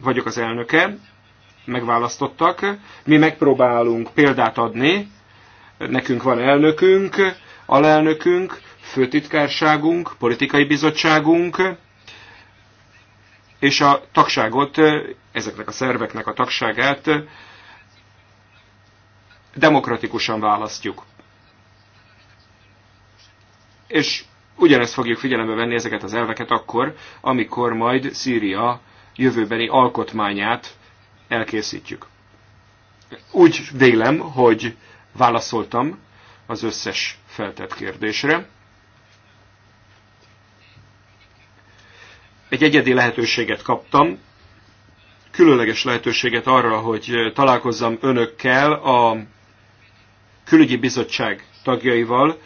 vagyok az elnöke, megválasztottak. Mi megpróbálunk példát adni Nekünk van elnökünk, alelnökünk, főtitkárságunk, politikai bizottságunk, és a tagságot, ezeknek a szerveknek a tagságát demokratikusan választjuk. És ugyanezt fogjuk figyelembe venni ezeket az elveket akkor, amikor majd Szíria jövőbeni alkotmányát elkészítjük. Úgy vélem, hogy válaszoltam az összes feltett kérdésre. Egy egyedi lehetőséget kaptam, különleges lehetőséget arra, hogy találkozzam önökkel a külügyi bizottság tagjaival.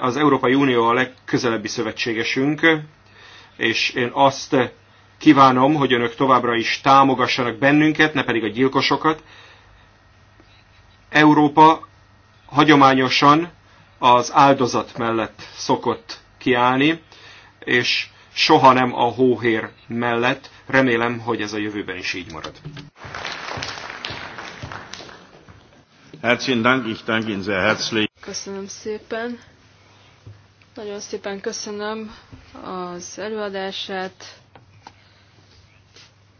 Az Európai Unió a legközelebbi szövetségesünk, és én azt kívánom, hogy önök továbbra is támogassanak bennünket, ne pedig a gyilkosokat. Európa hagyományosan az áldozat mellett szokott kiállni, és soha nem a hóhér mellett. Remélem, hogy ez a jövőben is így marad. Köszönöm szépen. Nagyon szépen köszönöm az előadását.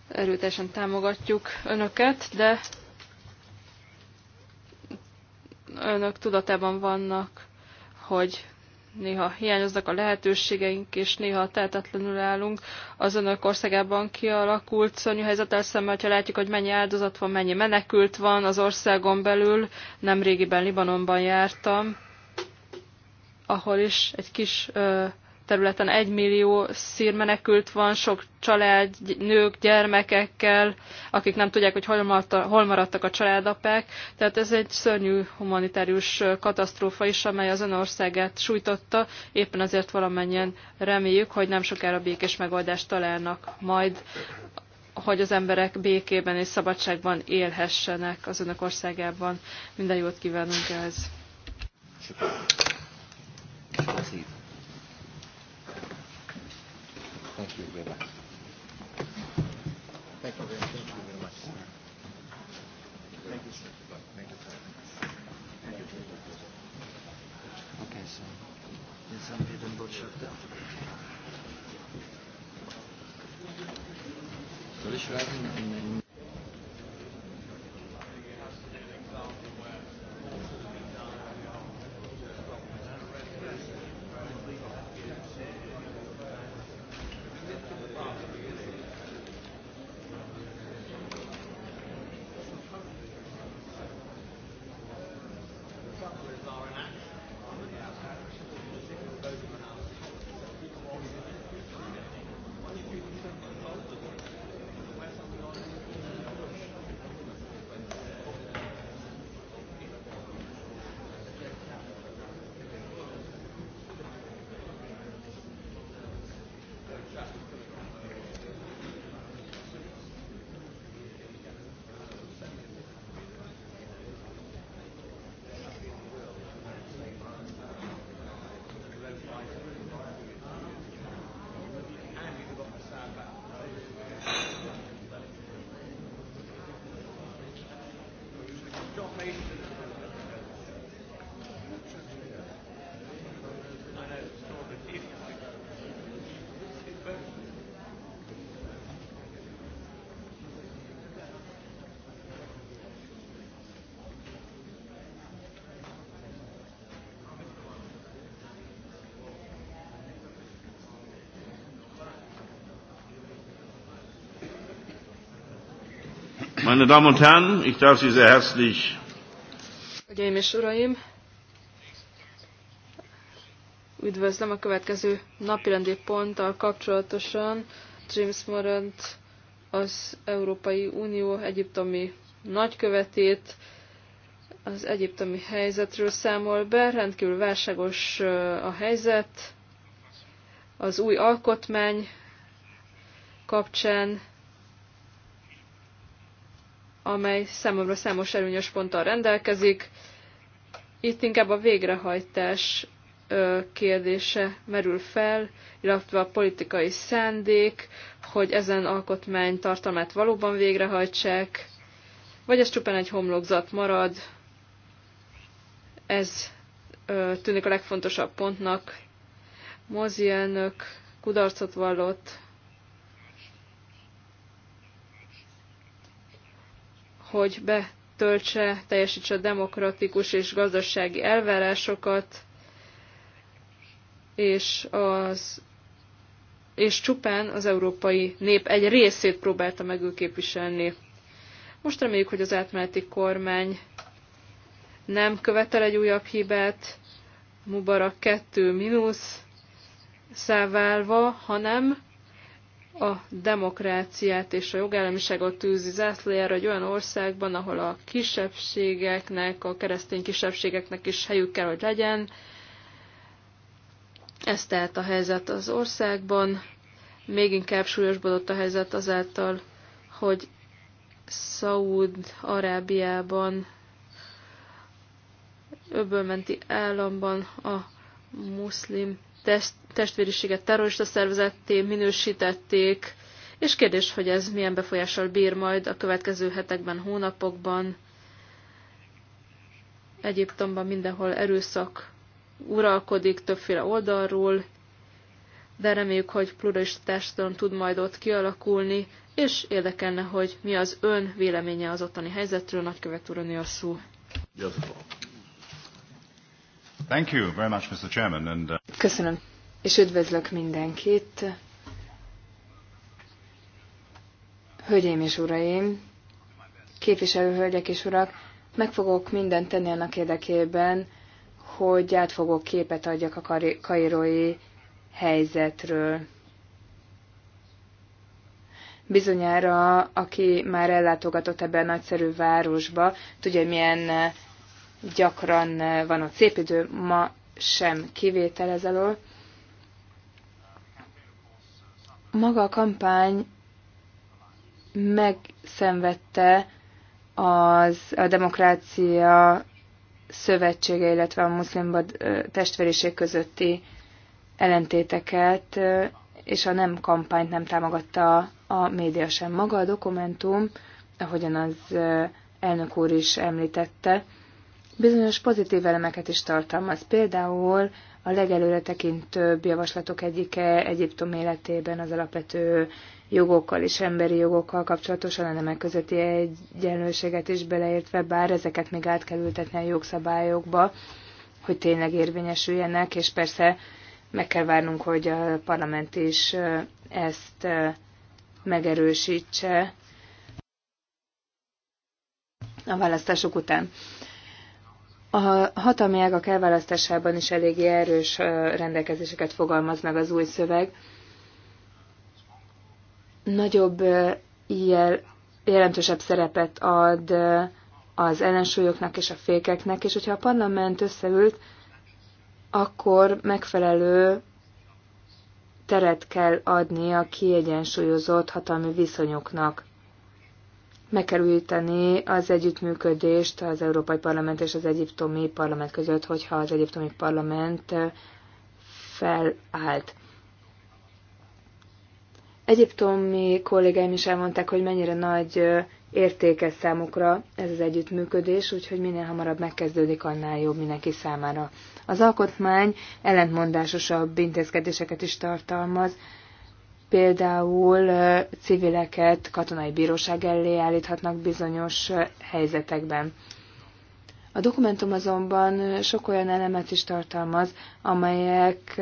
Erőteljesen támogatjuk Önöket, de önök tudatában vannak, hogy néha hiányoznak a lehetőségeink, és néha tehetetlenül állunk. Az önök országában kialakult szörnyű helyzetel szemben, hogyha látjuk, hogy mennyi áldozat van, mennyi menekült van az országon belül. Nem régiben Libanonban jártam, ahol is egy kis ö, területen egy millió szír menekült van, sok család, nők, gyermekekkel, akik nem tudják, hogy hol maradtak a családapák. Tehát ez egy szörnyű humanitárius katasztrófa is, amely az önországát sújtotta. Éppen azért valamennyien reméljük, hogy nem sokára békés megoldást találnak majd hogy az emberek békében és szabadságban élhessenek az önök országában. Minden jót kívánunk ehhez. Köszönöm. Thank you very much. Thank you very, thank you very much. Thank you, sir. Thank you, sir. Thank you. Okay, so there's some people hidden shut down. Soll ich schreiben in, in Meine Damen und Herren, ich darf Sie sehr herzlich. Hölgyeim és Uraim, üdvözlöm a következő napirendi ponttal kapcsolatosan James Morant, az Európai Unió egyiptomi nagykövetét, az egyiptomi helyzetről számol be, rendkívül válságos a helyzet, az új alkotmány kapcsán amely számomra számos előnyös ponttal rendelkezik. Itt inkább a végrehajtás kérdése merül fel, illetve a politikai szándék, hogy ezen alkotmány tartalmát valóban végrehajtsák, vagy ez csupán egy homlokzat marad. Ez tűnik a legfontosabb pontnak. Mozi elnök kudarcot vallott hogy betöltse, teljesítse a demokratikus és gazdasági elvárásokat, és, az, és csupán az európai nép egy részét próbálta meg ő képviselni. Most reméljük, hogy az átmeneti kormány nem követel egy újabb hibát, Mubarak 2 mínusz száválva, hanem a demokráciát és a jogállamiságot tűzi zászlajára egy olyan országban, ahol a kisebbségeknek, a keresztény kisebbségeknek is helyük kell, hogy legyen. Ez tehát a helyzet az országban. Még inkább súlyosbodott a helyzet azáltal, hogy Szaúd-Arábiában, öbölmenti államban a muszlim teszt testvériséget terrorista szervezetté minősítették, és kérdés, hogy ez milyen befolyással bír majd a következő hetekben, hónapokban. Egyiptomban mindenhol erőszak uralkodik többféle oldalról, de reméljük, hogy pluralista társadalom tud majd ott kialakulni, és érdekelne, hogy mi az ön véleménye az ottani helyzetről, nagykövet úr, a szó. Uh, Köszönöm és üdvözlök mindenkit. Hölgyeim és uraim, képviselőhölgyek és urak, meg fogok mindent tenni annak érdekében, hogy átfogó képet adjak a kairói helyzetről. Bizonyára, aki már ellátogatott ebbe a nagyszerű városba, tudja, milyen eh, gyakran eh, van ott szép idő, ma sem kivétel ez alól maga a kampány megszenvedte az, a demokrácia szövetsége, illetve a muszlim testvériség közötti ellentéteket, és a nem kampányt nem támogatta a média sem. Maga a dokumentum, ahogyan az elnök úr is említette, bizonyos pozitív elemeket is tartalmaz. Például a legelőre tekintőbb javaslatok egyike Egyiptom életében az alapvető jogokkal és emberi jogokkal kapcsolatosan a nemek közötti egyenlőséget is beleértve, bár ezeket még át kell ültetni a jogszabályokba, hogy tényleg érvényesüljenek, és persze meg kell várnunk, hogy a parlament is ezt megerősítse a választások után. A hatalmi ágak elválasztásában is eléggé erős rendelkezéseket fogalmaz meg az új szöveg. Nagyobb, ilyen jelentősebb szerepet ad az ellensúlyoknak és a fékeknek, és hogyha a parlament összeült, akkor megfelelő teret kell adni a kiegyensúlyozott hatalmi viszonyoknak meg kell az együttműködést az Európai Parlament és az egyiptomi parlament között, hogyha az egyiptomi parlament felállt. Egyiptomi kollégáim is elmondták, hogy mennyire nagy értéke számukra ez az együttműködés, úgyhogy minél hamarabb megkezdődik, annál jobb mindenki számára. Az alkotmány ellentmondásosabb intézkedéseket is tartalmaz, Például civileket katonai bíróság elé állíthatnak bizonyos helyzetekben. A dokumentum azonban sok olyan elemet is tartalmaz, amelyek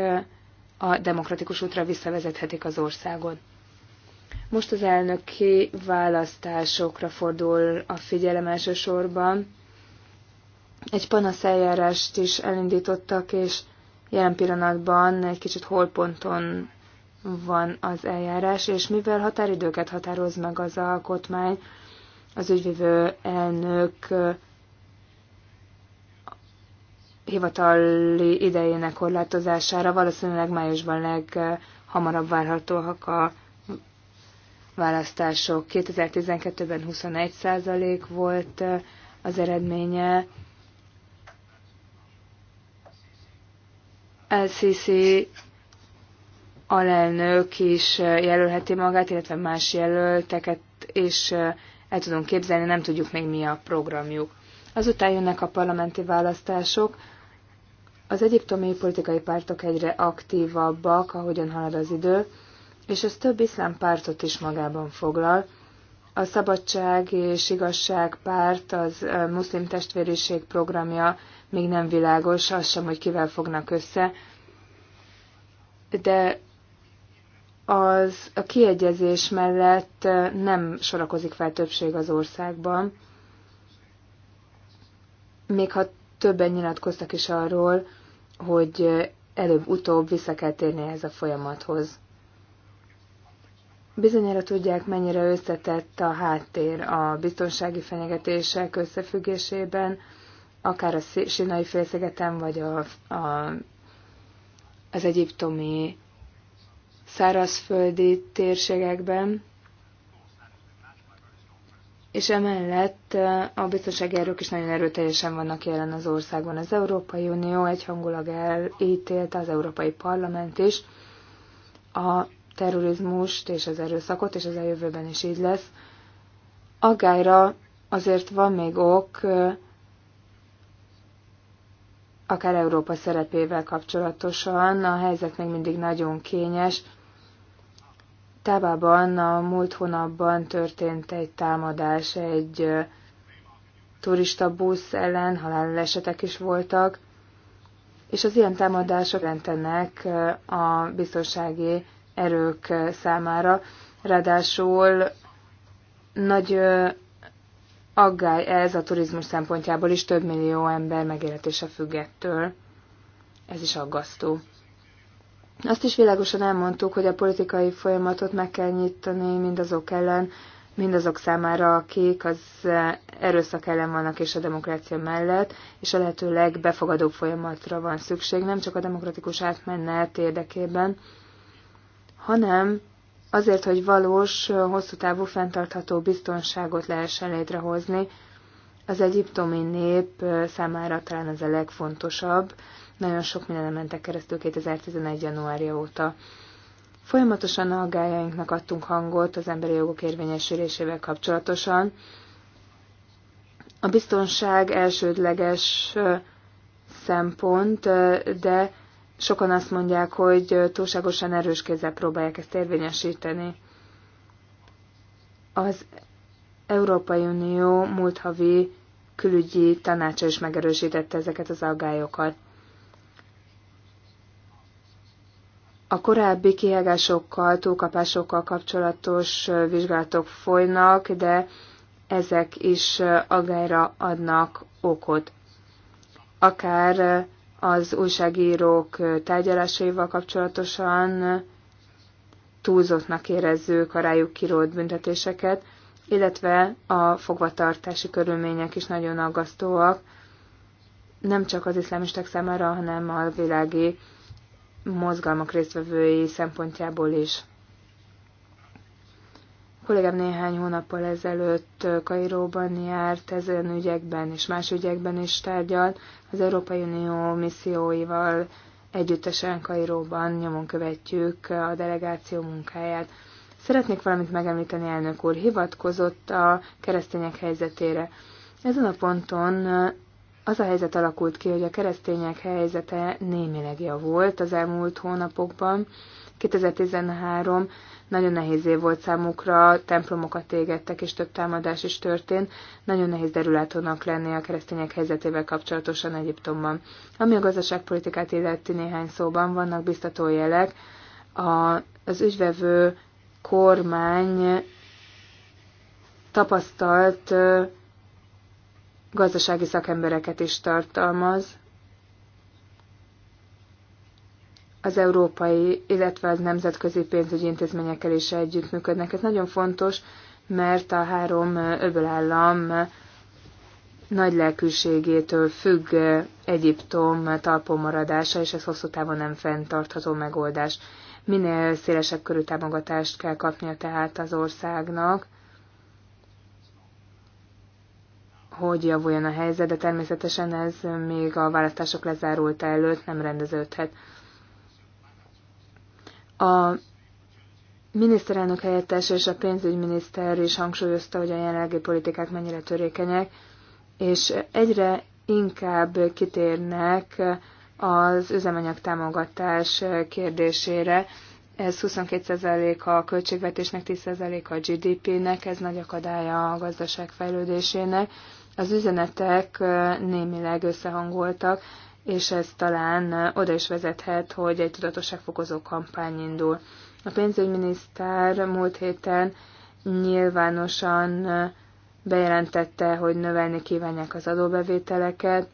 a demokratikus útra visszavezethetik az országot. Most az elnöki választásokra fordul a figyelem elsősorban. Egy panaszeljárást is elindítottak, és jelen pillanatban egy kicsit holponton van az eljárás, és mivel határidőket határoz meg az alkotmány, az ügyvívő elnök eh, hivatali idejének korlátozására valószínűleg májusban leghamarabb várhatóak a választások. 2012-ben 21 százalék volt eh, az eredménye. LCC alelnök is jelölheti magát, illetve más jelölteket, és el tudunk képzelni, nem tudjuk még mi a programjuk. Azután jönnek a parlamenti választások. Az egyiptomi politikai pártok egyre aktívabbak, ahogyan halad az idő, és ez több iszlám pártot is magában foglal. A Szabadság és Igazság párt, az muszlim testvériség programja még nem világos, az sem, hogy kivel fognak össze, de az a kiegyezés mellett nem sorakozik fel többség az országban, még ha többen nyilatkoztak is arról, hogy előbb-utóbb vissza kell térni ehhez a folyamathoz. Bizonyára tudják, mennyire összetett a háttér a biztonsági fenyegetések összefüggésében, akár a Sinai félszigeten, vagy a, a, az egyiptomi szárazföldi térségekben, és emellett eh, a biztonsági erők is nagyon erőteljesen vannak jelen az országban. Az Európai Unió egyhangulag elítélte, az Európai Parlament is a terrorizmust és az erőszakot, és ez a jövőben is így lesz. Aggályra azért van még ok, eh, akár Európa szerepével kapcsolatosan, a helyzet még mindig nagyon kényes, Távában a múlt hónapban történt egy támadás, egy turista busz ellen halálesetek is voltak, és az ilyen támadások jelentenek a biztonsági erők számára. Ráadásul nagy aggály ez a turizmus szempontjából is, több millió ember megéletése függettől. Ez is aggasztó. Azt is világosan elmondtuk, hogy a politikai folyamatot meg kell nyitani mindazok ellen, mindazok számára, akik az erőszak ellen vannak és a demokrácia mellett, és a lehető legbefogadóbb folyamatra van szükség, nem csak a demokratikus átmenet érdekében, hanem azért, hogy valós, hosszú távú fenntartható biztonságot lehessen létrehozni, az egyiptomi nép számára talán ez a legfontosabb, nagyon sok minden mentek keresztül 2011. januárja óta. Folyamatosan a aggájainknak adtunk hangot az emberi jogok érvényesülésével kapcsolatosan. A biztonság elsődleges szempont, de sokan azt mondják, hogy túlságosan erős kézzel próbálják ezt érvényesíteni. Az Európai Unió múlt havi külügyi tanácsa is megerősítette ezeket az aggályokat. A korábbi kihágásokkal, túlkapásokkal kapcsolatos vizsgálatok folynak, de ezek is agályra adnak okot. Akár az újságírók tárgyalásaival kapcsolatosan túlzottnak érezzük a rájuk kirólt büntetéseket, illetve a fogvatartási körülmények is nagyon aggasztóak, nem csak az iszlámisták számára, hanem a világi mozgalmak résztvevői szempontjából is. A kollégám néhány hónappal ezelőtt Kairóban járt, ezen ügyekben és más ügyekben is tárgyalt, az Európai Unió misszióival együttesen Kairóban nyomon követjük a delegáció munkáját. Szeretnék valamit megemlíteni, elnök úr, hivatkozott a keresztények helyzetére. Ezen a ponton az a helyzet alakult ki, hogy a keresztények helyzete némileg volt az elmúlt hónapokban. 2013 nagyon nehéz év volt számukra, templomokat égettek, és több támadás is történt. Nagyon nehéz derülátónak lenni a keresztények helyzetével kapcsolatosan Egyiptomban. Ami a gazdaságpolitikát illeti néhány szóban, vannak biztató jelek. A, az ügyvevő kormány tapasztalt gazdasági szakembereket is tartalmaz. Az európai, illetve az nemzetközi pénzügyi intézményekkel is együttműködnek. Ez nagyon fontos, mert a három öbölállam nagy lelkűségétől függ Egyiptom talpon maradása, és ez hosszú távon nem fenntartható megoldás. Minél szélesebb körű támogatást kell kapnia tehát az országnak, hogy javuljon a helyzet, de természetesen ez még a választások lezárulta előtt nem rendeződhet. A miniszterelnök helyettes és a pénzügyminiszter is hangsúlyozta, hogy a jelenlegi politikák mennyire törékenyek, és egyre inkább kitérnek az üzemanyag támogatás kérdésére. Ez 22% a költségvetésnek, 10% a GDP-nek, ez nagy akadálya a gazdaság fejlődésének. Az üzenetek némileg összehangoltak, és ez talán oda is vezethet, hogy egy tudatosságfokozó kampány indul. A pénzügyminiszter múlt héten nyilvánosan bejelentette, hogy növelni kívánják az adóbevételeket,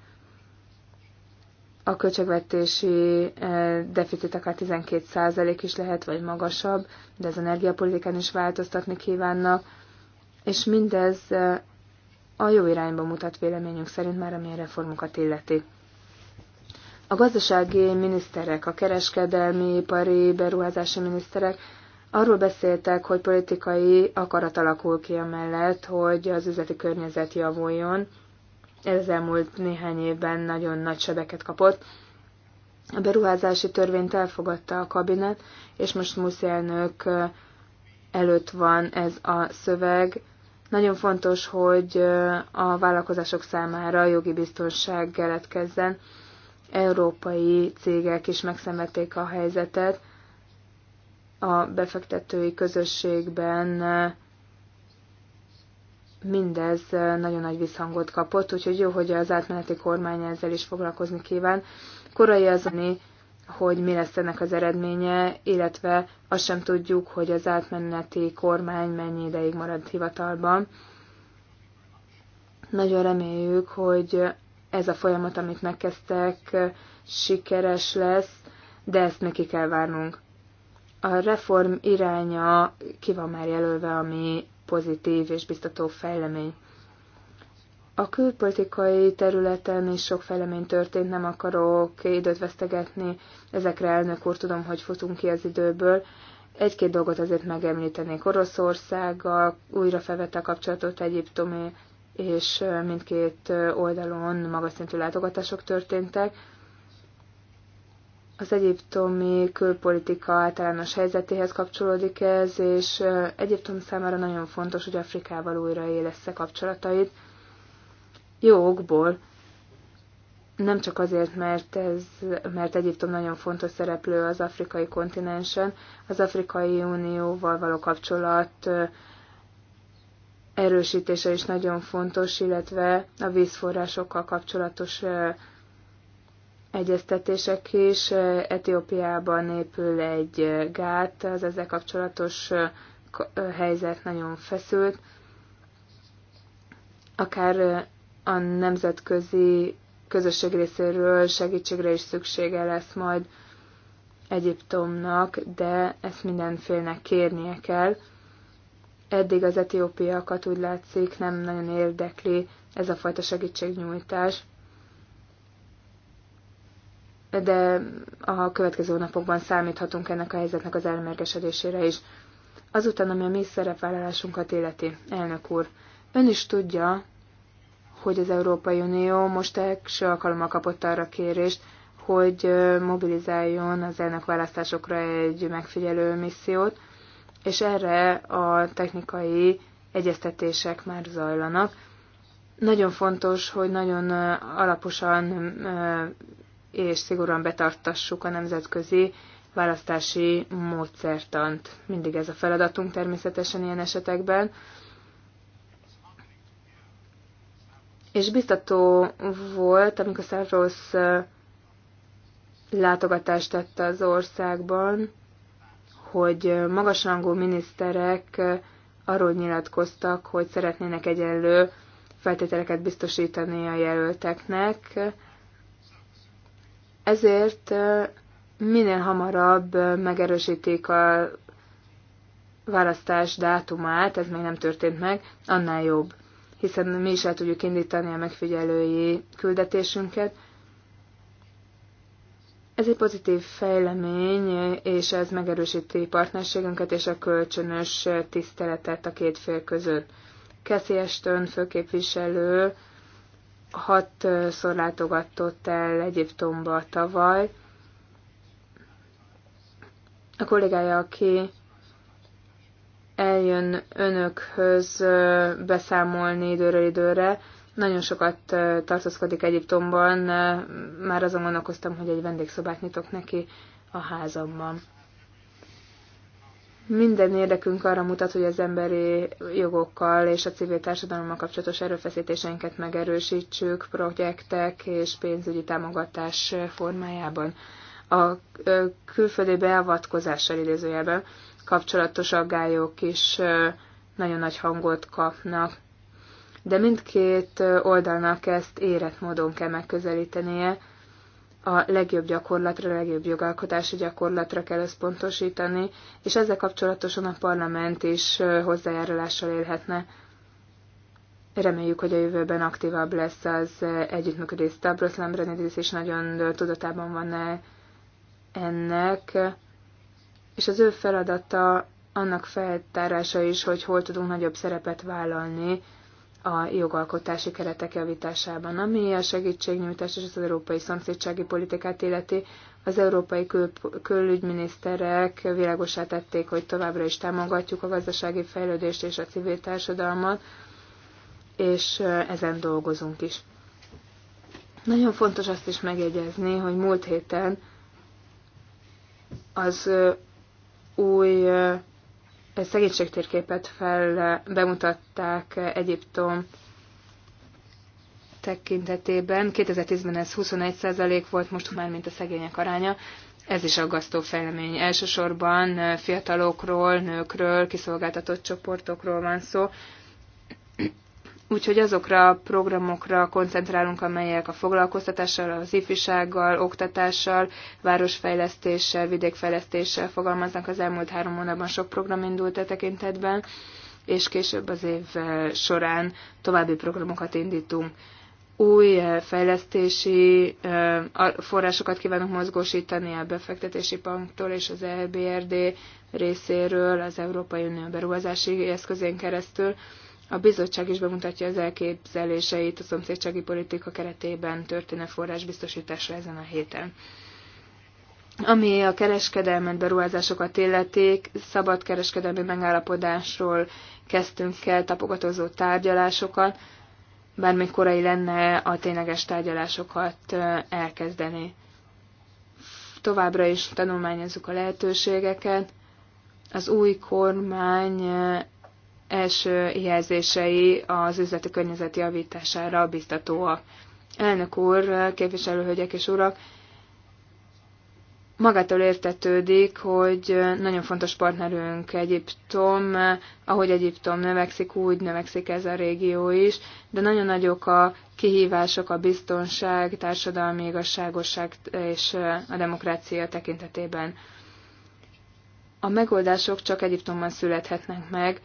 a költségvetési deficit akár 12% is lehet, vagy magasabb, de az energiapolitikán is változtatni kívánnak, és mindez a jó irányba mutat véleményünk szerint már, a mi reformokat illeti. A gazdasági miniszterek, a kereskedelmi, ipari, beruházási miniszterek arról beszéltek, hogy politikai akarat alakul ki amellett, hogy az üzleti környezet javuljon. Ez az elmúlt néhány évben nagyon nagy sebeket kapott. A beruházási törvényt elfogadta a kabinet, és most Muszi elnök előtt van ez a szöveg, nagyon fontos, hogy a vállalkozások számára jogi biztonság keletkezzen. Európai cégek is megszenvedték a helyzetet. A befektetői közösségben mindez nagyon nagy visszhangot kapott, úgyhogy jó, hogy az átmeneti kormány ezzel is foglalkozni kíván. Korai azoni hogy mi lesz ennek az eredménye, illetve azt sem tudjuk, hogy az átmeneti kormány mennyi ideig marad hivatalban. Nagyon reméljük, hogy ez a folyamat, amit megkezdtek, sikeres lesz, de ezt neki kell várnunk. A reform iránya ki van már jelölve, ami pozitív és biztató fejlemény. A külpolitikai területen is sok fejlemény történt, nem akarok időt vesztegetni, ezekre elnök úr tudom, hogy futunk ki az időből. Egy-két dolgot azért megemlítenék. Oroszországgal újra felvette a kapcsolatot egyiptomi, és mindkét oldalon magas szintű látogatások történtek. Az egyiptomi külpolitika általános helyzetéhez kapcsolódik ez, és Egyiptom számára nagyon fontos, hogy Afrikával újra élesse kapcsolatait jó okból, nem csak azért, mert, ez, mert Egyiptom nagyon fontos szereplő az afrikai kontinensen, az Afrikai Unióval való kapcsolat erősítése is nagyon fontos, illetve a vízforrásokkal kapcsolatos egyeztetések is. Etiópiában épül egy gát, az ezzel kapcsolatos helyzet nagyon feszült. Akár a nemzetközi közösség részéről segítségre is szüksége lesz majd Egyiptomnak, de ezt mindenfélnek kérnie kell. Eddig az etiópiakat úgy látszik nem nagyon érdekli ez a fajta segítségnyújtás, de a következő napokban számíthatunk ennek a helyzetnek az elmérgesedésére is. Azután, ami a mi szerepvállalásunkat életi, elnök úr, ön is tudja, hogy az Európai Unió most első alkalommal kapott arra kérést, hogy mobilizáljon az választásokra egy megfigyelő missziót, és erre a technikai egyeztetések már zajlanak. Nagyon fontos, hogy nagyon alaposan és szigorúan betartassuk a nemzetközi választási módszertant. Mindig ez a feladatunk természetesen ilyen esetekben. és biztató volt, amikor Stavros látogatást tette az országban, hogy magasrangú miniszterek arról nyilatkoztak, hogy szeretnének egyenlő feltételeket biztosítani a jelölteknek. Ezért minél hamarabb megerősítik a választás dátumát, ez még nem történt meg, annál jobb hiszen mi is el tudjuk indítani a megfigyelői küldetésünket. Ez egy pozitív fejlemény, és ez megerősíti partnerségünket és a kölcsönös tiszteletet a két fél között. Cassie Estön főképviselő hatszor látogatott el Egyiptomba tavaly. A kollégája, aki eljön önökhöz beszámolni időről időre. Nagyon sokat tartózkodik Egyiptomban, már azon gondolkoztam, hogy egy vendégszobát nyitok neki a házamban. Minden érdekünk arra mutat, hogy az emberi jogokkal és a civil társadalommal kapcsolatos erőfeszítéseinket megerősítsük projektek és pénzügyi támogatás formájában. A külföldi beavatkozással idézőjelben kapcsolatos aggályok is nagyon nagy hangot kapnak. De mindkét oldalnak ezt érett módon kell megközelítenie, a legjobb gyakorlatra, a legjobb jogalkotási gyakorlatra kell összpontosítani, és ezzel kapcsolatosan a parlament is hozzájárulással élhetne. Reméljük, hogy a jövőben aktívabb lesz az együttműködés Stavros Lambranidis, és nagyon tudatában van -e ennek és az ő feladata annak feltárása is, hogy hol tudunk nagyobb szerepet vállalni a jogalkotási keretek javításában, ami a segítségnyújtás és az európai szomszédsági politikát illeti. Az európai kül- külügyminiszterek világosá tették, hogy továbbra is támogatjuk a gazdasági fejlődést és a civil társadalmat, és ezen dolgozunk is. Nagyon fontos azt is megjegyezni, hogy múlt héten az új eh, szegénységtérképet fel eh, bemutatták eh, Egyiptom tekintetében. 2010-ben ez 21% volt, most már mint a szegények aránya. Ez is aggasztó fejlemény. Elsősorban fiatalokról, nőkről, kiszolgáltatott csoportokról van szó, Úgyhogy azokra a programokra koncentrálunk, amelyek a foglalkoztatással, az ifjúsággal, oktatással, városfejlesztéssel, vidékfejlesztéssel fogalmaznak. Az elmúlt három hónapban sok program indult e tekintetben, és később az év e, során további programokat indítunk. Új e, fejlesztési e, forrásokat kívánunk mozgósítani a befektetési banktól és az EBRD részéről, az Európai Unió beruházási eszközén keresztül, a bizottság is bemutatja az elképzeléseit a szomszédsági politika keretében történő forrásbiztosításra ezen a héten. Ami a kereskedelmet, beruházásokat illeték, szabad kereskedelmi megállapodásról kezdtünk el tapogatózó tárgyalásokat, bár még korai lenne a tényleges tárgyalásokat elkezdeni. Továbbra is tanulmányozzuk a lehetőségeket. Az új kormány első jelzései az üzleti környezet javítására biztatóak. Elnök úr, képviselőhölgyek és urak, magától értetődik, hogy nagyon fontos partnerünk Egyiptom, ahogy Egyiptom növekszik, úgy növekszik ez a régió is, de nagyon nagyok a kihívások a biztonság, társadalmi igazságosság és a demokrácia tekintetében. A megoldások csak Egyiptomban születhetnek meg,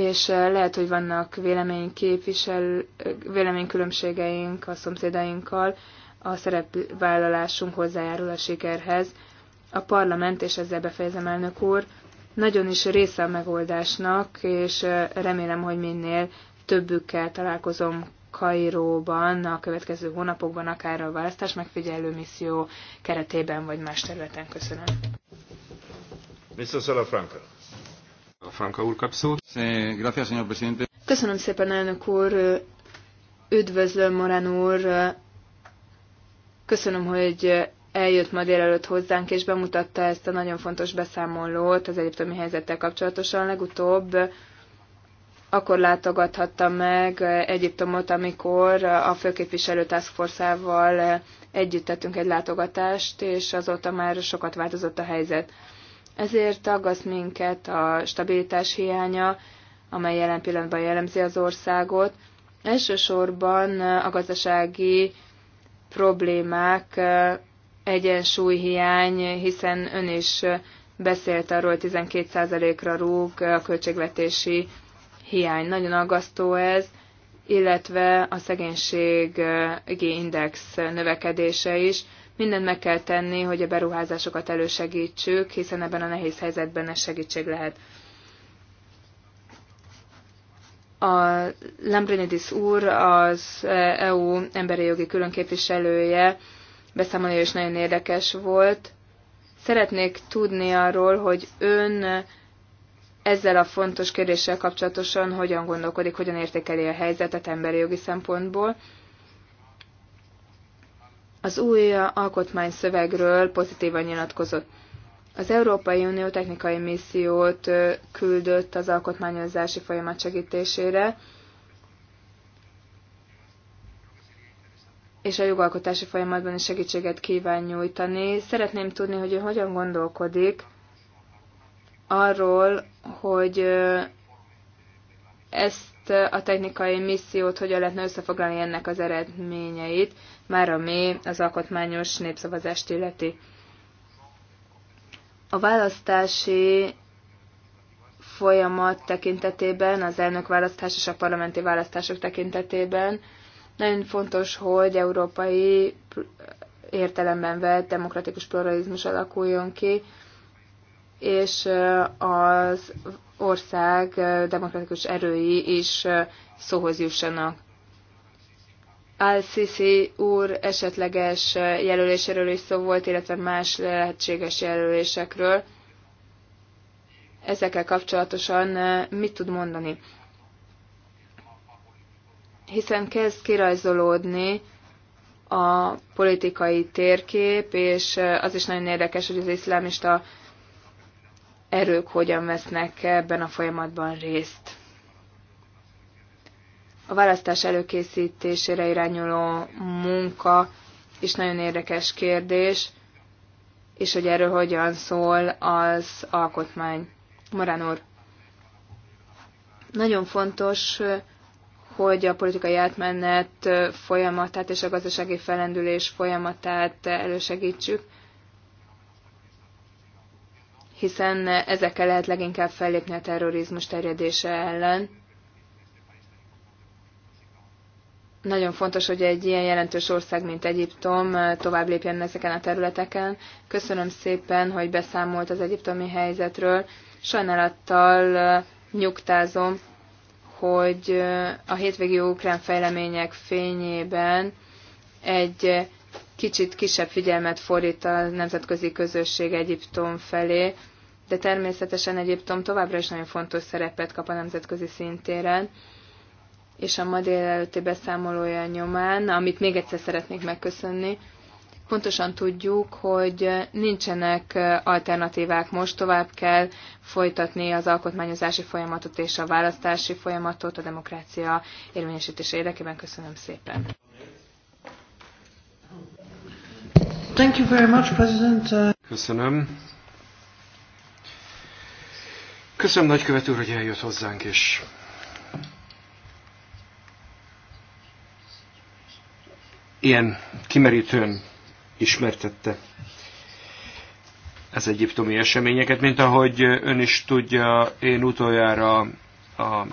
és eh, lehet, hogy vannak véleményképvisel, eh, véleménykülönbségeink a szomszédainkkal, a szerepvállalásunk hozzájárul a sikerhez. A parlament, és ezzel befejezem elnök úr, nagyon is része a megoldásnak, és eh, remélem, hogy minél többükkel találkozom Kairóban a következő hónapokban, akár a választás megfigyelő misszió keretében, vagy más területen. Köszönöm. Mr. Salafranca. Franka úr kap szót. Köszönöm szépen, elnök úr. Üdvözlöm, Morán úr. Köszönöm, hogy eljött ma délelőtt hozzánk, és bemutatta ezt a nagyon fontos beszámolót az egyiptomi helyzettel kapcsolatosan. Legutóbb akkor látogathatta meg Egyiptomot, amikor a főképviselő Task Force-ával együtt tettünk egy látogatást, és azóta már sokat változott a helyzet. Ezért aggaszt minket a stabilitás hiánya, amely jelen pillanatban jellemzi az országot. Elsősorban a gazdasági problémák, egyensúlyhiány, hiszen ön is beszélt arról, hogy 12%-ra rúg a költségvetési hiány. Nagyon aggasztó ez, illetve a szegénységi index növekedése is Mindent meg kell tenni, hogy a beruházásokat elősegítsük, hiszen ebben a nehéz helyzetben ez segítség lehet. A Lambrinidis úr, az EU emberi jogi különképviselője, beszámolója is nagyon érdekes volt. Szeretnék tudni arról, hogy ön ezzel a fontos kérdéssel kapcsolatosan hogyan gondolkodik, hogyan értékeli a helyzetet emberi jogi szempontból az új szövegről pozitívan nyilatkozott. Az Európai Unió technikai missziót küldött az alkotmányozási folyamat segítésére, és a jogalkotási folyamatban is segítséget kíván nyújtani. Szeretném tudni, hogy ő hogyan gondolkodik arról, hogy ezt a technikai missziót hogyan lehetne összefoglalni ennek az eredményeit, már ami az alkotmányos népszavazást illeti. A választási folyamat tekintetében, az elnökválasztás és a parlamenti választások tekintetében nagyon fontos, hogy európai értelemben vett demokratikus pluralizmus alakuljon ki, és az ország demokratikus erői is szóhoz jussanak. Al-Sisi úr esetleges jelöléséről is szó volt, illetve más lehetséges jelölésekről. Ezekkel kapcsolatosan mit tud mondani? Hiszen kezd kirajzolódni a politikai térkép, és az is nagyon érdekes, hogy az iszlámista erők hogyan vesznek ebben a folyamatban részt. A választás előkészítésére irányuló munka is nagyon érdekes kérdés, és hogy erről hogyan szól az alkotmány. Morán úr, nagyon fontos, hogy a politikai átmenet folyamatát és a gazdasági felendülés folyamatát elősegítsük, hiszen ezekkel lehet leginkább fellépni a terrorizmus terjedése ellen. Nagyon fontos, hogy egy ilyen jelentős ország, mint Egyiptom tovább lépjen ezeken a területeken. Köszönöm szépen, hogy beszámolt az egyiptomi helyzetről. Sajnálattal nyugtázom, hogy a hétvégi ukrán fejlemények fényében egy kicsit kisebb figyelmet fordít a nemzetközi közösség Egyiptom felé, de természetesen Egyiptom továbbra is nagyon fontos szerepet kap a nemzetközi szintéren, és a ma délelőtti beszámolója nyomán, amit még egyszer szeretnék megköszönni, pontosan tudjuk, hogy nincsenek alternatívák, most tovább kell folytatni az alkotmányozási folyamatot és a választási folyamatot a demokrácia érvényesítése érdekében. Köszönöm szépen! Thank you very much, President. Uh, Köszönöm. Köszönöm, nagykövet úr, hogy eljött hozzánk, és ilyen kimerítőn ismertette ez egyiptomi eseményeket, mint ahogy ön is tudja, én utoljára a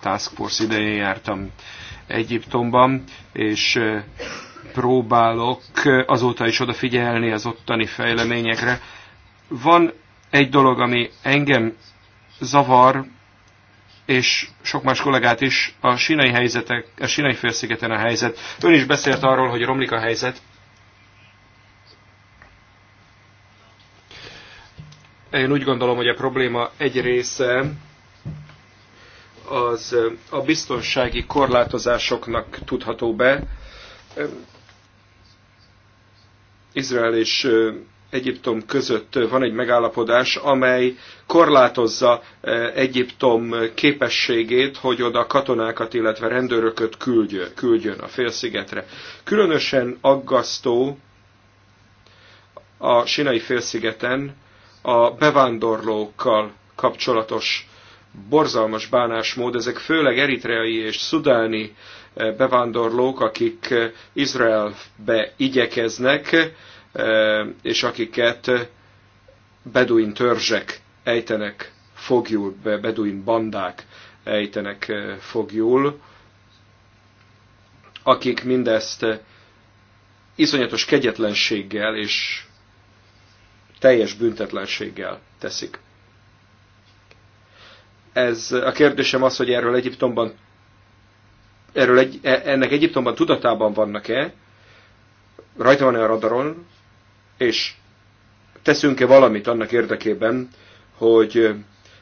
Task Force idején jártam Egyiptomban, és próbálok azóta is odafigyelni az ottani fejleményekre. Van egy dolog, ami engem zavar, és sok más kollégát is, a sinai, helyzetek, a sinai félszigeten a helyzet. Ön is beszélt arról, hogy romlik a helyzet. Én úgy gondolom, hogy a probléma egy része az a biztonsági korlátozásoknak tudható be, Izrael és Egyiptom között van egy megállapodás, amely korlátozza Egyiptom képességét, hogy oda katonákat, illetve rendőröket küldjön a félszigetre. Különösen aggasztó a sinai félszigeten a bevándorlókkal kapcsolatos borzalmas bánásmód, ezek főleg eritreai és szudáni eh, bevándorlók, akik eh, Izraelbe igyekeznek, eh, és akiket beduin törzsek ejtenek fogjul, beduin bandák ejtenek fogjul, akik mindezt iszonyatos kegyetlenséggel és teljes büntetlenséggel teszik. Ez, a kérdésem az, hogy erről Egyiptomban, erről egy, e, ennek Egyiptomban tudatában vannak-e, rajta van-e a radaron, és teszünk-e valamit annak érdekében, hogy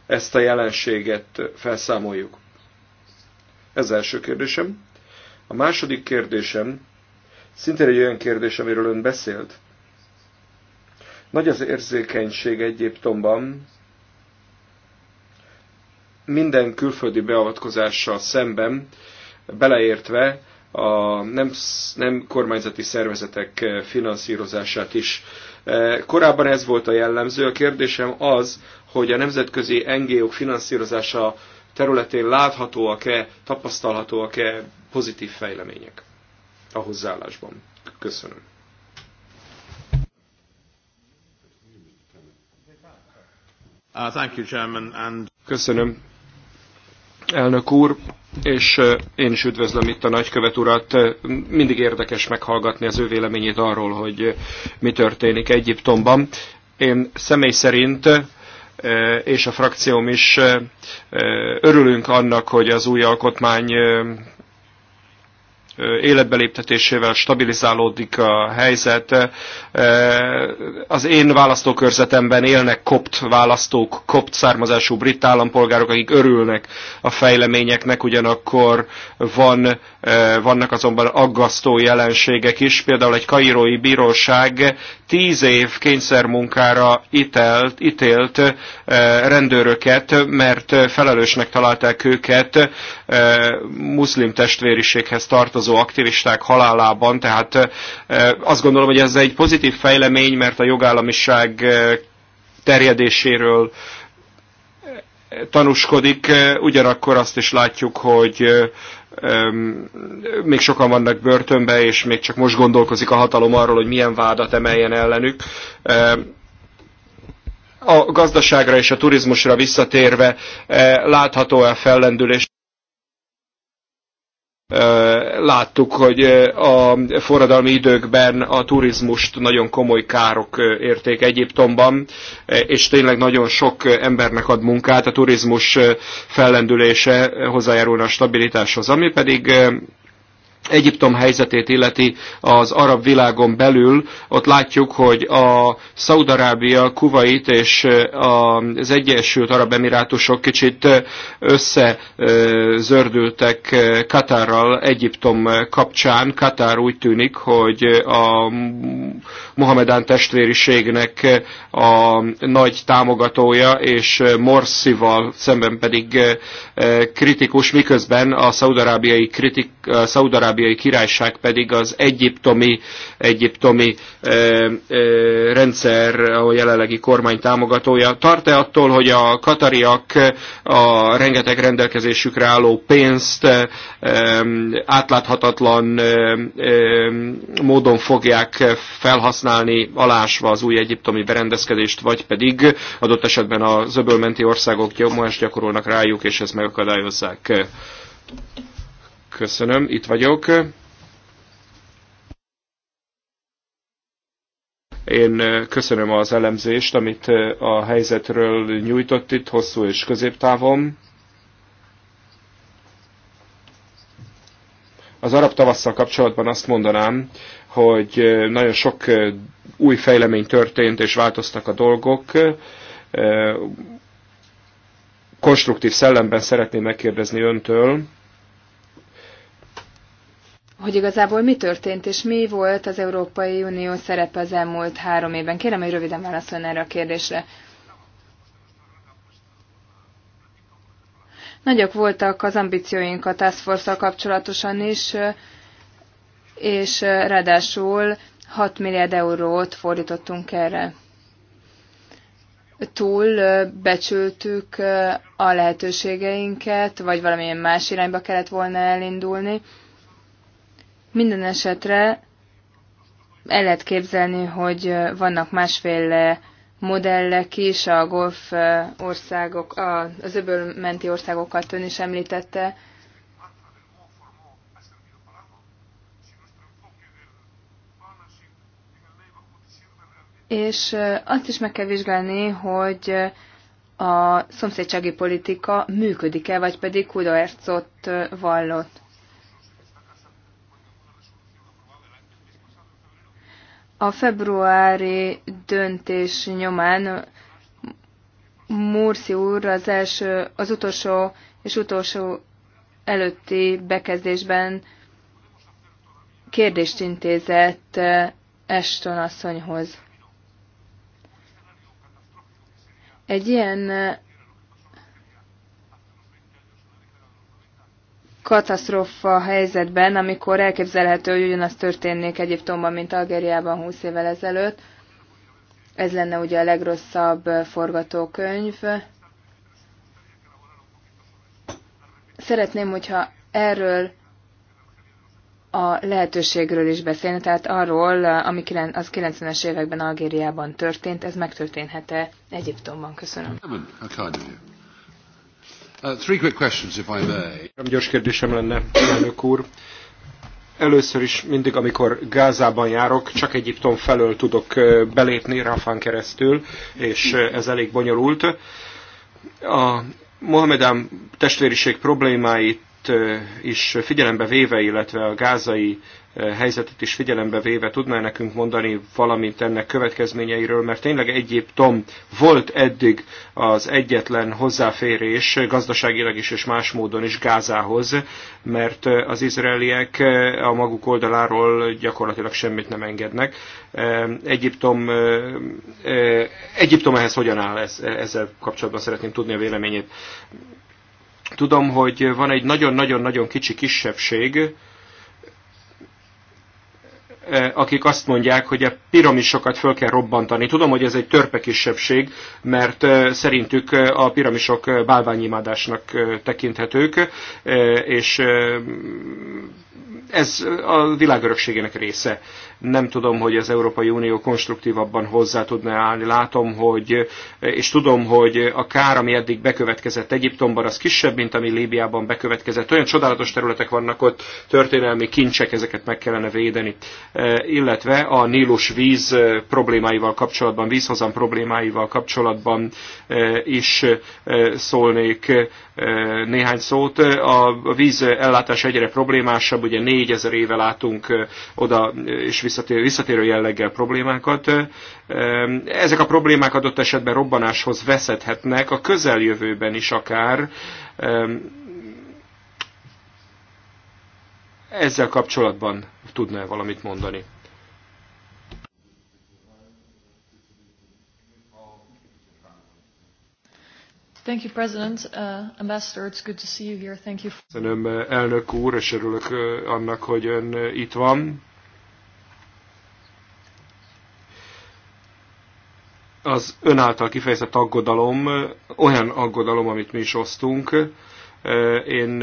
ezt a jelenséget felszámoljuk. Ez az első kérdésem. A második kérdésem szintén egy olyan kérdés, amiről ön beszélt. Nagy az érzékenység Egyiptomban minden külföldi beavatkozással szemben, beleértve a nem, nem kormányzati szervezetek eh, finanszírozását is. Eh, korábban ez volt a jellemző. A kérdésem az, hogy a nemzetközi NGO-k finanszírozása területén láthatóak-e, tapasztalhatóak-e pozitív fejlemények a hozzáállásban. Köszönöm. Uh, Köszönöm, elnök úr, és én is üdvözlöm itt a nagykövet urat. Mindig érdekes meghallgatni az ő véleményét arról, hogy mi történik Egyiptomban. Én személy szerint és a frakcióm is örülünk annak, hogy az új alkotmány életbeléptetésével stabilizálódik a helyzet. Az én választókörzetemben élnek kopt választók, kopt származású brit állampolgárok, akik örülnek a fejleményeknek, ugyanakkor van, vannak azonban aggasztó jelenségek is. Például egy kairói bíróság tíz év kényszermunkára ítelt, ítélt eh, rendőröket, mert felelősnek találták őket eh, muszlim testvériséghez tartozó aktivisták halálában, tehát eh, azt gondolom, hogy ez egy pozitív fejlemény, mert a jogállamiság terjedéséről tanúskodik, ugyanakkor azt is látjuk, hogy még sokan vannak börtönbe, és még csak most gondolkozik a hatalom arról, hogy milyen vádat emeljen ellenük. A gazdaságra és a turizmusra visszatérve eh, látható-e fellendülés? Láttuk, hogy a forradalmi időkben a turizmust nagyon komoly károk érték Egyiptomban, és tényleg nagyon sok embernek ad munkát. A turizmus fellendülése hozzájárulna a stabilitáshoz. Ami pedig Egyiptom helyzetét illeti az arab világon belül, ott látjuk, hogy a Szaudarábia, Kuwait és az Egyesült Arab Emirátusok kicsit összezördültek Katárral Egyiptom kapcsán. Katár úgy tűnik, hogy a Mohamedán testvériségnek a nagy támogatója, és Morszival szemben pedig kritikus, miközben a szaudarábiai kritik, szaudarábiai arábiai Királyság pedig az egyiptomi, egyiptomi ö, ö, rendszer, a jelenlegi kormány támogatója. Tart-e attól, hogy a katariak a rengeteg rendelkezésükre álló pénzt ö, átláthatatlan ö, ö, módon fogják felhasználni, alásva az új egyiptomi berendezkedést, vagy pedig adott esetben az öbölmenti országok nyomást gyakorolnak rájuk, és ezt megakadályozzák? Köszönöm, itt vagyok. Én köszönöm az elemzést, amit a helyzetről nyújtott itt hosszú és középtávon. Az arab tavasszal kapcsolatban azt mondanám, hogy nagyon sok új fejlemény történt, és változtak a dolgok. Konstruktív szellemben szeretném megkérdezni öntől, hogy igazából mi történt, és mi volt az Európai Unió szerepe az elmúlt három évben. Kérem, hogy röviden válaszoljon erre a kérdésre. Nagyok voltak az ambícióink a Task force kapcsolatosan is, és ráadásul 6 milliárd eurót fordítottunk erre. Túl becsültük a lehetőségeinket, vagy valamilyen más irányba kellett volna elindulni minden esetre el lehet képzelni, hogy vannak másféle modellek is, a golf országok, az öbölmenti országokat ön is említette. És azt is meg kell vizsgálni, hogy a szomszédsági politika működik-e, vagy pedig kudarcot vallott. A februári döntés nyomán Murszi úr az első, az utolsó és utolsó előtti bekezdésben kérdést intézett Eston eh, asszonyhoz. Egy ilyen eh, katasztrófa helyzetben, amikor elképzelhető, hogy ugyanaz történnék Egyiptomban, mint Algériában 20 évvel ezelőtt. Ez lenne ugye a legrosszabb forgatókönyv. Szeretném, hogyha erről a lehetőségről is beszélni, tehát arról, ami az 90-es években Algériában történt, ez megtörténhet-e Egyiptomban? Köszönöm. Uh, Gyors kérdésem lenne, elnök úr. Először is mindig, amikor Gázában járok, csak Egyiptom felől tudok uh, belépni, Rafán keresztül, és uh, ez elég bonyolult. A Mohamedán testvériség problémáit uh, is figyelembe véve, illetve a gázai helyzetet is figyelembe véve tudná nekünk mondani valamit ennek következményeiről, mert tényleg Egyiptom volt eddig az egyetlen hozzáférés gazdaságilag is és más módon is Gázához, mert az izraeliek a maguk oldaláról gyakorlatilag semmit nem engednek. Egyiptom, Egyiptom ehhez hogyan áll? E, ezzel kapcsolatban szeretném tudni a véleményét. Tudom, hogy van egy nagyon-nagyon-nagyon kicsi kisebbség, Eh, akik azt mondják, hogy a piramisokat föl kell robbantani. Tudom, hogy ez egy törpe kisebbség, mert eh, szerintük eh, a piramisok bálványimádásnak tekinthetők, és ez a világörökségének része. Nem tudom, hogy az Európai Unió konstruktívabban hozzá tudna állni. Látom, hogy, és tudom, hogy a kár, ami eddig bekövetkezett Egyiptomban, az kisebb, mint ami Líbiában bekövetkezett. Olyan csodálatos területek vannak ott, történelmi kincsek, ezeket meg kellene védeni. E, illetve a Nílus víz problémáival kapcsolatban, vízhozam problémáival kapcsolatban e, is e, szólnék néhány szót. A víz ellátás egyre problémásabb, ugye négyezer éve látunk oda és visszatérő, visszatérő jelleggel problémákat. Ezek a problémák adott esetben robbanáshoz veszedhetnek, a közeljövőben is akár. Ezzel kapcsolatban tudná valamit mondani? Thank you, President. Uh, Ambassador, it's good to see you here. Thank you. Köszönöm, uh, elnök úr, és örülök uh, annak, hogy ön uh, itt van. Az ön által kifejezett aggodalom, olyan aggodalom, amit mi is osztunk. Én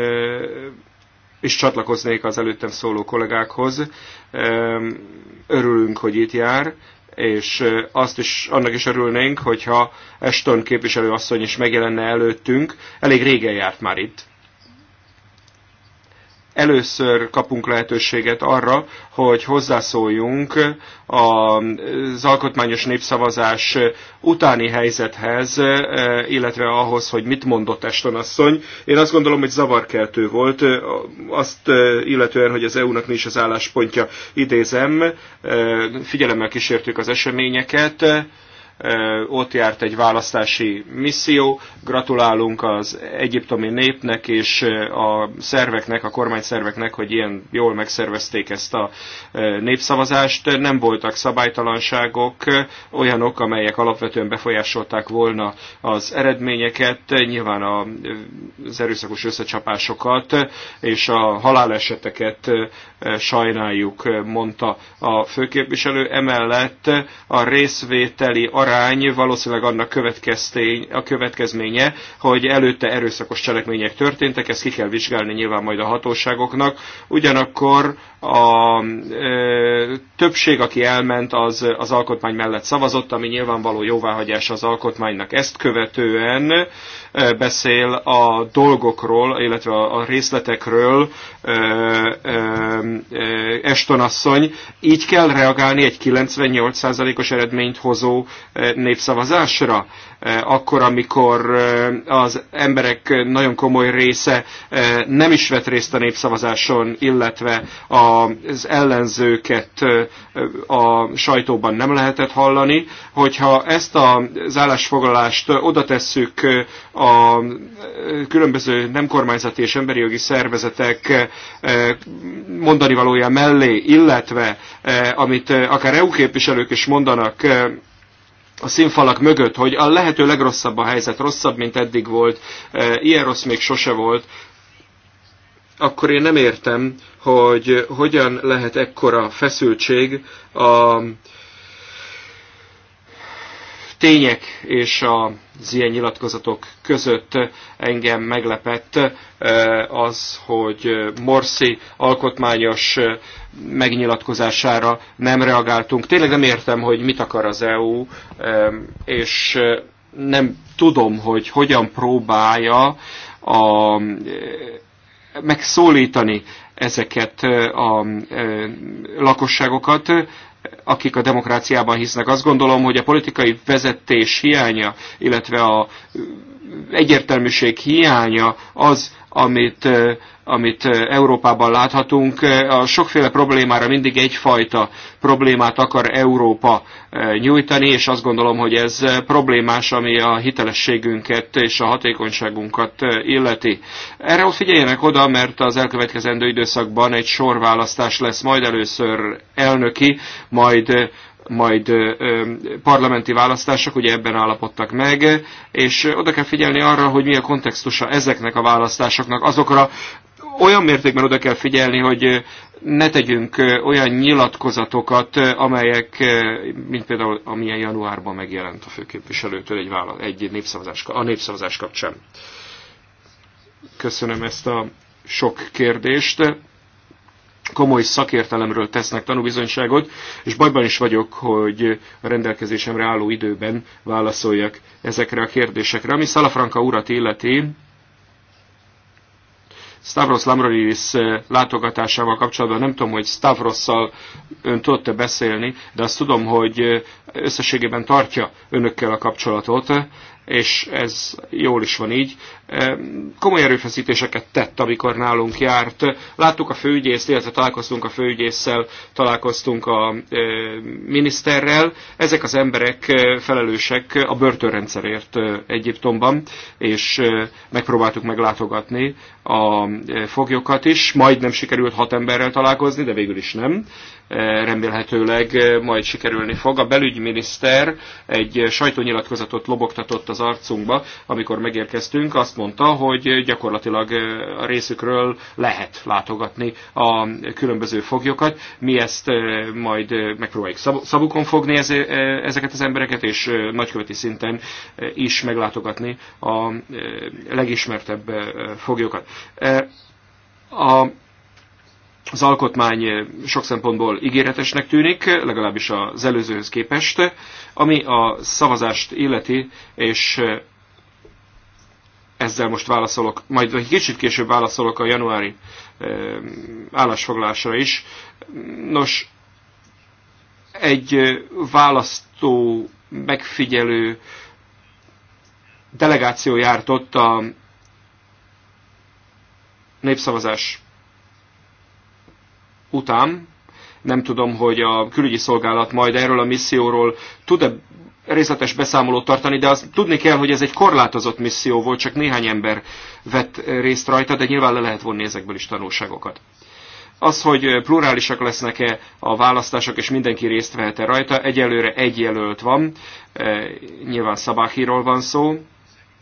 és csatlakoznék az előttem szóló kollégákhoz. Um, örülünk, hogy itt jár és azt is, annak is örülnénk, hogyha Eston képviselő asszony is megjelenne előttünk. Elég régen járt már itt, először kapunk lehetőséget arra, hogy hozzászóljunk az alkotmányos népszavazás utáni helyzethez, illetve ahhoz, hogy mit mondott Eston asszony. Én azt gondolom, hogy zavarkeltő volt, azt illetően, hogy az EU-nak mi is az álláspontja idézem, figyelemmel kísértük az eseményeket, ott járt egy választási misszió. Gratulálunk az egyiptomi népnek és a szerveknek, a kormányszerveknek, hogy ilyen jól megszervezték ezt a népszavazást. Nem voltak szabálytalanságok, olyanok, amelyek alapvetően befolyásolták volna az eredményeket, nyilván az erőszakos összecsapásokat és a haláleseteket sajnáljuk, mondta a főképviselő. Emellett a részvételi arány valószínűleg annak a következménye, hogy előtte erőszakos cselekmények történtek, ezt ki kell vizsgálni nyilván majd a hatóságoknak. Ugyanakkor a ö, többség, aki elment, az az alkotmány mellett szavazott, ami nyilvánvaló jóváhagyás az alkotmánynak. Ezt követően ö, beszél a dolgokról, illetve a, a részletekről ö, ö, ö, Eston asszony. Így kell reagálni egy 98%-os eredményt hozó népszavazásra, akkor, amikor az emberek nagyon komoly része nem is vett részt a népszavazáson, illetve a az ellenzőket a sajtóban nem lehetett hallani. Hogyha ezt az állásfoglalást oda tesszük a különböző nem kormányzati és emberi jogi szervezetek mondani valója mellé, illetve amit akár EU képviselők is mondanak, a színfalak mögött, hogy a lehető legrosszabb a helyzet, rosszabb, mint eddig volt, ilyen rossz még sose volt, akkor én nem értem, hogy hogyan lehet ekkora feszültség a tények és az ilyen nyilatkozatok között engem meglepett az, hogy Morsi alkotmányos megnyilatkozására nem reagáltunk. Tényleg nem értem, hogy mit akar az EU, és nem tudom, hogy hogyan próbálja a megszólítani ezeket a lakosságokat, akik a demokráciában hisznek. Azt gondolom, hogy a politikai vezetés hiánya, illetve a egyértelműség hiánya az, amit amit Európában láthatunk. A sokféle problémára mindig egyfajta problémát akar Európa nyújtani, és azt gondolom, hogy ez problémás, ami a hitelességünket és a hatékonyságunkat illeti. Erre ott figyeljenek oda, mert az elkövetkezendő időszakban egy sorválasztás lesz majd először elnöki, majd majd parlamenti választások, ugye ebben állapodtak meg, és oda kell figyelni arra, hogy mi a kontextusa ezeknek a választásoknak, azokra olyan mértékben oda kell figyelni, hogy ne tegyünk olyan nyilatkozatokat, amelyek, mint például amilyen januárban megjelent a főképviselőtől egy, vállal, egy népszavazás, a népszavazás kapcsán. Köszönöm ezt a sok kérdést. Komoly szakértelemről tesznek tanúbizonyságot, és bajban is vagyok, hogy a rendelkezésemre álló időben válaszoljak ezekre a kérdésekre. Ami Szalafranka urat illeti, Stavros Lamroris eh, látogatásával kapcsolatban nem tudom, hogy Stavrosszal ön -e beszélni, de azt tudom, hogy eh, összességében tartja önökkel a kapcsolatot, eh, és ez jól is van így komoly erőfeszítéseket tett, amikor nálunk járt. Láttuk a főügyészt, illetve találkoztunk a főügyészsel, találkoztunk a e, miniszterrel. Ezek az emberek e, felelősek a börtönrendszerért e, Egyiptomban, és megpróbáltuk meglátogatni a foglyokat is. nem sikerült hat emberrel találkozni, de végül is nem remélhetőleg majd sikerülni fog. A belügyminiszter egy sajtónyilatkozatot lobogtatott az arcunkba, amikor megérkeztünk. Azt azt mondta, hogy eh, gyakorlatilag eh, a részükről lehet látogatni a különböző foglyokat. Mi ezt eh, majd megpróbáljuk szabukon fogni ezeket az embereket, és nagyköveti szinten is meglátogatni a legismertebb foglyokat. A az alkotmány sok szempontból ígéretesnek tűnik, legalábbis az előzőhöz képest, ami a szavazást illeti, és ezzel most válaszolok, majd egy kicsit később válaszolok a januári eh, állásfoglalásra is. Nos, egy eh, választó, megfigyelő delegáció járt ott a népszavazás után. Nem tudom, hogy a külügyi szolgálat majd erről a misszióról tud-e részletes beszámolót tartani, de azt tudni kell, hogy ez egy korlátozott misszió volt, csak néhány ember vett részt rajta, de nyilván le lehet vonni ezekből is tanulságokat. Az, hogy plurálisak lesznek-e a választások, és mindenki részt vehet-e rajta, egyelőre egy jelölt van, e, nyilván Szabáhiról van szó,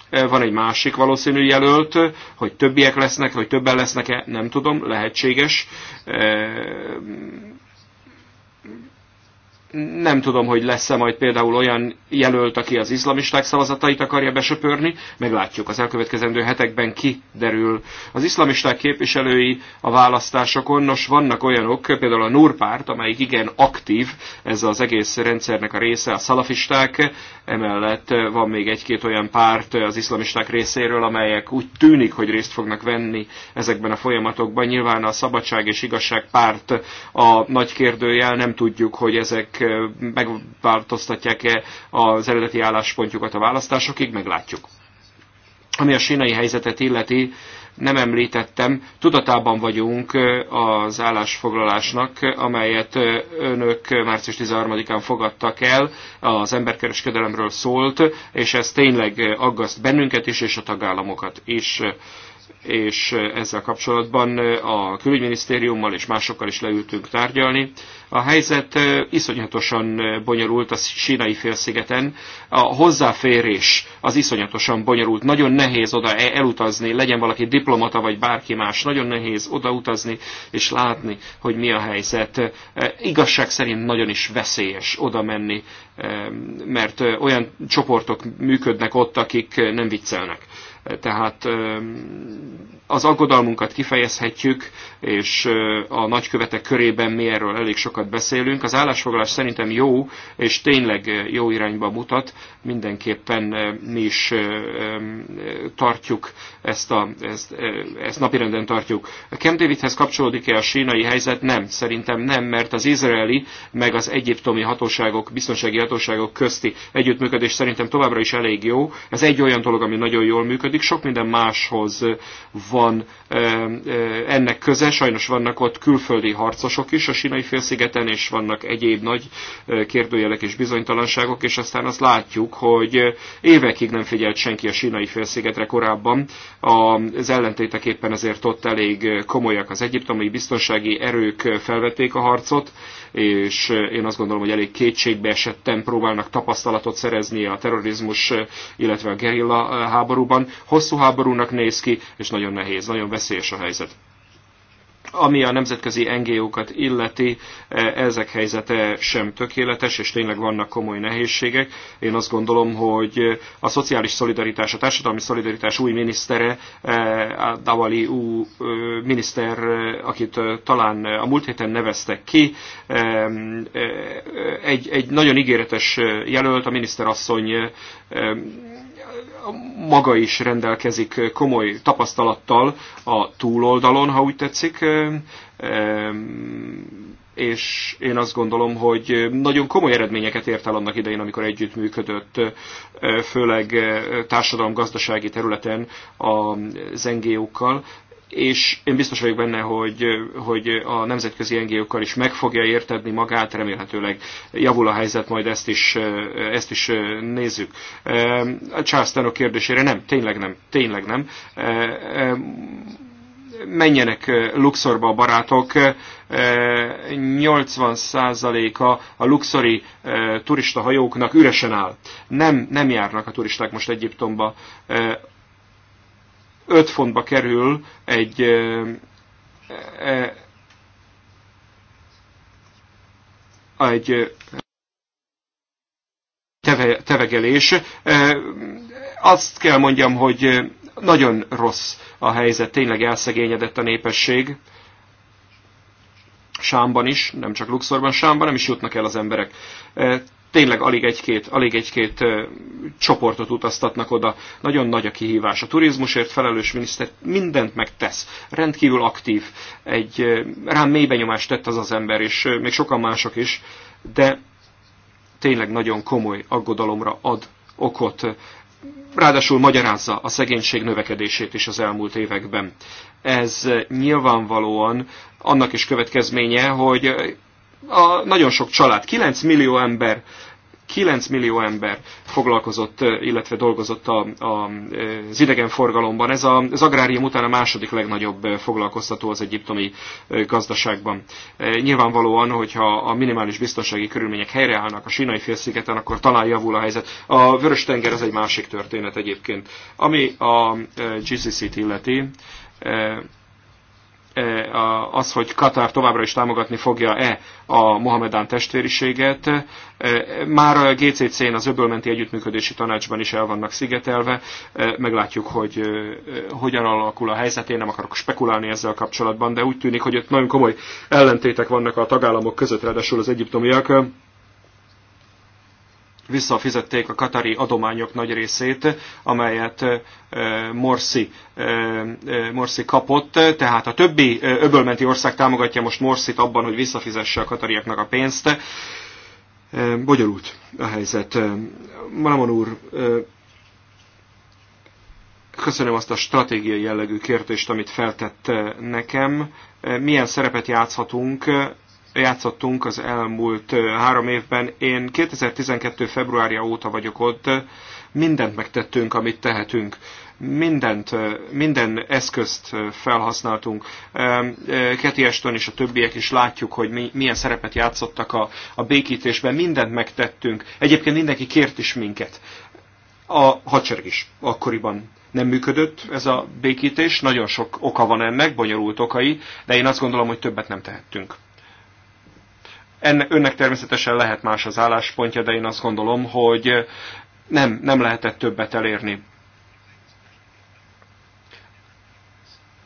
e, van egy másik valószínű jelölt, hogy többiek lesznek, vagy többen lesznek-e, nem tudom, lehetséges e, nem tudom, hogy lesz-e majd például olyan jelölt, aki az iszlamisták szavazatait akarja besöpörni, meglátjuk, az elkövetkezendő hetekben kiderül. Az iszlamisták képviselői a választásokon, nos vannak olyanok, például a Nur párt, amelyik igen aktív, ez az egész rendszernek a része, a szalafisták, emellett van még egy-két olyan párt az iszlamisták részéről, amelyek úgy tűnik, hogy részt fognak venni ezekben a folyamatokban. Nyilván a szabadság és igazság párt a nagy kérdőjel, nem tudjuk, hogy ezek megváltoztatják-e az eredeti álláspontjukat a választásokig, meglátjuk. Ami a sínai helyzetet illeti, nem említettem, tudatában vagyunk az állásfoglalásnak, amelyet önök március 13-án fogadtak el, az emberkereskedelemről szólt, és ez tényleg aggaszt bennünket is, és a tagállamokat is és eh, ezzel kapcsolatban eh, a külügyminisztériummal és másokkal is leültünk tárgyalni. A helyzet eh, iszonyatosan bonyolult a sínai félszigeten. A hozzáférés az iszonyatosan bonyolult. Nagyon nehéz oda e-, elutazni, legyen valaki diplomata vagy bárki más. Nagyon nehéz oda utazni és látni, hogy mi a helyzet. Igazság szerint nagyon is veszélyes oda menni, mert olyan csoportok működnek ott, akik nem viccelnek. Tehát az aggodalmunkat kifejezhetjük, és a nagykövetek körében mi erről elég sokat beszélünk. Az állásfoglalás szerintem jó, és tényleg jó irányba mutat. Mindenképpen mi is tartjuk ezt, a, ezt, ezt napirenden tartjuk. A Camp Davidhez kapcsolódik-e a sínai helyzet? Nem, szerintem nem, mert az izraeli meg az egyiptomi hatóságok, biztonsági hatóságok közti együttműködés szerintem továbbra is elég jó. Ez egy olyan dolog, ami nagyon jól működik, sok minden máshoz van ennek köze, sajnos vannak ott külföldi harcosok is a sínai félszigeten, és vannak egyéb nagy kérdőjelek és bizonytalanságok, és aztán azt látjuk, hogy évekig nem figyelt senki a sínai félszigetre korábban, az ellentétek éppen ezért ott elég komolyak az egyiptomi biztonsági erők felvették a harcot, és eh, én azt gondolom, hogy elég kétségbe esetten próbálnak tapasztalatot szerezni a terrorizmus, eh, illetve a gerilla eh, háborúban. Hosszú háborúnak néz ki, és nagyon nehéz, nagyon veszélyes a helyzet. Ami a nemzetközi NGO-kat illeti, eh, ezek helyzete sem tökéletes, és tényleg vannak komoly nehézségek. Én azt gondolom, hogy eh, a szociális szolidaritás, a társadalmi szolidaritás új minisztere, eh, a Davali új miniszter, akit talán a múlt héten neveztek ki, egy, egy nagyon ígéretes jelölt, a miniszterasszony maga is rendelkezik komoly tapasztalattal a túloldalon, ha úgy tetszik, és én azt gondolom, hogy nagyon komoly eredményeket ért el annak idején, amikor együttműködött, főleg társadalom-gazdasági területen az NGO-kkal, és én biztos vagyok benne, hogy, hogy a nemzetközi ngo is meg fogja értedni magát, remélhetőleg javul a helyzet, majd ezt is, ezt is nézzük. A Charles Tano kérdésére nem, tényleg nem, tényleg nem. Menjenek Luxorba a barátok, 80%-a a luxori turista hajóknak üresen áll. Nem, nem járnak a turisták most Egyiptomba. 5 fontba kerül egy egy teve, tevegelés. Azt kell mondjam, hogy nagyon rossz a helyzet, tényleg elszegényedett a népesség. Sámban is, nem csak Luxorban, Sámban nem is jutnak el az emberek tényleg alig egy-két, alig egy-két csoportot utaztatnak oda. Nagyon nagy a kihívás. A turizmusért felelős miniszter mindent megtesz. Rendkívül aktív. Egy, rám mély benyomást tett az az ember, és még sokan mások is, de tényleg nagyon komoly aggodalomra ad okot. Ráadásul magyarázza a szegénység növekedését is az elmúlt években. Ez nyilvánvalóan annak is következménye, hogy a, nagyon sok család, 9 millió ember 9 millió ember foglalkozott, illetve dolgozott a, a, az idegenforgalomban. Ez a, az agrárium után a második legnagyobb foglalkoztató az egyiptomi gazdaságban. Nyilvánvalóan, hogyha a minimális biztonsági körülmények helyreállnak a sínai félszigeten, akkor talán javul a helyzet. A Vörös-tenger az egy másik történet egyébként. Ami a GCC-t illeti, E, az, hogy Katar továbbra is támogatni fogja-e a Mohamedán testvériséget. E, már a GCC-n, az öbölmenti együttműködési tanácsban is el vannak szigetelve. E, meglátjuk, hogy hogyan alakul a helyzet. Én nem akarok spekulálni ezzel kapcsolatban, de úgy tűnik, hogy ott nagyon komoly ellentétek vannak a tagállamok között, ráadásul az egyiptomiak visszafizették a katari adományok nagy részét, amelyet Morsi, Morsi kapott. Tehát a többi öbölmenti ország támogatja most Morsit abban, hogy visszafizesse a katariaknak a pénzt. Bonyolult a helyzet. Malamon úr, köszönöm azt a stratégiai jellegű kérdést, amit feltett nekem. Milyen szerepet játszhatunk játszottunk az elmúlt három évben. Én 2012. februárja óta vagyok ott, mindent megtettünk, amit tehetünk. Mindent, minden eszközt felhasználtunk. Keti Eston és a többiek is látjuk, hogy mi, milyen szerepet játszottak a, a békítésben. Mindent megtettünk. Egyébként mindenki kért is minket. A hadsereg is akkoriban nem működött ez a békítés. Nagyon sok oka van ennek, bonyolult okai, de én azt gondolom, hogy többet nem tehettünk. Ennek, önnek természetesen lehet más az álláspontja, de én azt gondolom, hogy nem, nem lehetett többet elérni.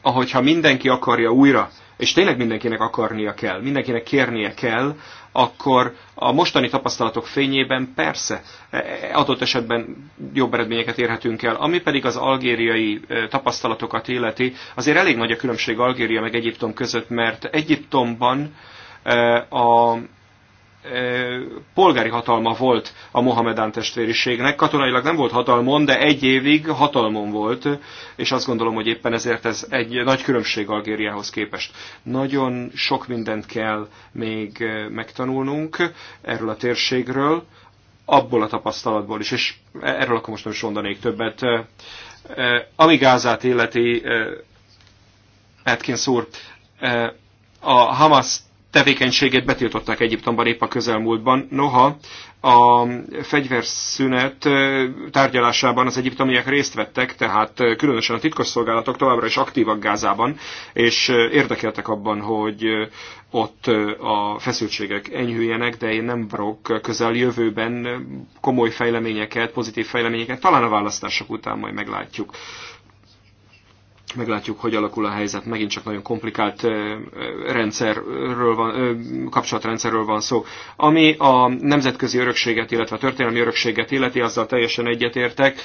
Ahogyha mindenki akarja újra, és tényleg mindenkinek akarnia kell, mindenkinek kérnie kell, akkor a mostani tapasztalatok fényében persze e, adott esetben jobb eredményeket érhetünk el. Ami pedig az algériai e, tapasztalatokat illeti, azért elég nagy a különbség Algéria meg Egyiptom között, mert Egyiptomban a e, polgári hatalma volt a Mohamedán testvériségnek. Katonailag nem volt hatalmon, de egy évig hatalmon volt, és azt gondolom, hogy éppen ezért ez egy nagy különbség Algériához képest. Nagyon sok mindent kell még e, megtanulnunk erről a térségről, abból a tapasztalatból is, és erről akkor most nem is mondanék többet. E, ami Gázát illeti, Atkins úr, a Hamas tevékenységét betiltották Egyiptomban épp a közelmúltban. Noha a fegyverszünet tárgyalásában az egyiptomiak részt vettek, tehát különösen a titkosszolgálatok továbbra is aktívak Gázában, és érdekeltek abban, hogy ott a feszültségek enyhüljenek, de én nem varok jövőben komoly fejleményeket, pozitív fejleményeket, talán a választások után majd meglátjuk meglátjuk, hogy alakul a helyzet. Megint csak nagyon komplikált rendszerről van, kapcsolatrendszerről van szó. Ami a nemzetközi örökséget, illetve a történelmi örökséget illeti, azzal teljesen egyetértek.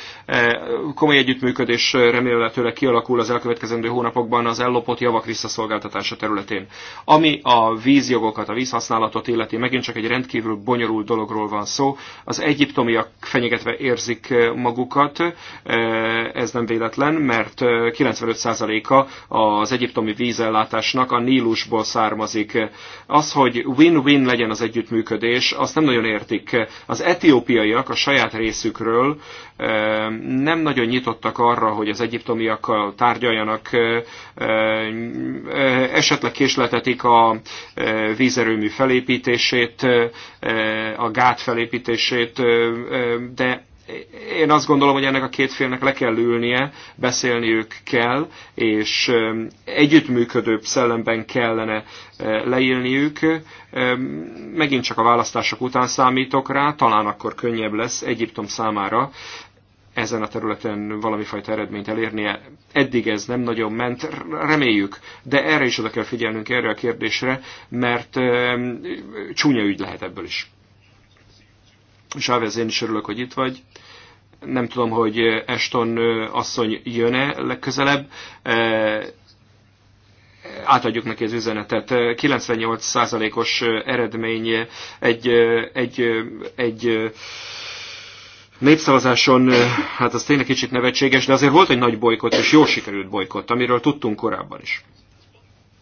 Komoly együttműködés remélhetőleg kialakul az elkövetkezendő hónapokban az ellopott javak visszaszolgáltatása területén. Ami a vízjogokat, a vízhasználatot illeti, megint csak egy rendkívül bonyolult dologról van szó. Az egyiptomiak fenyegetve érzik magukat, ez nem véletlen, mert 75%-a az egyiptomi vízellátásnak a Nílusból származik. Az, hogy win-win legyen az együttműködés, azt nem nagyon értik. Az etiópiaiak a saját részükről eh, nem nagyon nyitottak arra, hogy az egyiptomiakkal tárgyaljanak, eh, eh, esetleg késletetik a vízerőmű felépítését, a gát felépítését, de én azt gondolom, hogy ennek a két félnek le kell ülnie, beszélniük kell, és um, együttműködőbb szellemben kellene uh, leélniük. Um, megint csak a választások után számítok rá, talán akkor könnyebb lesz Egyiptom számára ezen a területen valami fajta eredményt elérnie. Eddig ez nem nagyon ment, reméljük, de erre is oda kell figyelnünk, erre a kérdésre, mert um, csúnya ügy lehet ebből is. Sávez, én is örülök, hogy itt vagy. Nem tudom, hogy Eston asszony jön-e legközelebb. Átadjuk neki az üzenetet. 98%-os eredmény egy, egy, egy népszavazáson, hát az tényleg kicsit nevetséges, de azért volt egy nagy bolykott, és jó sikerült bolykott, amiről tudtunk korábban is.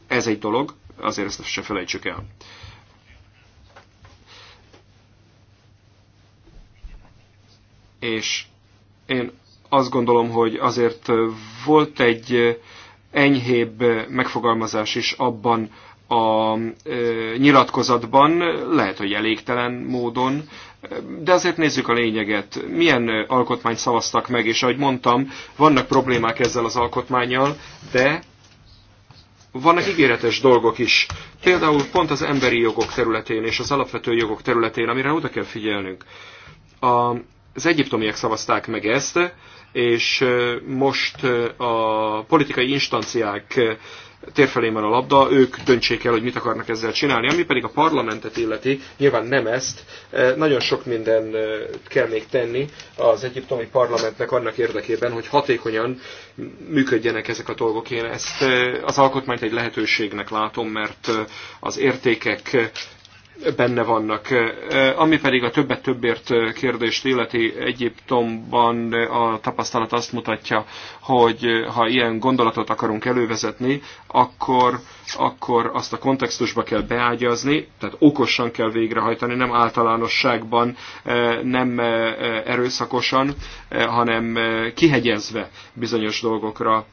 Ez egy dolog, azért ezt se felejtsük el. és én azt gondolom, hogy azért volt egy enyhébb megfogalmazás is abban a nyilatkozatban, lehet, hogy elégtelen módon, de azért nézzük a lényeget. Milyen alkotmányt szavaztak meg, és ahogy mondtam, vannak problémák ezzel az alkotmányjal, de vannak ígéretes dolgok is. Például pont az emberi jogok területén és az alapvető jogok területén, amire oda kell figyelnünk. A az egyiptomiak szavazták meg ezt, és most a politikai instanciák térfelé van a labda, ők döntsék el, hogy mit akarnak ezzel csinálni. Ami pedig a parlamentet illeti, nyilván nem ezt, nagyon sok minden kell még tenni az egyiptomi parlamentnek annak érdekében, hogy hatékonyan működjenek ezek a dolgok. Én ezt az alkotmányt egy lehetőségnek látom, mert az értékek benne vannak. Ami pedig a többet többért kérdést illeti Egyiptomban a tapasztalat azt mutatja, hogy ha ilyen gondolatot akarunk elővezetni, akkor, akkor azt a kontextusba kell beágyazni, tehát okosan kell végrehajtani, nem általánosságban, nem erőszakosan, hanem kihegyezve bizonyos dolgokra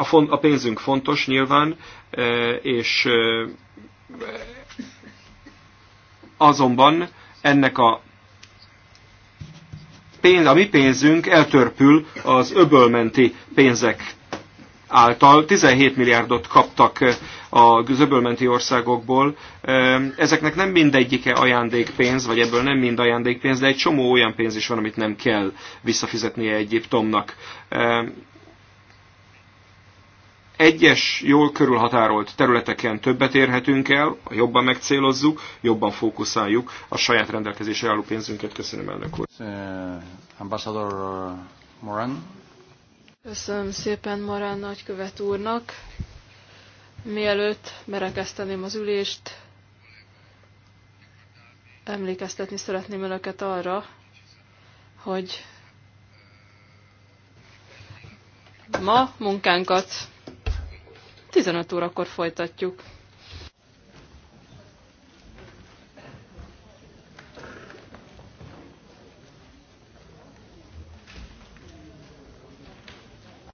a, fon, a pénzünk fontos nyilván, e, és e, azonban ennek a pénz, a mi pénzünk eltörpül az öbölmenti pénzek által. 17 milliárdot kaptak e, a zöbölmenti országokból. Ezeknek nem mindegyike ajándékpénz, vagy ebből nem mind ajándékpénz, de egy csomó olyan pénz is van, amit nem kell visszafizetnie Egyiptomnak. Egyes jól körülhatárolt területeken többet érhetünk el, jobban megcélozzuk, jobban fókuszáljuk a saját rendelkezésre álló pénzünket. Köszönöm, elnök úr. Uh, Ambassador uh, Moran. Köszönöm szépen Morán nagykövet úrnak. Mielőtt merekezteném az ülést, emlékeztetni szeretném önöket arra, hogy ma munkánkat 15 órakor folytatjuk.